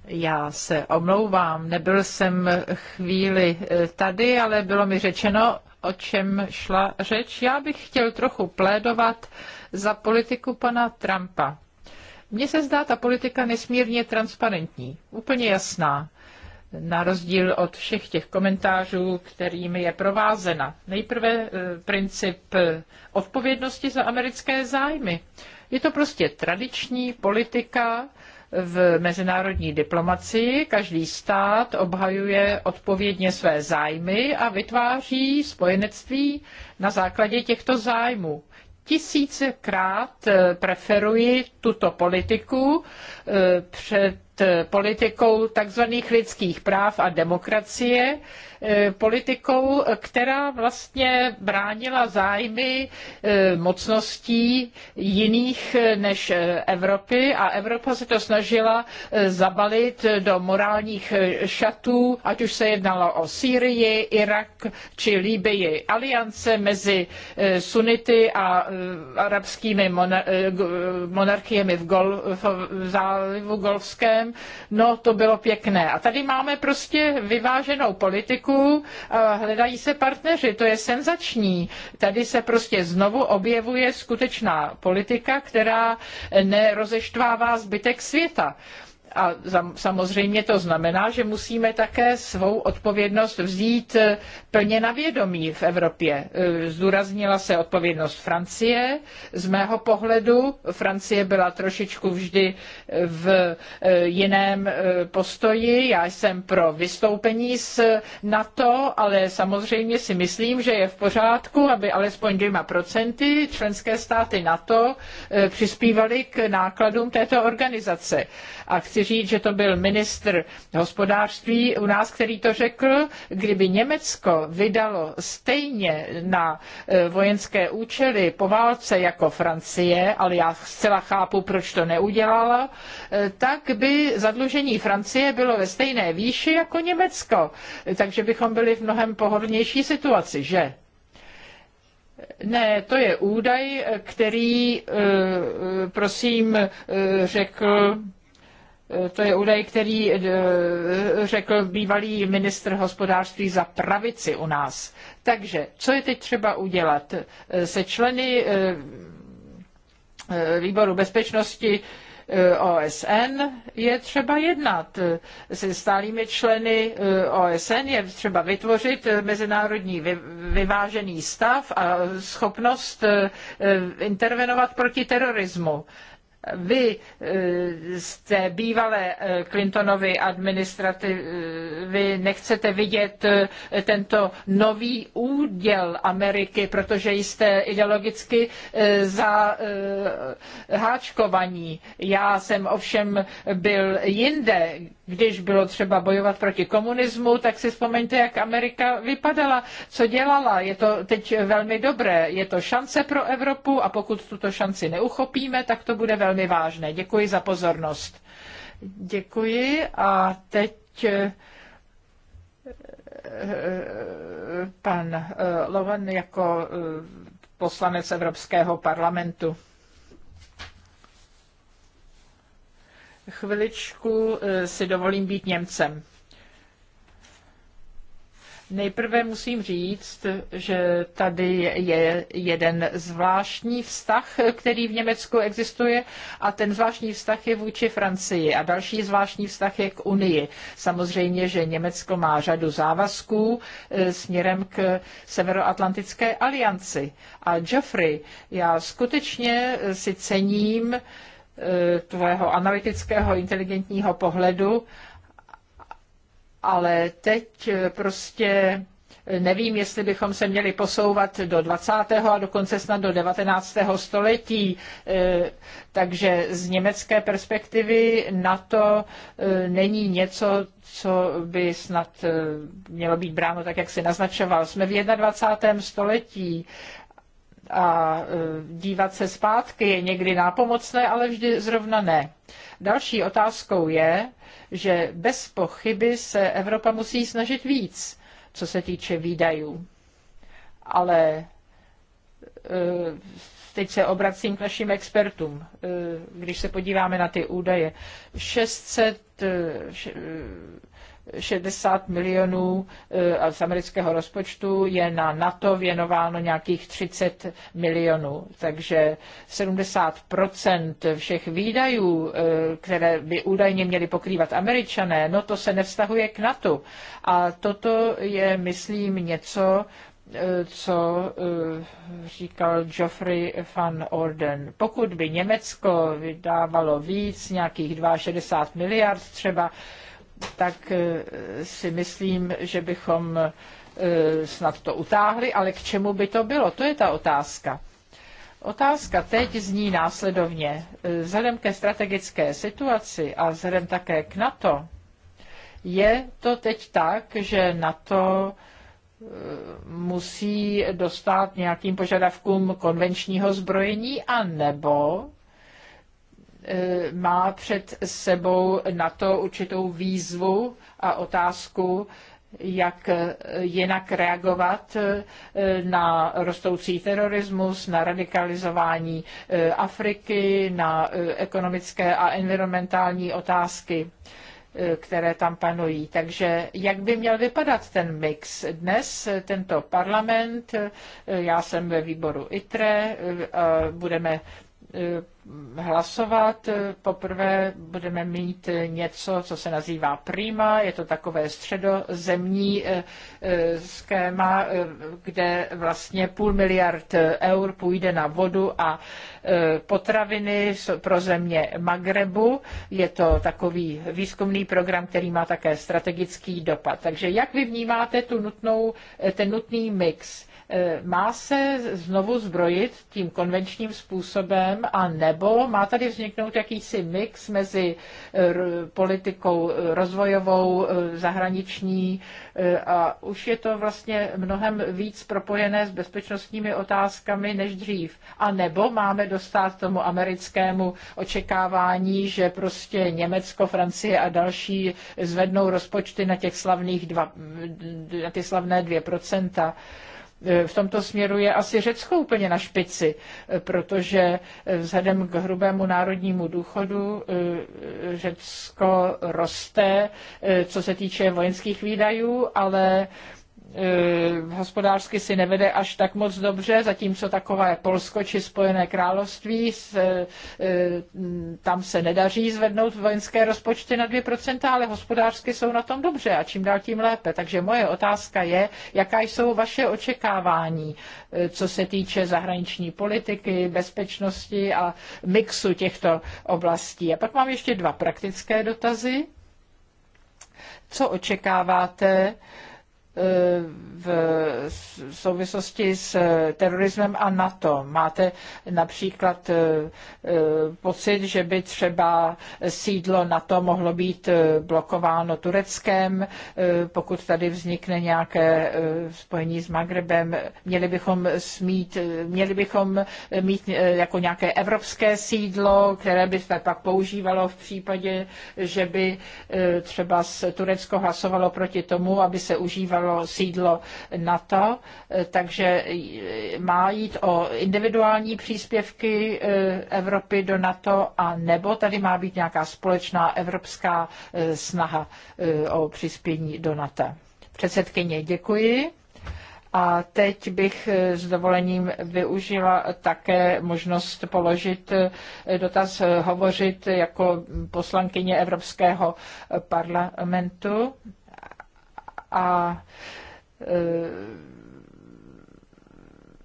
B: Já se omlouvám, nebyl jsem chvíli eh, tady, ale bylo mi řečeno, o čem šla řeč. Já bych chtěl trochu plédovat za politiku pana Trumpa. Mně se zdá ta politika nesmírně transparentní, úplně jasná, na rozdíl od všech těch komentářů, kterými je provázena. Nejprve eh, princip eh, odpovědnosti za americké zájmy. Je to prostě tradiční politika, v mezinárodní diplomacii. Každý stát obhajuje odpovědně své zájmy a vytváří spojenectví na základě těchto zájmů tisícekrát eh, preferuji tuto politiku eh, před Eh, politikou tzv. lidských práv a demokracie, eh, politikou, která vlastně bránila zájmy eh, mocností jiných než Evropy a Evropa se to snažila zabalit do morálních šatů, ať už se jednalo o Sýrii, Irak či Líbii. Aliance mezi sunity a arabskými monarchiemi v, Golf, v zálivu Golfském no to bylo pěkné. A tady máme prostě vyváženou politiku, hledají se partneři, to je senzační. Tady se prostě znovu objevuje skutečná politika, která nerozeštvává zbytek světa. A samozřejmě to znamená, že musíme také svou odpovědnost vzít eh, plně na vědomí v Evropě. Eh, zdůraznila se odpovědnost Francie. Z mého pohledu Francie byla trošičku vždy eh, v jiném postoji. Já jsem pro vystoupení z NATO, ale samozřejmě si myslím, že je v pořádku, aby alespoň dvěma procenty členské státy NATO přispívaly k nákladům této organizace. A chci říct, že to byl ministr hospodářství u nás, který to řekl, kdyby Německo vydalo stejně na e, vojenské účely po válce jako Francie, ale já zcela chápu, proč to neudělala, e, tak by zadlužení Francie bylo ve stejné výši jako Německo. E, takže bychom byli v mnohem pohodlnější situaci, že? Ne, to je údaj, který, prosím, řekl Eh, to je údaj, který eh, řekl bývalý ministr hospodářství za pravici u nás. Takže co je teď třeba udělat? Eh, se členy výboru bezpečnosti OSN je třeba jednat. Se stálými členy OSN je třeba vytvořit mezinárodní vyvážený stav a schopnost intervenovat proti terorismu vy eh, jste bývalé eh, Clintonovy administrativy, nechcete vidět eh, tento nový úděl Ameriky, protože jste ideologicky za háčkovaní. Já jsem ovšem byl jinde, když bylo třeba bojovat proti komunismu, tak si vzpomeňte, jak Amerika vypadala, co dělala. Je to teď velmi dobré. Je to šance pro Evropu a pokud tuto šanci neuchopíme, tak to bude velmi vážné. Děkuji za pozornost. Děkuji a teď eh, eh, pan eh, Lovan jako poslanec Evropského parlamentu. Chviličku eh, si dovolím být Němcem. Nejprve musím říct, že tady je jeden zvláštní vztah, který v Německu existuje a ten zvláštní vztah je vůči Francii a další zvláštní vztah je k Unii. Samozřejmě, že Německo má řadu závazků eh, směrem k Severoatlantické alianci. A Geoffrey, já skutečně eh, si cením tvého analytického, inteligentního pohledu, ale teď prostě nevím, jestli bychom se měli posouvat do 20. a dokonce snad do 19. století. Eh, takže z německé perspektivy na to eh, není něco, co by snad eh, mělo být bráno tak, jak si naznačoval. Jsme v 21. století a e, dívat se zpátky je někdy nápomocné, ale vždy zrovna ne. Další otázkou je, že bez pochyby se Evropa musí snažit víc, co se týče výdajů. Ale e, teď se obracím k našim expertům, e, když se podíváme na ty údaje. 600 60 milionů eh, z amerického rozpočtu je na NATO věnováno nějakých 30 milionů. Takže 70 všech výdajů, eh, které by údajně měly pokrývat američané, no to se nevztahuje k NATO. A toto je, myslím, něco, eh, co říkal Geoffrey van Orden. Pokud by Německo vydávalo víc, nějakých 62 miliard třeba, tak eh, si myslím, že bychom eh, snad to utáhli, ale k čemu by to bylo? To je ta otázka. Otázka teď zní následovně. Eh, vzhledem ke strategické situaci a vzhledem také k NATO, je to teď tak, že NATO musí dostat nějakým požadavkům konvenčního zbrojení a nebo E, má před sebou na to určitou výzvu a otázku, jak jinak reagovat e, na rostoucí terorismus, na radikalizování e, Afriky, na ekonomické a environmentální otázky které tam panují. Takže jak by měl vypadat ten mix? Dnes tento parlament, já jsem ve výboru ITRE, budeme Eh, hlasovat. Poprvé budeme mít něco, co se nazývá prima. Je to takové středozemní eh, eh, schéma, kde vlastně půl miliard eur půjde na vodu a potraviny pro země Magrebu. Je to takový výzkumný program, který má také strategický dopad. Takže jak vy vnímáte tu nutnou, ten nutný mix? Eh, má se znovu zbrojit tím konvenčním způsobem a nebo má tady vzniknout jakýsi mix mezi eh, politikou eh, rozvojovou, zahraniční a už je to vlastně mnohem víc propojené s bezpečnostními otázkami než dřív. A nebo máme dostat tomu americkému očekávání, že prostě Německo, Francie a další zvednou rozpočty na těch slavných dva, na ty slavné 2%. E, v tomto směru je asi Řecko úplně na špici, e, protože e, vzhledem k hrubému národnímu důchodu Řecko roste, co se týče vojenských výdajů, ale E, hospodářsky si nevede až tak moc dobře, zatímco takové Polsko či Spojené království, se, e, tam se nedaří zvednout vojenské rozpočty na 2%, ale hospodářsky jsou na tom dobře a čím dál tím lépe. Takže moje otázka je, jaká jsou vaše očekávání, e, co se týče zahraniční politiky, bezpečnosti a mixu těchto oblastí. A pak mám ještě dva praktické dotazy. Co očekáváte? v souvislosti s terorismem a NATO. Máte například eh, eh, pocit, že by třeba sídlo NATO mohlo být eh, blokováno Tureckem, pokud tady vznikne nějaké spojení s Magrebem. Měli bychom, smít, měli bychom mít jako nějaké evropské sídlo, které by se pak používalo v případě, že by třeba Turecko hlasovalo proti tomu, aby se užívalo pro sídlo NATO, takže má jít o individuální příspěvky eh, Evropy do NATO a nebo tady má být nějaká společná evropská eh, snaha eh, o přispění do NATO. Předsedkyně, děkuji. A teď bych s dovolením využila také možnost položit dotaz, hovořit jako poslankyně Evropského parlamentu a e,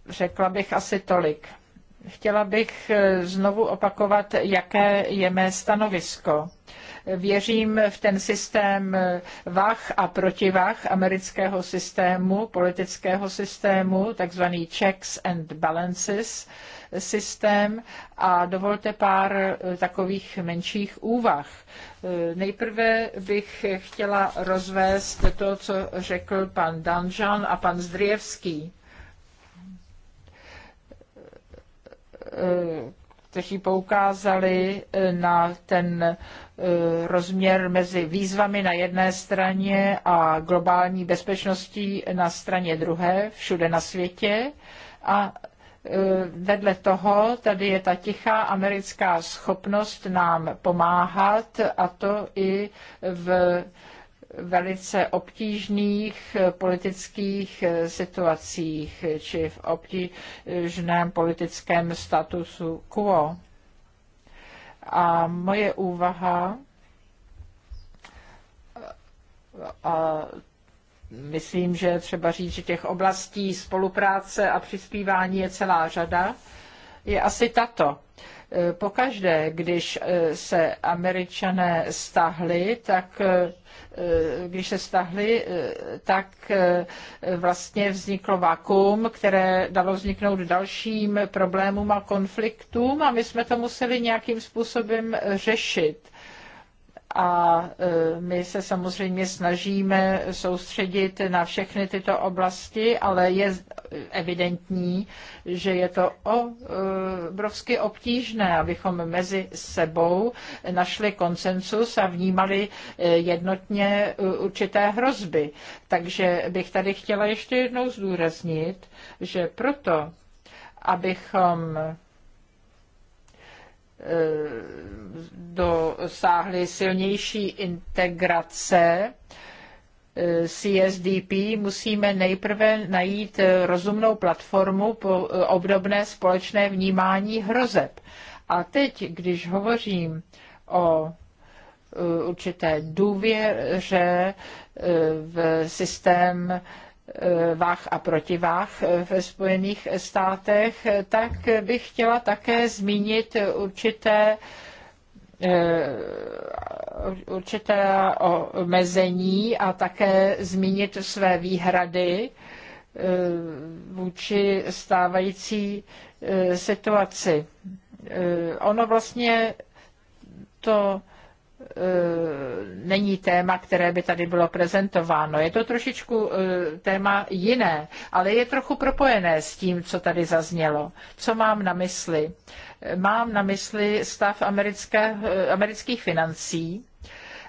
B: řekla bych asi tolik. Chtěla bych e, znovu opakovat, jaké je mé stanovisko. Věřím v ten systém e, vah a protivah amerického systému, politického systému, takzvaný checks and balances, systém a dovolte pár eh, takových menších úvah. Eh, nejprve bych chtěla rozvést to, co řekl pan Danžan a pan Zdrievský eh, kteří poukázali na ten rozměr mezi výzvami na jedné straně a globální bezpečností na straně druhé, všude na světě. A Eh, vedle toho tady je ta tichá americká schopnost nám pomáhat a to i v velice obtížných eh, politických eh, situacích či v obtížném politickém statusu quo. A moje úvaha a Myslím, že třeba říct, že těch oblastí spolupráce a přispívání je celá řada, je asi tato. E, pokaždé, když e, se američané stahli, tak e, když se stahli, tak vlastně vzniklo vakuum, které dalo vzniknout dalším problémům a konfliktům a my jsme to museli nějakým způsobem řešit a e, my se samozřejmě snažíme soustředit na všechny tyto oblasti, ale je evidentní, že je to e, obrovsky obtížné, abychom mezi sebou našli koncensus a vnímali e, jednotně určité hrozby. Takže bych tady chtěla ještě jednou zdůraznit, že proto, abychom Eh, dosáhli silnější integrace eh, CSDP, musíme nejprve najít rozumnou platformu pro eh, obdobné společné vnímání hrozeb. A teď, když hovořím o určité důvěře v systém váh eh, a protivách eh, ve Spojených státech, tak bych chtěla také zmínit určité eh, určité omezení a také zmínit své výhrady vůči stávající situaci. Ono vlastně to Eh, není téma, které by tady bylo prezentováno. Je to trošičku eh, téma jiné, ale je trochu propojené s tím, co tady zaznělo. Co mám na mysli? Eh, mám na mysli stav amerických financí,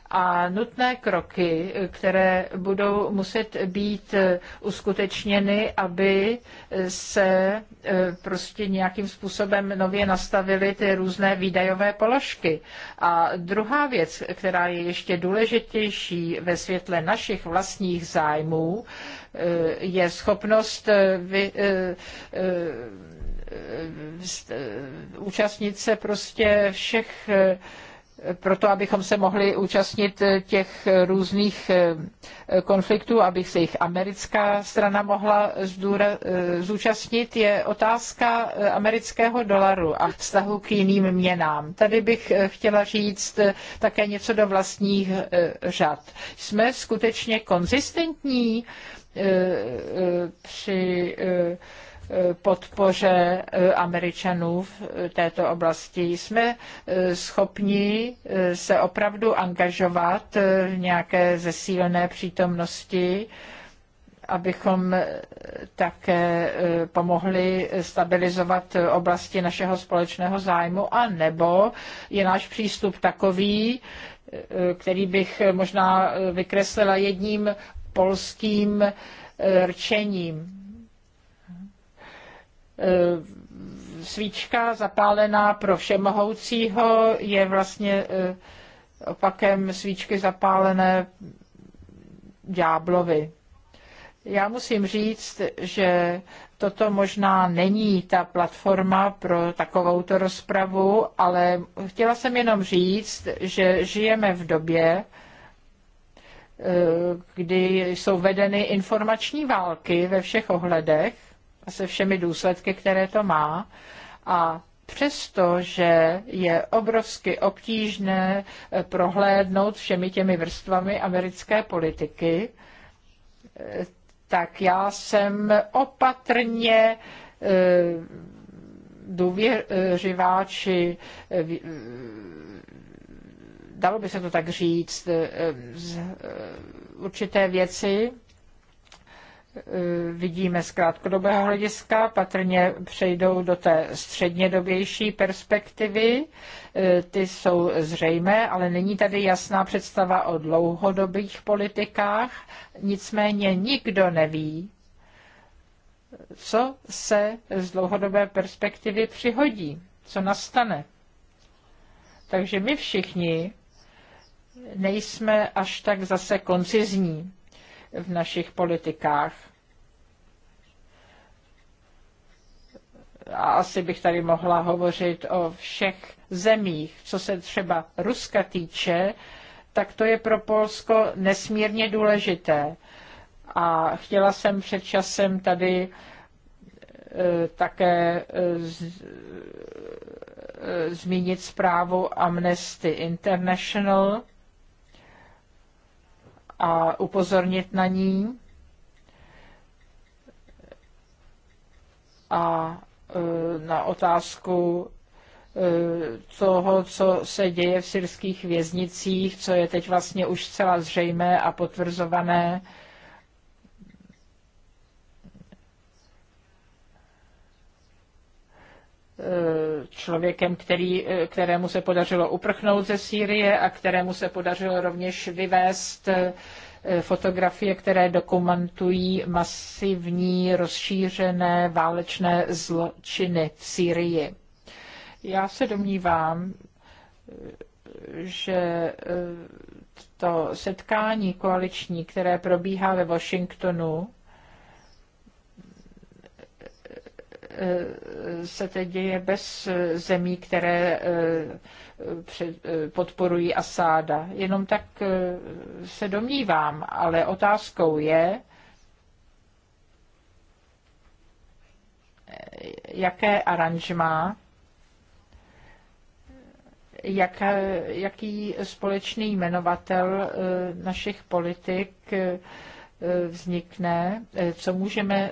B: a nutné kroky, které budou muset být eh, uskutečněny, aby eh, se eh, prostě nějakým způsobem nově nastavily ty různé výdajové položky. A druhá věc, která je ještě důležitější ve světle našich vlastních zájmů, je schopnost vy, účastnit se prostě všech proto abychom se mohli účastnit eh, těch eh, různých eh, konfliktů, abych se jich americká strana mohla zúčastnit, je otázka amerického dolaru a vztahu k jiným měnám. Tady bych chtěla říct také něco do vlastních řad. Jsme skutečně konzistentní při podpoře eh, Američanů v eh, této oblasti. Jsme eh, schopni se opravdu angažovat v nějaké zesílené přítomnosti, abychom také pomohli stabilizovat oblasti našeho společného zájmu, a nebo je náš přístup takový, který bych možná vykreslila jedním polským rčením E, svíčka zapálená pro všemohoucího je vlastně e, opakem svíčky zapálené ďáblovi. Já musím říct, že toto možná není ta platforma pro takovouto rozpravu, ale chtěla jsem jenom říct, že žijeme v době, e, kdy jsou vedeny informační války ve všech ohledech a se všemi důsledky, které to má. A přesto, že je obrovsky obtížné eh, prohlédnout všemi těmi vrstvami americké politiky, eh, tak já jsem opatrně eh, důvěřivá či dalo by se to tak říct, z určité věci Eh, vidíme z krátkodobého hlediska, patrně přejdou do té střednědobější perspektivy. Eh, ty jsou zřejmé, ale není tady jasná představa o dlouhodobých politikách. Nicméně nikdo neví, co se z dlouhodobé perspektivy přihodí, co nastane. Takže my všichni nejsme až tak zase koncizní v našich politikách. a asi bych tady mohla hovořit o všech zemích, co se třeba Ruska týče, tak to je pro Polsko nesmírně důležité. A chtěla jsem před časem tady eh, také eh, z, eh, zmínit zprávu Amnesty International, a upozornit na ní. A e, na otázku e, toho, co se děje v syrských věznicích, co je teď vlastně už zcela zřejmé a potvrzované, Eh, člověkem, který, eh, kterému se podařilo uprchnout ze Sýrie a kterému se podařilo rovněž vyvést eh, fotografie, které dokumentují masivní rozšířené válečné zločiny v Sýrii. Já se domnívám, že to setkání koaliční, které probíhá ve Washingtonu, se teď děje bez zemí, které eh, eh, podporují Asáda. Jenom tak eh, se domnívám, ale otázkou je, jaké aranžma, jak, jaký společný jmenovatel našich politik E, vznikne, e, co můžeme e,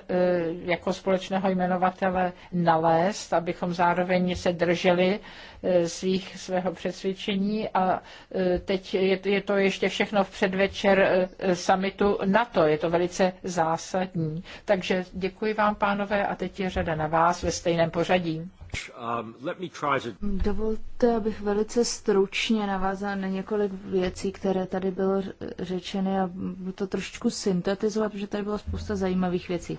B: jako společného jmenovatele nalézt, abychom zároveň se drželi Eh, svých, svého přesvědčení a eh, teď je, je to ještě všechno v předvečer eh, samitu NATO. Je to velice zásadní. Takže děkuji vám, pánové, a teď je řada na vás ve stejném pořadí. Um, Dovolte, abych velice stručně navázal na několik věcí,
C: které tady bylo řečeny a to trošičku syntetizovat, protože tady bylo spousta zajímavých věcí.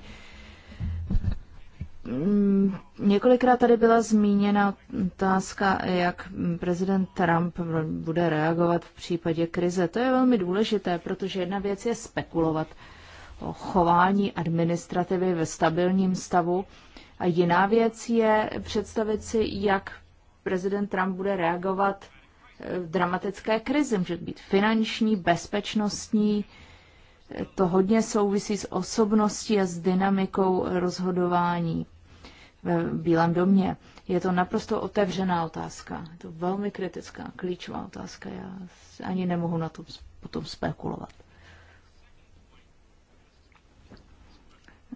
C: Mm, několikrát tady byla zmíněna otázka, jak prezident Trump bude reagovat v případě krize. To je velmi důležité, protože jedna věc je spekulovat o chování administrativy ve stabilním stavu a jiná věc je představit si, jak prezident Trump bude reagovat eh, v dramatické krizi. Může být finanční, bezpečnostní, eh, to hodně souvisí s osobností a s dynamikou rozhodování v Bílém domě. Je to naprosto otevřená otázka. Je to velmi kritická, klíčová otázka. Já ani nemohu na tom potom spekulovat.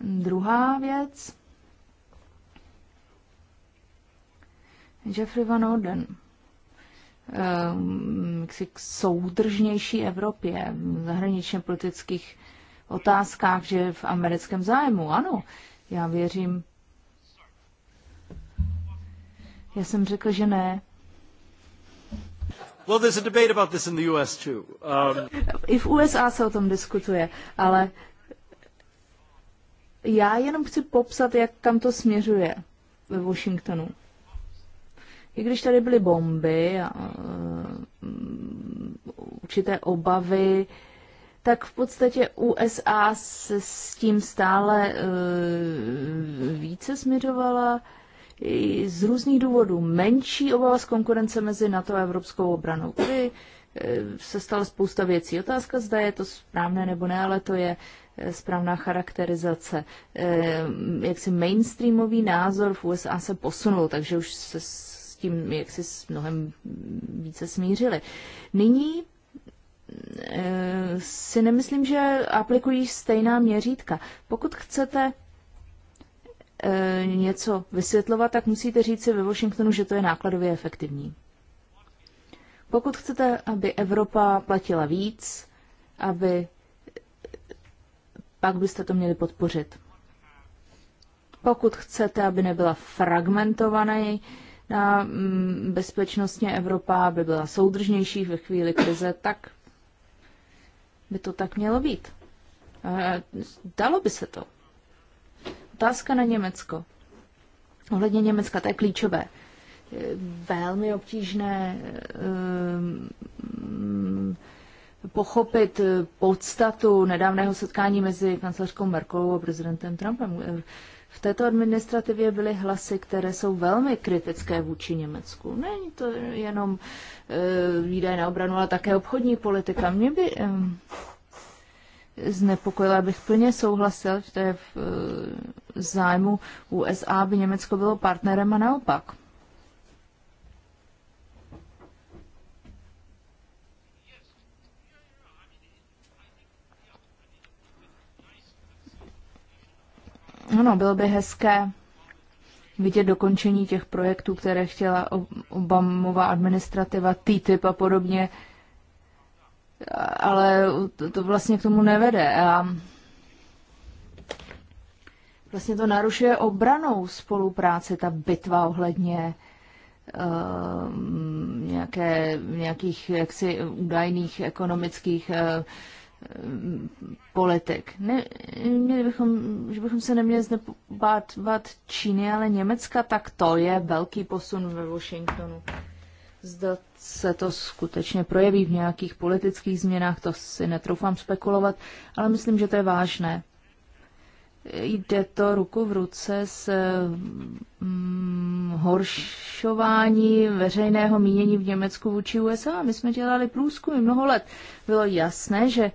C: Druhá věc. Jeffrey Van Orden ehm, k soudržnější Evropě v zahraničně politických otázkách, že v americkém zájmu. Ano, já věřím, já jsem řekl, že ne.
B: Well, there's a debate about this in the US too. Um... I v
C: USA se o tom diskutuje, ale já jenom chci popsat, jak kam to směřuje ve Washingtonu. I když tady byly bomby a uh, určité obavy, tak v podstatě USA se s tím stále uh, více směřovala z různých důvodů menší obava z konkurence mezi NATO a Evropskou obranou. Tady eh, se stala spousta věcí. Otázka, zda je to správné nebo ne, ale to je eh, správná charakterizace. Eh, jak si mainstreamový názor v USA se posunul, takže už se s tím jak si mnohem více smířili. Nyní si nemyslím, že aplikují stejná měřítka. Pokud chcete E, něco vysvětlovat, tak musíte říct si ve Washingtonu, že to je nákladově efektivní. Pokud chcete, aby Evropa platila víc, aby pak byste to měli podpořit. Pokud chcete, aby nebyla fragmentovaná na mm, bezpečnostně Evropa, aby byla soudržnější ve chvíli krize, tak by to tak mělo být. E, dalo by se to. Otázka na Německo. Ohledně Německa, to je klíčové. Velmi obtížné ehm, pochopit podstatu nedávného setkání mezi kancelářkou Merkelovou a prezidentem Trumpem. V této administrativě byly hlasy, které jsou velmi kritické vůči Německu. Není to jenom ehm, výdaje na obranu, ale také obchodní politika. Mě by ehm, znepokojila, abych plně souhlasil, že to je v eh, zájmu USA, aby Německo bylo partnerem a naopak. Ano, bylo by hezké vidět dokončení těch projektů, které chtěla Obamová administrativa, TTIP a podobně, ale to, to vlastně k tomu nevede. A vlastně to narušuje obranou spolupráci, ta bitva ohledně uh, nějaké, nějakých jaksi údajných ekonomických uh, politik. Ne, měli bychom, že bychom se neměli znepovat Číny, ale Německa, tak to je velký posun ve Washingtonu. Zda se to skutečně projeví v nějakých politických změnách, to si netroufám spekulovat, ale myslím, že to je vážné. Jde to ruku v ruce s mm, horšování veřejného mínění v Německu vůči USA. My jsme dělali průzkumy mnoho let. Bylo jasné, že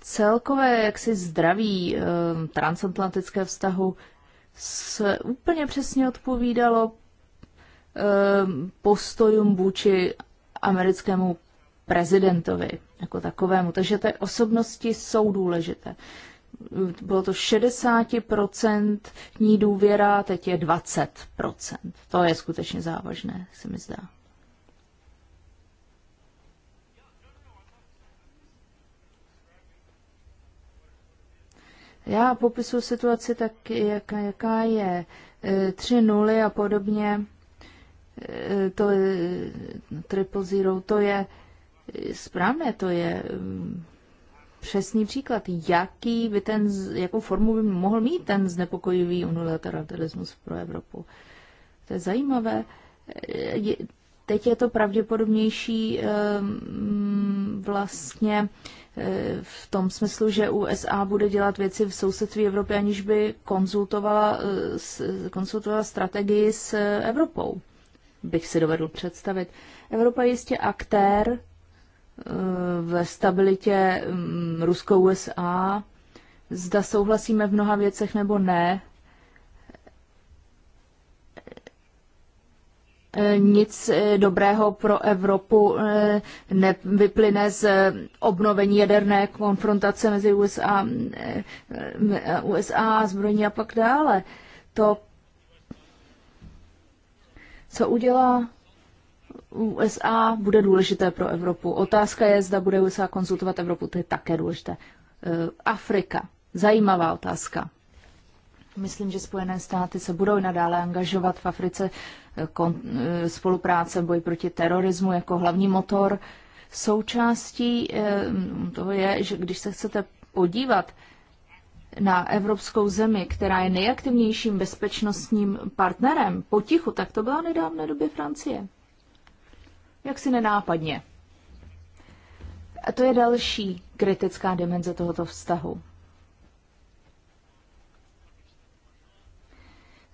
C: celkové jaksi zdraví e, transatlantické vztahu se úplně přesně odpovídalo Eh, postojům vůči americkému prezidentovi jako takovému. Takže ty osobnosti jsou důležité. Bylo to 60% ní důvěra, teď je 20%. To je skutečně závažné, se mi zdá. Já popisuju situaci tak, jak, jaká je. Eh, tři nuly a podobně to je eh, triple zero, to je správné, to je mm, přesný příklad, jaký by ten, jakou formu by mohl mít ten znepokojivý unilateralismus pro Evropu. To je zajímavé. Eh, teď je to pravděpodobnější ehm, vlastně eh, v tom smyslu, že USA bude dělat věci v sousedství Evropy, aniž by konzultovala, konzultovala strategii s Evropou bych si dovedl představit. Evropa je jistě aktér eh, ve stabilitě mm, Rusko-USA. Zda souhlasíme v mnoha věcech nebo ne, eh, nic eh, dobrého pro Evropu nevyplyne z obnovení jaderné konfrontace mezi USA, USA zbrojní a pak dále. To co udělá USA, bude důležité pro Evropu. Otázka je, zda bude USA konzultovat Evropu, to je také důležité. E, Afrika, zajímavá otázka. Myslím, že Spojené státy se budou nadále angažovat v Africe e, e, spolupráce boj proti terorismu jako hlavní motor. Součástí toho je, že když se chcete podívat na evropskou zemi, která je nejaktivnějším bezpečnostním partnerem potichu, tak to byla nedávné době Francie. Jak si nenápadně. A to je další kritická dimenze tohoto vztahu.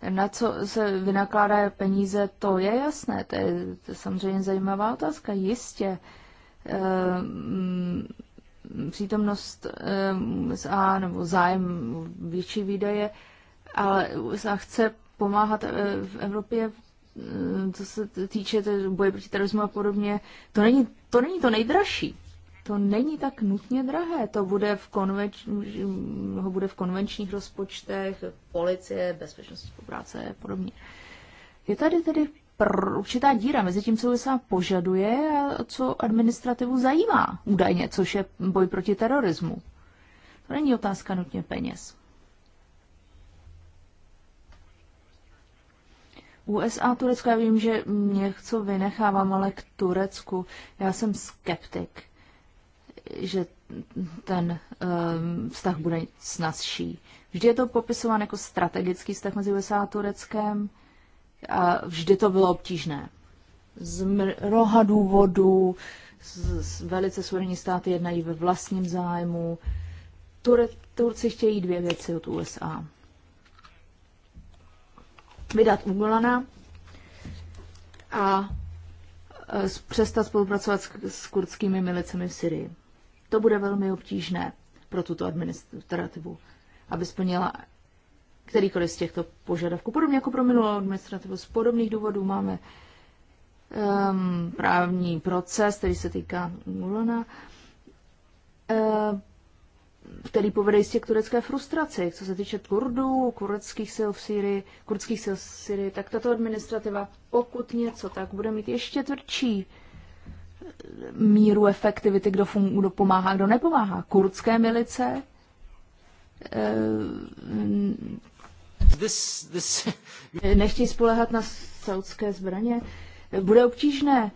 C: Na co se vynakládá peníze, to je jasné. To je, to je samozřejmě zajímavá otázka. Jistě. Ehm, přítomnost eh, USA nebo zájem větší výdaje, ale USA chce pomáhat eh, v Evropě, eh, co se týče boje proti terorismu a podobně. To není to, není to nejdražší. To není tak nutně drahé. To bude v, konvenč, bude v konvenčních rozpočtech, policie, bezpečnostní spolupráce a podobně. Je tady tedy pr- určitá díra mezi tím, co USA požaduje a co administrativu zajímá údajně, což je boj proti terorismu. To není otázka nutně peněz. USA, Turecko, já vím, že něco vynechávám, ale k Turecku já jsem skeptik, že ten um, vztah bude snazší. Vždy je to popisován jako strategický vztah mezi USA a Tureckem. A vždy to bylo obtížné. Z mnoha důvodů, z, z velice suverénní státy jednají ve vlastním zájmu. Tur, Turci chtějí dvě věci od USA. Vydat Ugolana a e, přestat spolupracovat s, s kurdskými milicemi v Syrii. To bude velmi obtížné pro tuto administrativu, aby splnila kterýkoliv z těchto požadavků. Podobně jako pro minulou administrativu, z podobných důvodů máme um, právní proces, který se týká Mulana, uh, který povede jistě k turecké frustraci. Co se týče Kurdů, kurdských sil v Syrii, kurdských sil v Syrii, tak tato administrativa, pokud něco, tak bude mít ještě tvrdší ehm, míru efektivity, kdo, fun- kdo pomáhá, kdo nepomáhá. Kurdské milice, This, this... Nechtějí spolehat na saudské zbraně. Bude obtížné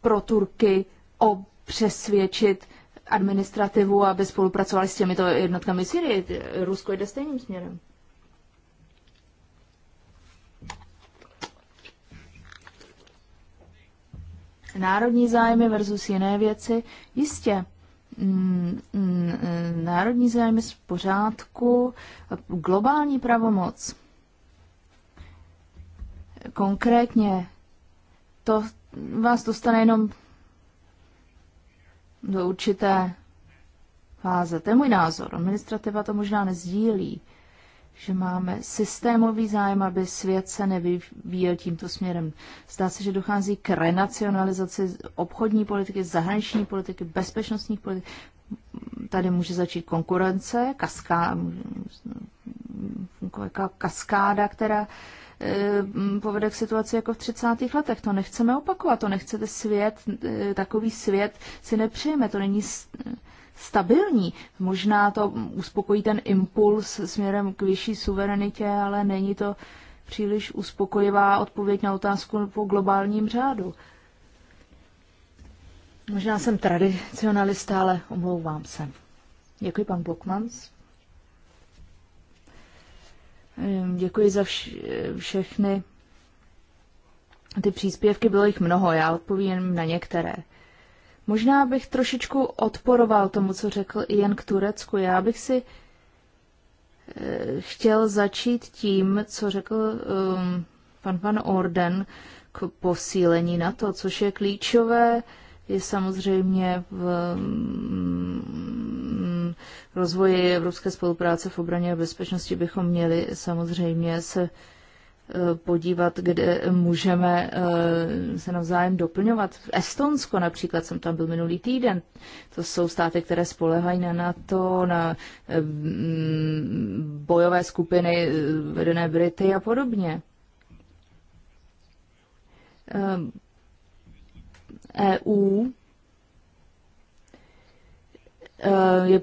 C: pro Turky o přesvědčit administrativu, aby spolupracovali s těmito jednotkami Syrie. Rusko jde stejným směrem. Národní zájmy versus jiné věci. Jistě, mm, mm, mm, národní zájmy z pořádku, globální pravomoc konkrétně, to vás dostane jenom do určité fáze. To je můj názor. Administrativa to možná nezdílí, že máme systémový zájem, aby svět se nevyvíjel tímto směrem. Zdá se, že dochází k renacionalizaci obchodní politiky, zahraniční politiky, bezpečnostních politik. Tady může začít konkurence, kaská, kaskáda, která Eh, povede k situaci jako v 30. letech. To nechceme opakovat, to nechcete svět, eh, takový svět si nepřejeme, to není stabilní. Možná to uspokojí ten impuls směrem k vyšší suverenitě, ale není to příliš uspokojivá odpověď na otázku po globálním řádu. Možná jsem tradicionalista, ale omlouvám se. Děkuji, pan Bokmans. Ehm, děkuji za vš- všechny ty příspěvky, bylo jich mnoho, já odpovím na některé. Možná bych trošičku odporoval tomu, co řekl Ian k Turecku. Já bych si eh, chtěl začít tím, co řekl um, pan Van Orden k posílení na to, což je klíčové, je samozřejmě v mm, rozvoji evropské spolupráce v obraně a bezpečnosti bychom měli samozřejmě se eh, podívat, kde můžeme eh, se navzájem doplňovat. V Estonsko například jsem tam byl minulý týden. To jsou státy, které spolehají na NATO, na eh, bojové skupiny vedené Brity a podobně. EU e Eh, je,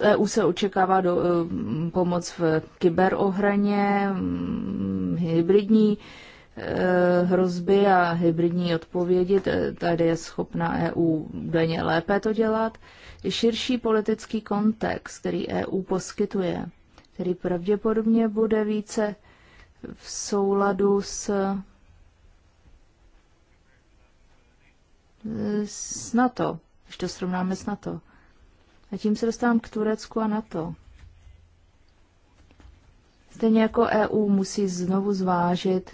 C: EU se očekává do, eh, pomoc v kyberohraně, mm, hybridní eh, hrozby a hybridní odpovědi. Tady je schopna EU údajně lépe to dělat. Širší politický kontext, který EU poskytuje, který pravděpodobně bude více v souladu s s NATO, když to srovnáme s NATO. A tím se dostávám k Turecku a NATO. Stejně jako EU musí znovu zvážit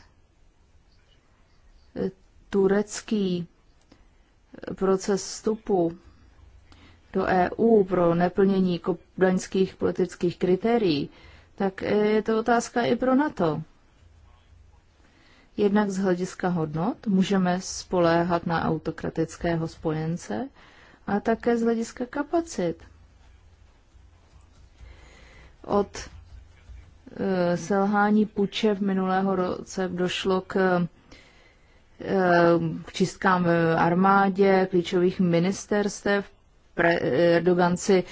C: eh, turecký eh, proces vstupu do EU pro neplnění kodaňských politických kritérií, tak eh, je to otázka i pro NATO. Jednak z hlediska hodnot můžeme spoléhat na autokratického spojence, a také z hlediska kapacit. Od eh, selhání puče v minulého roce došlo k eh, k čistkám v armádě, klíčových ministerstev. Eh, Erdogan si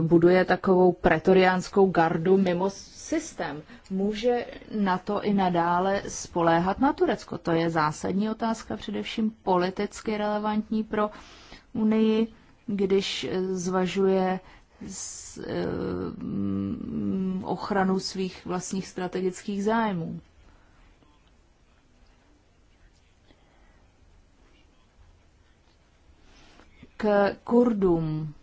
C: buduje takovou pretoriánskou gardu mimo systém. Může na to i nadále spoléhat na Turecko? To je zásadní otázka, především politicky relevantní pro unii, když eh, zvažuje eh, ochranu svých vlastních strategických zájmů. K Kurdům.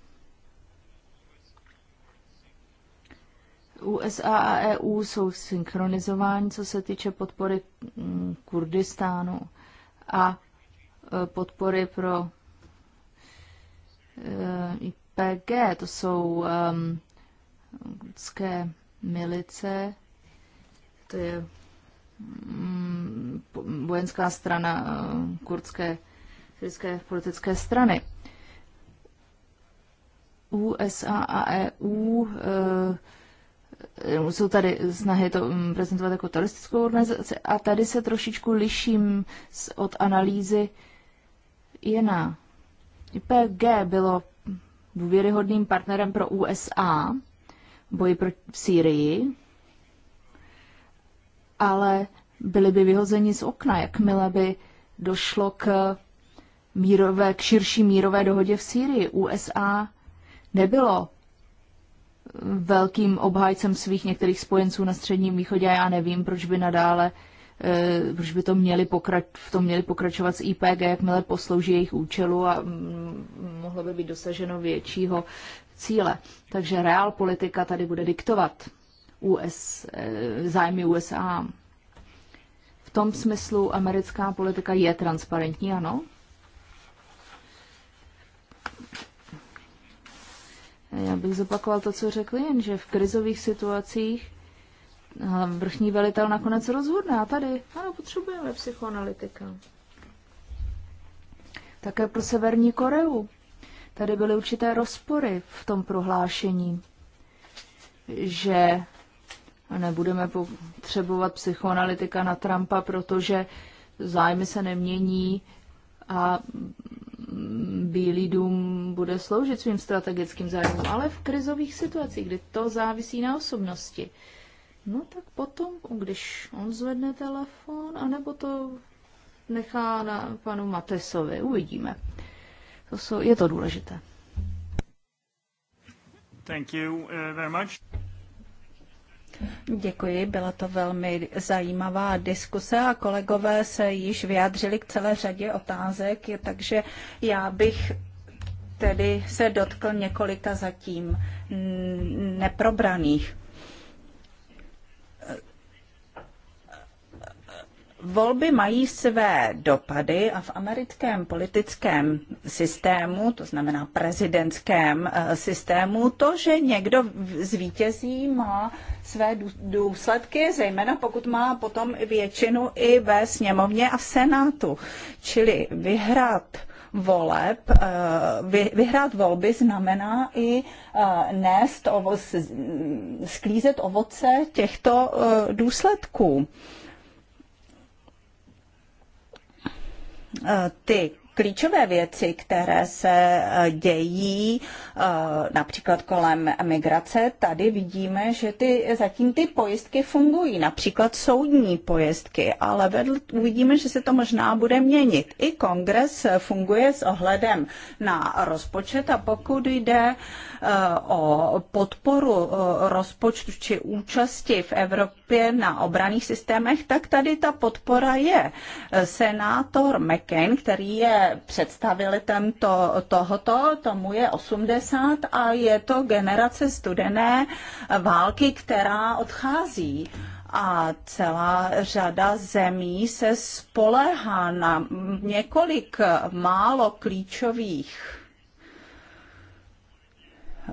C: USA a EU jsou synchronizováni, co se týče podpory mm, Kurdistánu a eh, podpory pro Eh, IPG, to jsou um, ehm, kurdské milice, to je um, vojenská strana uh, kurdské syrské politické strany. USA a EU uh, eh, jsou tady snahy to mm, prezentovat jako teroristickou organizaci a tady se trošičku liším od analýzy jiná P.G. bylo důvěryhodným partnerem pro USA v boji proti Sýrii, ale byli by vyhozeni z okna, jakmile by došlo k, mírové, k širší mírové dohodě v Sýrii. USA nebylo eh, velkým obhájcem svých některých spojenců na Středním východě a já nevím, proč by nadále uh, proč eh, by to měli pokrač, v tom měli pokračovat s IPG, jakmile poslouží jejich účelu a mm, mohlo by být dosaženo většího cíle. Takže reál politika tady bude diktovat US, eh, zájmy USA. V tom smyslu americká politika je transparentní, ano? Já bych zopakoval to, co řekl jen, že v krizových situacích vrchní velitel nakonec rozhodne. A tady, ano, potřebujeme psychoanalytika. Také pro Severní Koreu. Tady byly určité rozpory v tom prohlášení, že nebudeme potřebovat psychoanalytika na Trumpa, protože zájmy se nemění a Bílý dům bude sloužit svým strategickým zájmům, ale v krizových situacích, kdy to závisí na osobnosti. Uh, No tak potom, když on zvedne telefon, anebo to nechá na panu Matesovi. Uvidíme. To jsou, je to důležité. Thank you uh, very much.
A: Děkuji, byla to velmi zajímavá diskuse a kolegové se již vyjádřili k celé řadě otázek, takže já bych tedy se dotkl několika zatím neprobraných. Volby mají své dopady a v americkém politickém systému, to znamená prezidentském eh, systému, to, že někdo zvítězí, má své důsledky, zejména pokud má potom většinu i ve sněmovně a v senátu. Čili vyhrát voleb, eh, vyhrát volby znamená i eh, nést ovoc, sklízet ovoce těchto důsledků. ty klíčové věci, které se eh, dějí eh, například kolem migrace, tady vidíme, že ty, zatím ty pojistky fungují, například soudní pojistky, ale vedl, uvidíme, že se to možná bude měnit. I kongres funguje s ohledem na rozpočet a pokud jde uh, Eh, o podporu eh, rozpočtu či účasti v Evropě na obraných systémech, tak tady ta podpora je. Eh, senátor McCain, který je představitem to, tohoto, tomu je 80 a je to generace studené války, která odchází a celá řada zemí se spolehá na několik málo klíčových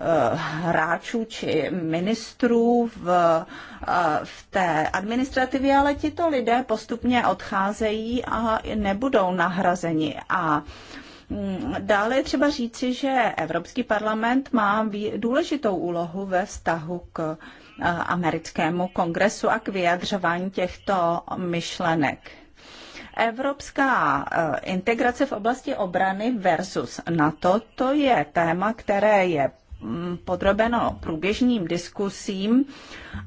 A: Eh, hráčů či ministrů v, eh, v té administrativě, ale tito lidé postupně odcházejí a nebudou nahrazeni. A mm, Dále je třeba říci, že Evropský parlament má důležitou úlohu ve vztahu k eh, americkému kongresu a k vyjadřování těchto myšlenek. Evropská integrace v oblasti obrany versus NATO, to je téma, které je Mm, podrobeno průběžným diskusím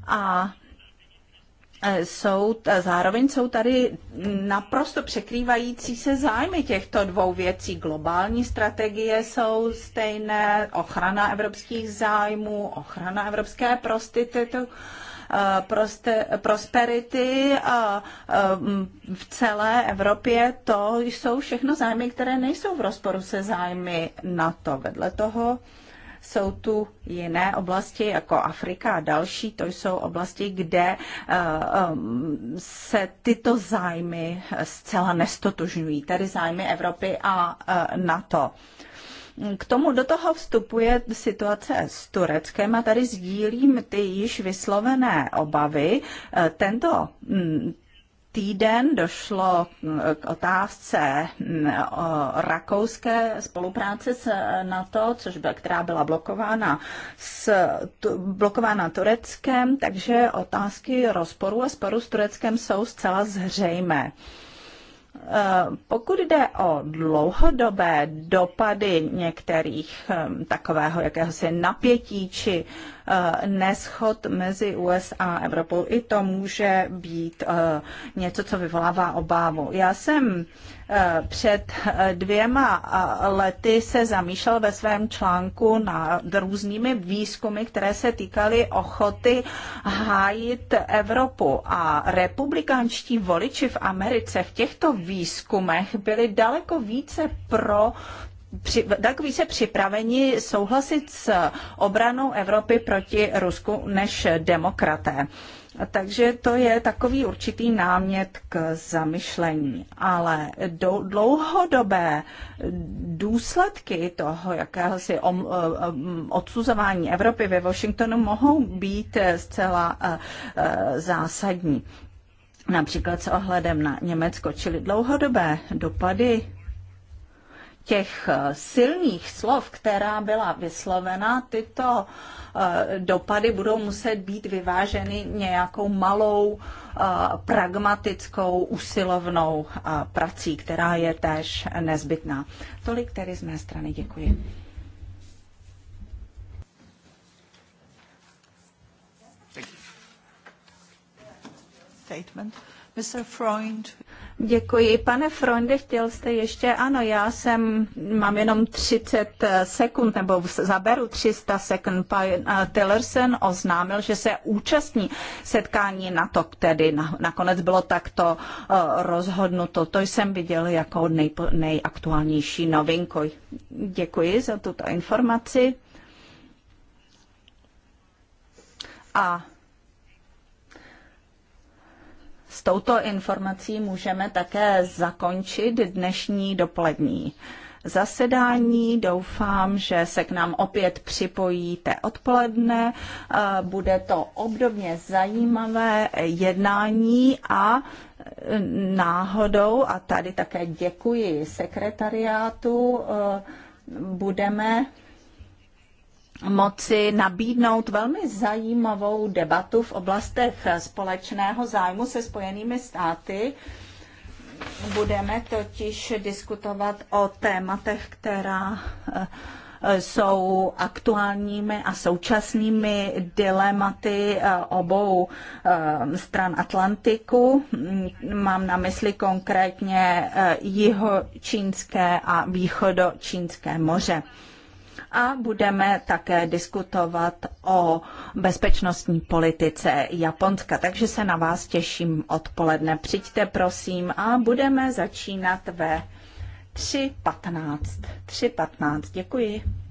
A: a e, jsou, zároveň jsou tady naprosto překrývající se zájmy těchto dvou věcí. Globální strategie jsou stejné, ochrana evropských zájmů, ochrana evropské prostitutu e, proste, prosperity a e, v celé Evropě, to jsou všechno zájmy, které nejsou v rozporu se zájmy NATO. Vedle toho jsou tu jiné oblasti, jako Afrika a další, to jsou oblasti, kde eh, eh, se tyto zájmy zcela nestotožňují, tedy zájmy Evropy a eh, NATO. K tomu do toho vstupuje situace s Tureckem a tady sdílím ty již vyslovené obavy. Tento mm, týden došlo k otázce mm, rakouské spolupráce s NATO, což byla, která byla blokována, s, tu, blokována Tureckem, takže otázky rozporu a sporu s Tureckem jsou zcela zřejmé. E, pokud jde o dlouhodobé dopady některých e, takového jakéhosi napětí či uh, Eh, neschod mezi USA a Evropou. I to může být eh, něco, co vyvolává obávu. Já jsem eh, před dvěma lety se zamýšlel ve svém článku nad různými výzkumy, které se týkaly ochoty hájit Evropu. A republikánští voliči v Americe v těchto výzkumech byli daleko více pro při, daleko více připraveni souhlasit s obranou Evropy proti Rusku než demokraté. Takže to je takový určitý námět k zamyšlení. Ale do, dlouhodobé důsledky toho jakéhosi om, eh, eh, odsuzování Evropy ve Washingtonu mohou být zcela eh, zásadní. Například s ohledem na Německo, čili dlouhodobé dopady těch eh, silných slov, která byla vyslovena, tyto eh, dopady budou muset být vyváženy nějakou malou, eh, pragmatickou, usilovnou prací, která je též nezbytná. Tolik tedy z mé strany. Děkuji. Statement. Mr. Freund Děkuji. Pane Fronde, chtěl jste ještě, ano, já jsem, mám jenom 30 sekund, nebo zaberu 300 sekund. Pan eh, Tillerson oznámil, že se účastní setkání na to, tedy na, nakonec bylo takto eh, rozhodnuto. To jsem viděl jako nejpo, nejaktuálnější novinku. Děkuji za tuto informaci. A s touto informací můžeme také zakončit dnešní dopolední zasedání. Doufám, že se k nám opět připojíte odpoledne. Eh, bude to obdobně zajímavé jednání a eh, náhodou, a tady také děkuji sekretariátu, eh, budeme moci nabídnout velmi zajímavou debatu v oblastech společného zájmu se Spojenými státy. Budeme totiž diskutovat o tématech, která eh, jsou aktuálními a současnými dilematy eh, obou eh, stran Atlantiku. Mm, mám na mysli konkrétně jihočínské a východočínské moře a budeme také diskutovat o bezpečnostní politice Japonska. Takže se na vás těším odpoledne. Přijďte prosím a budeme začínat ve 3.15. 3.15. Děkuji.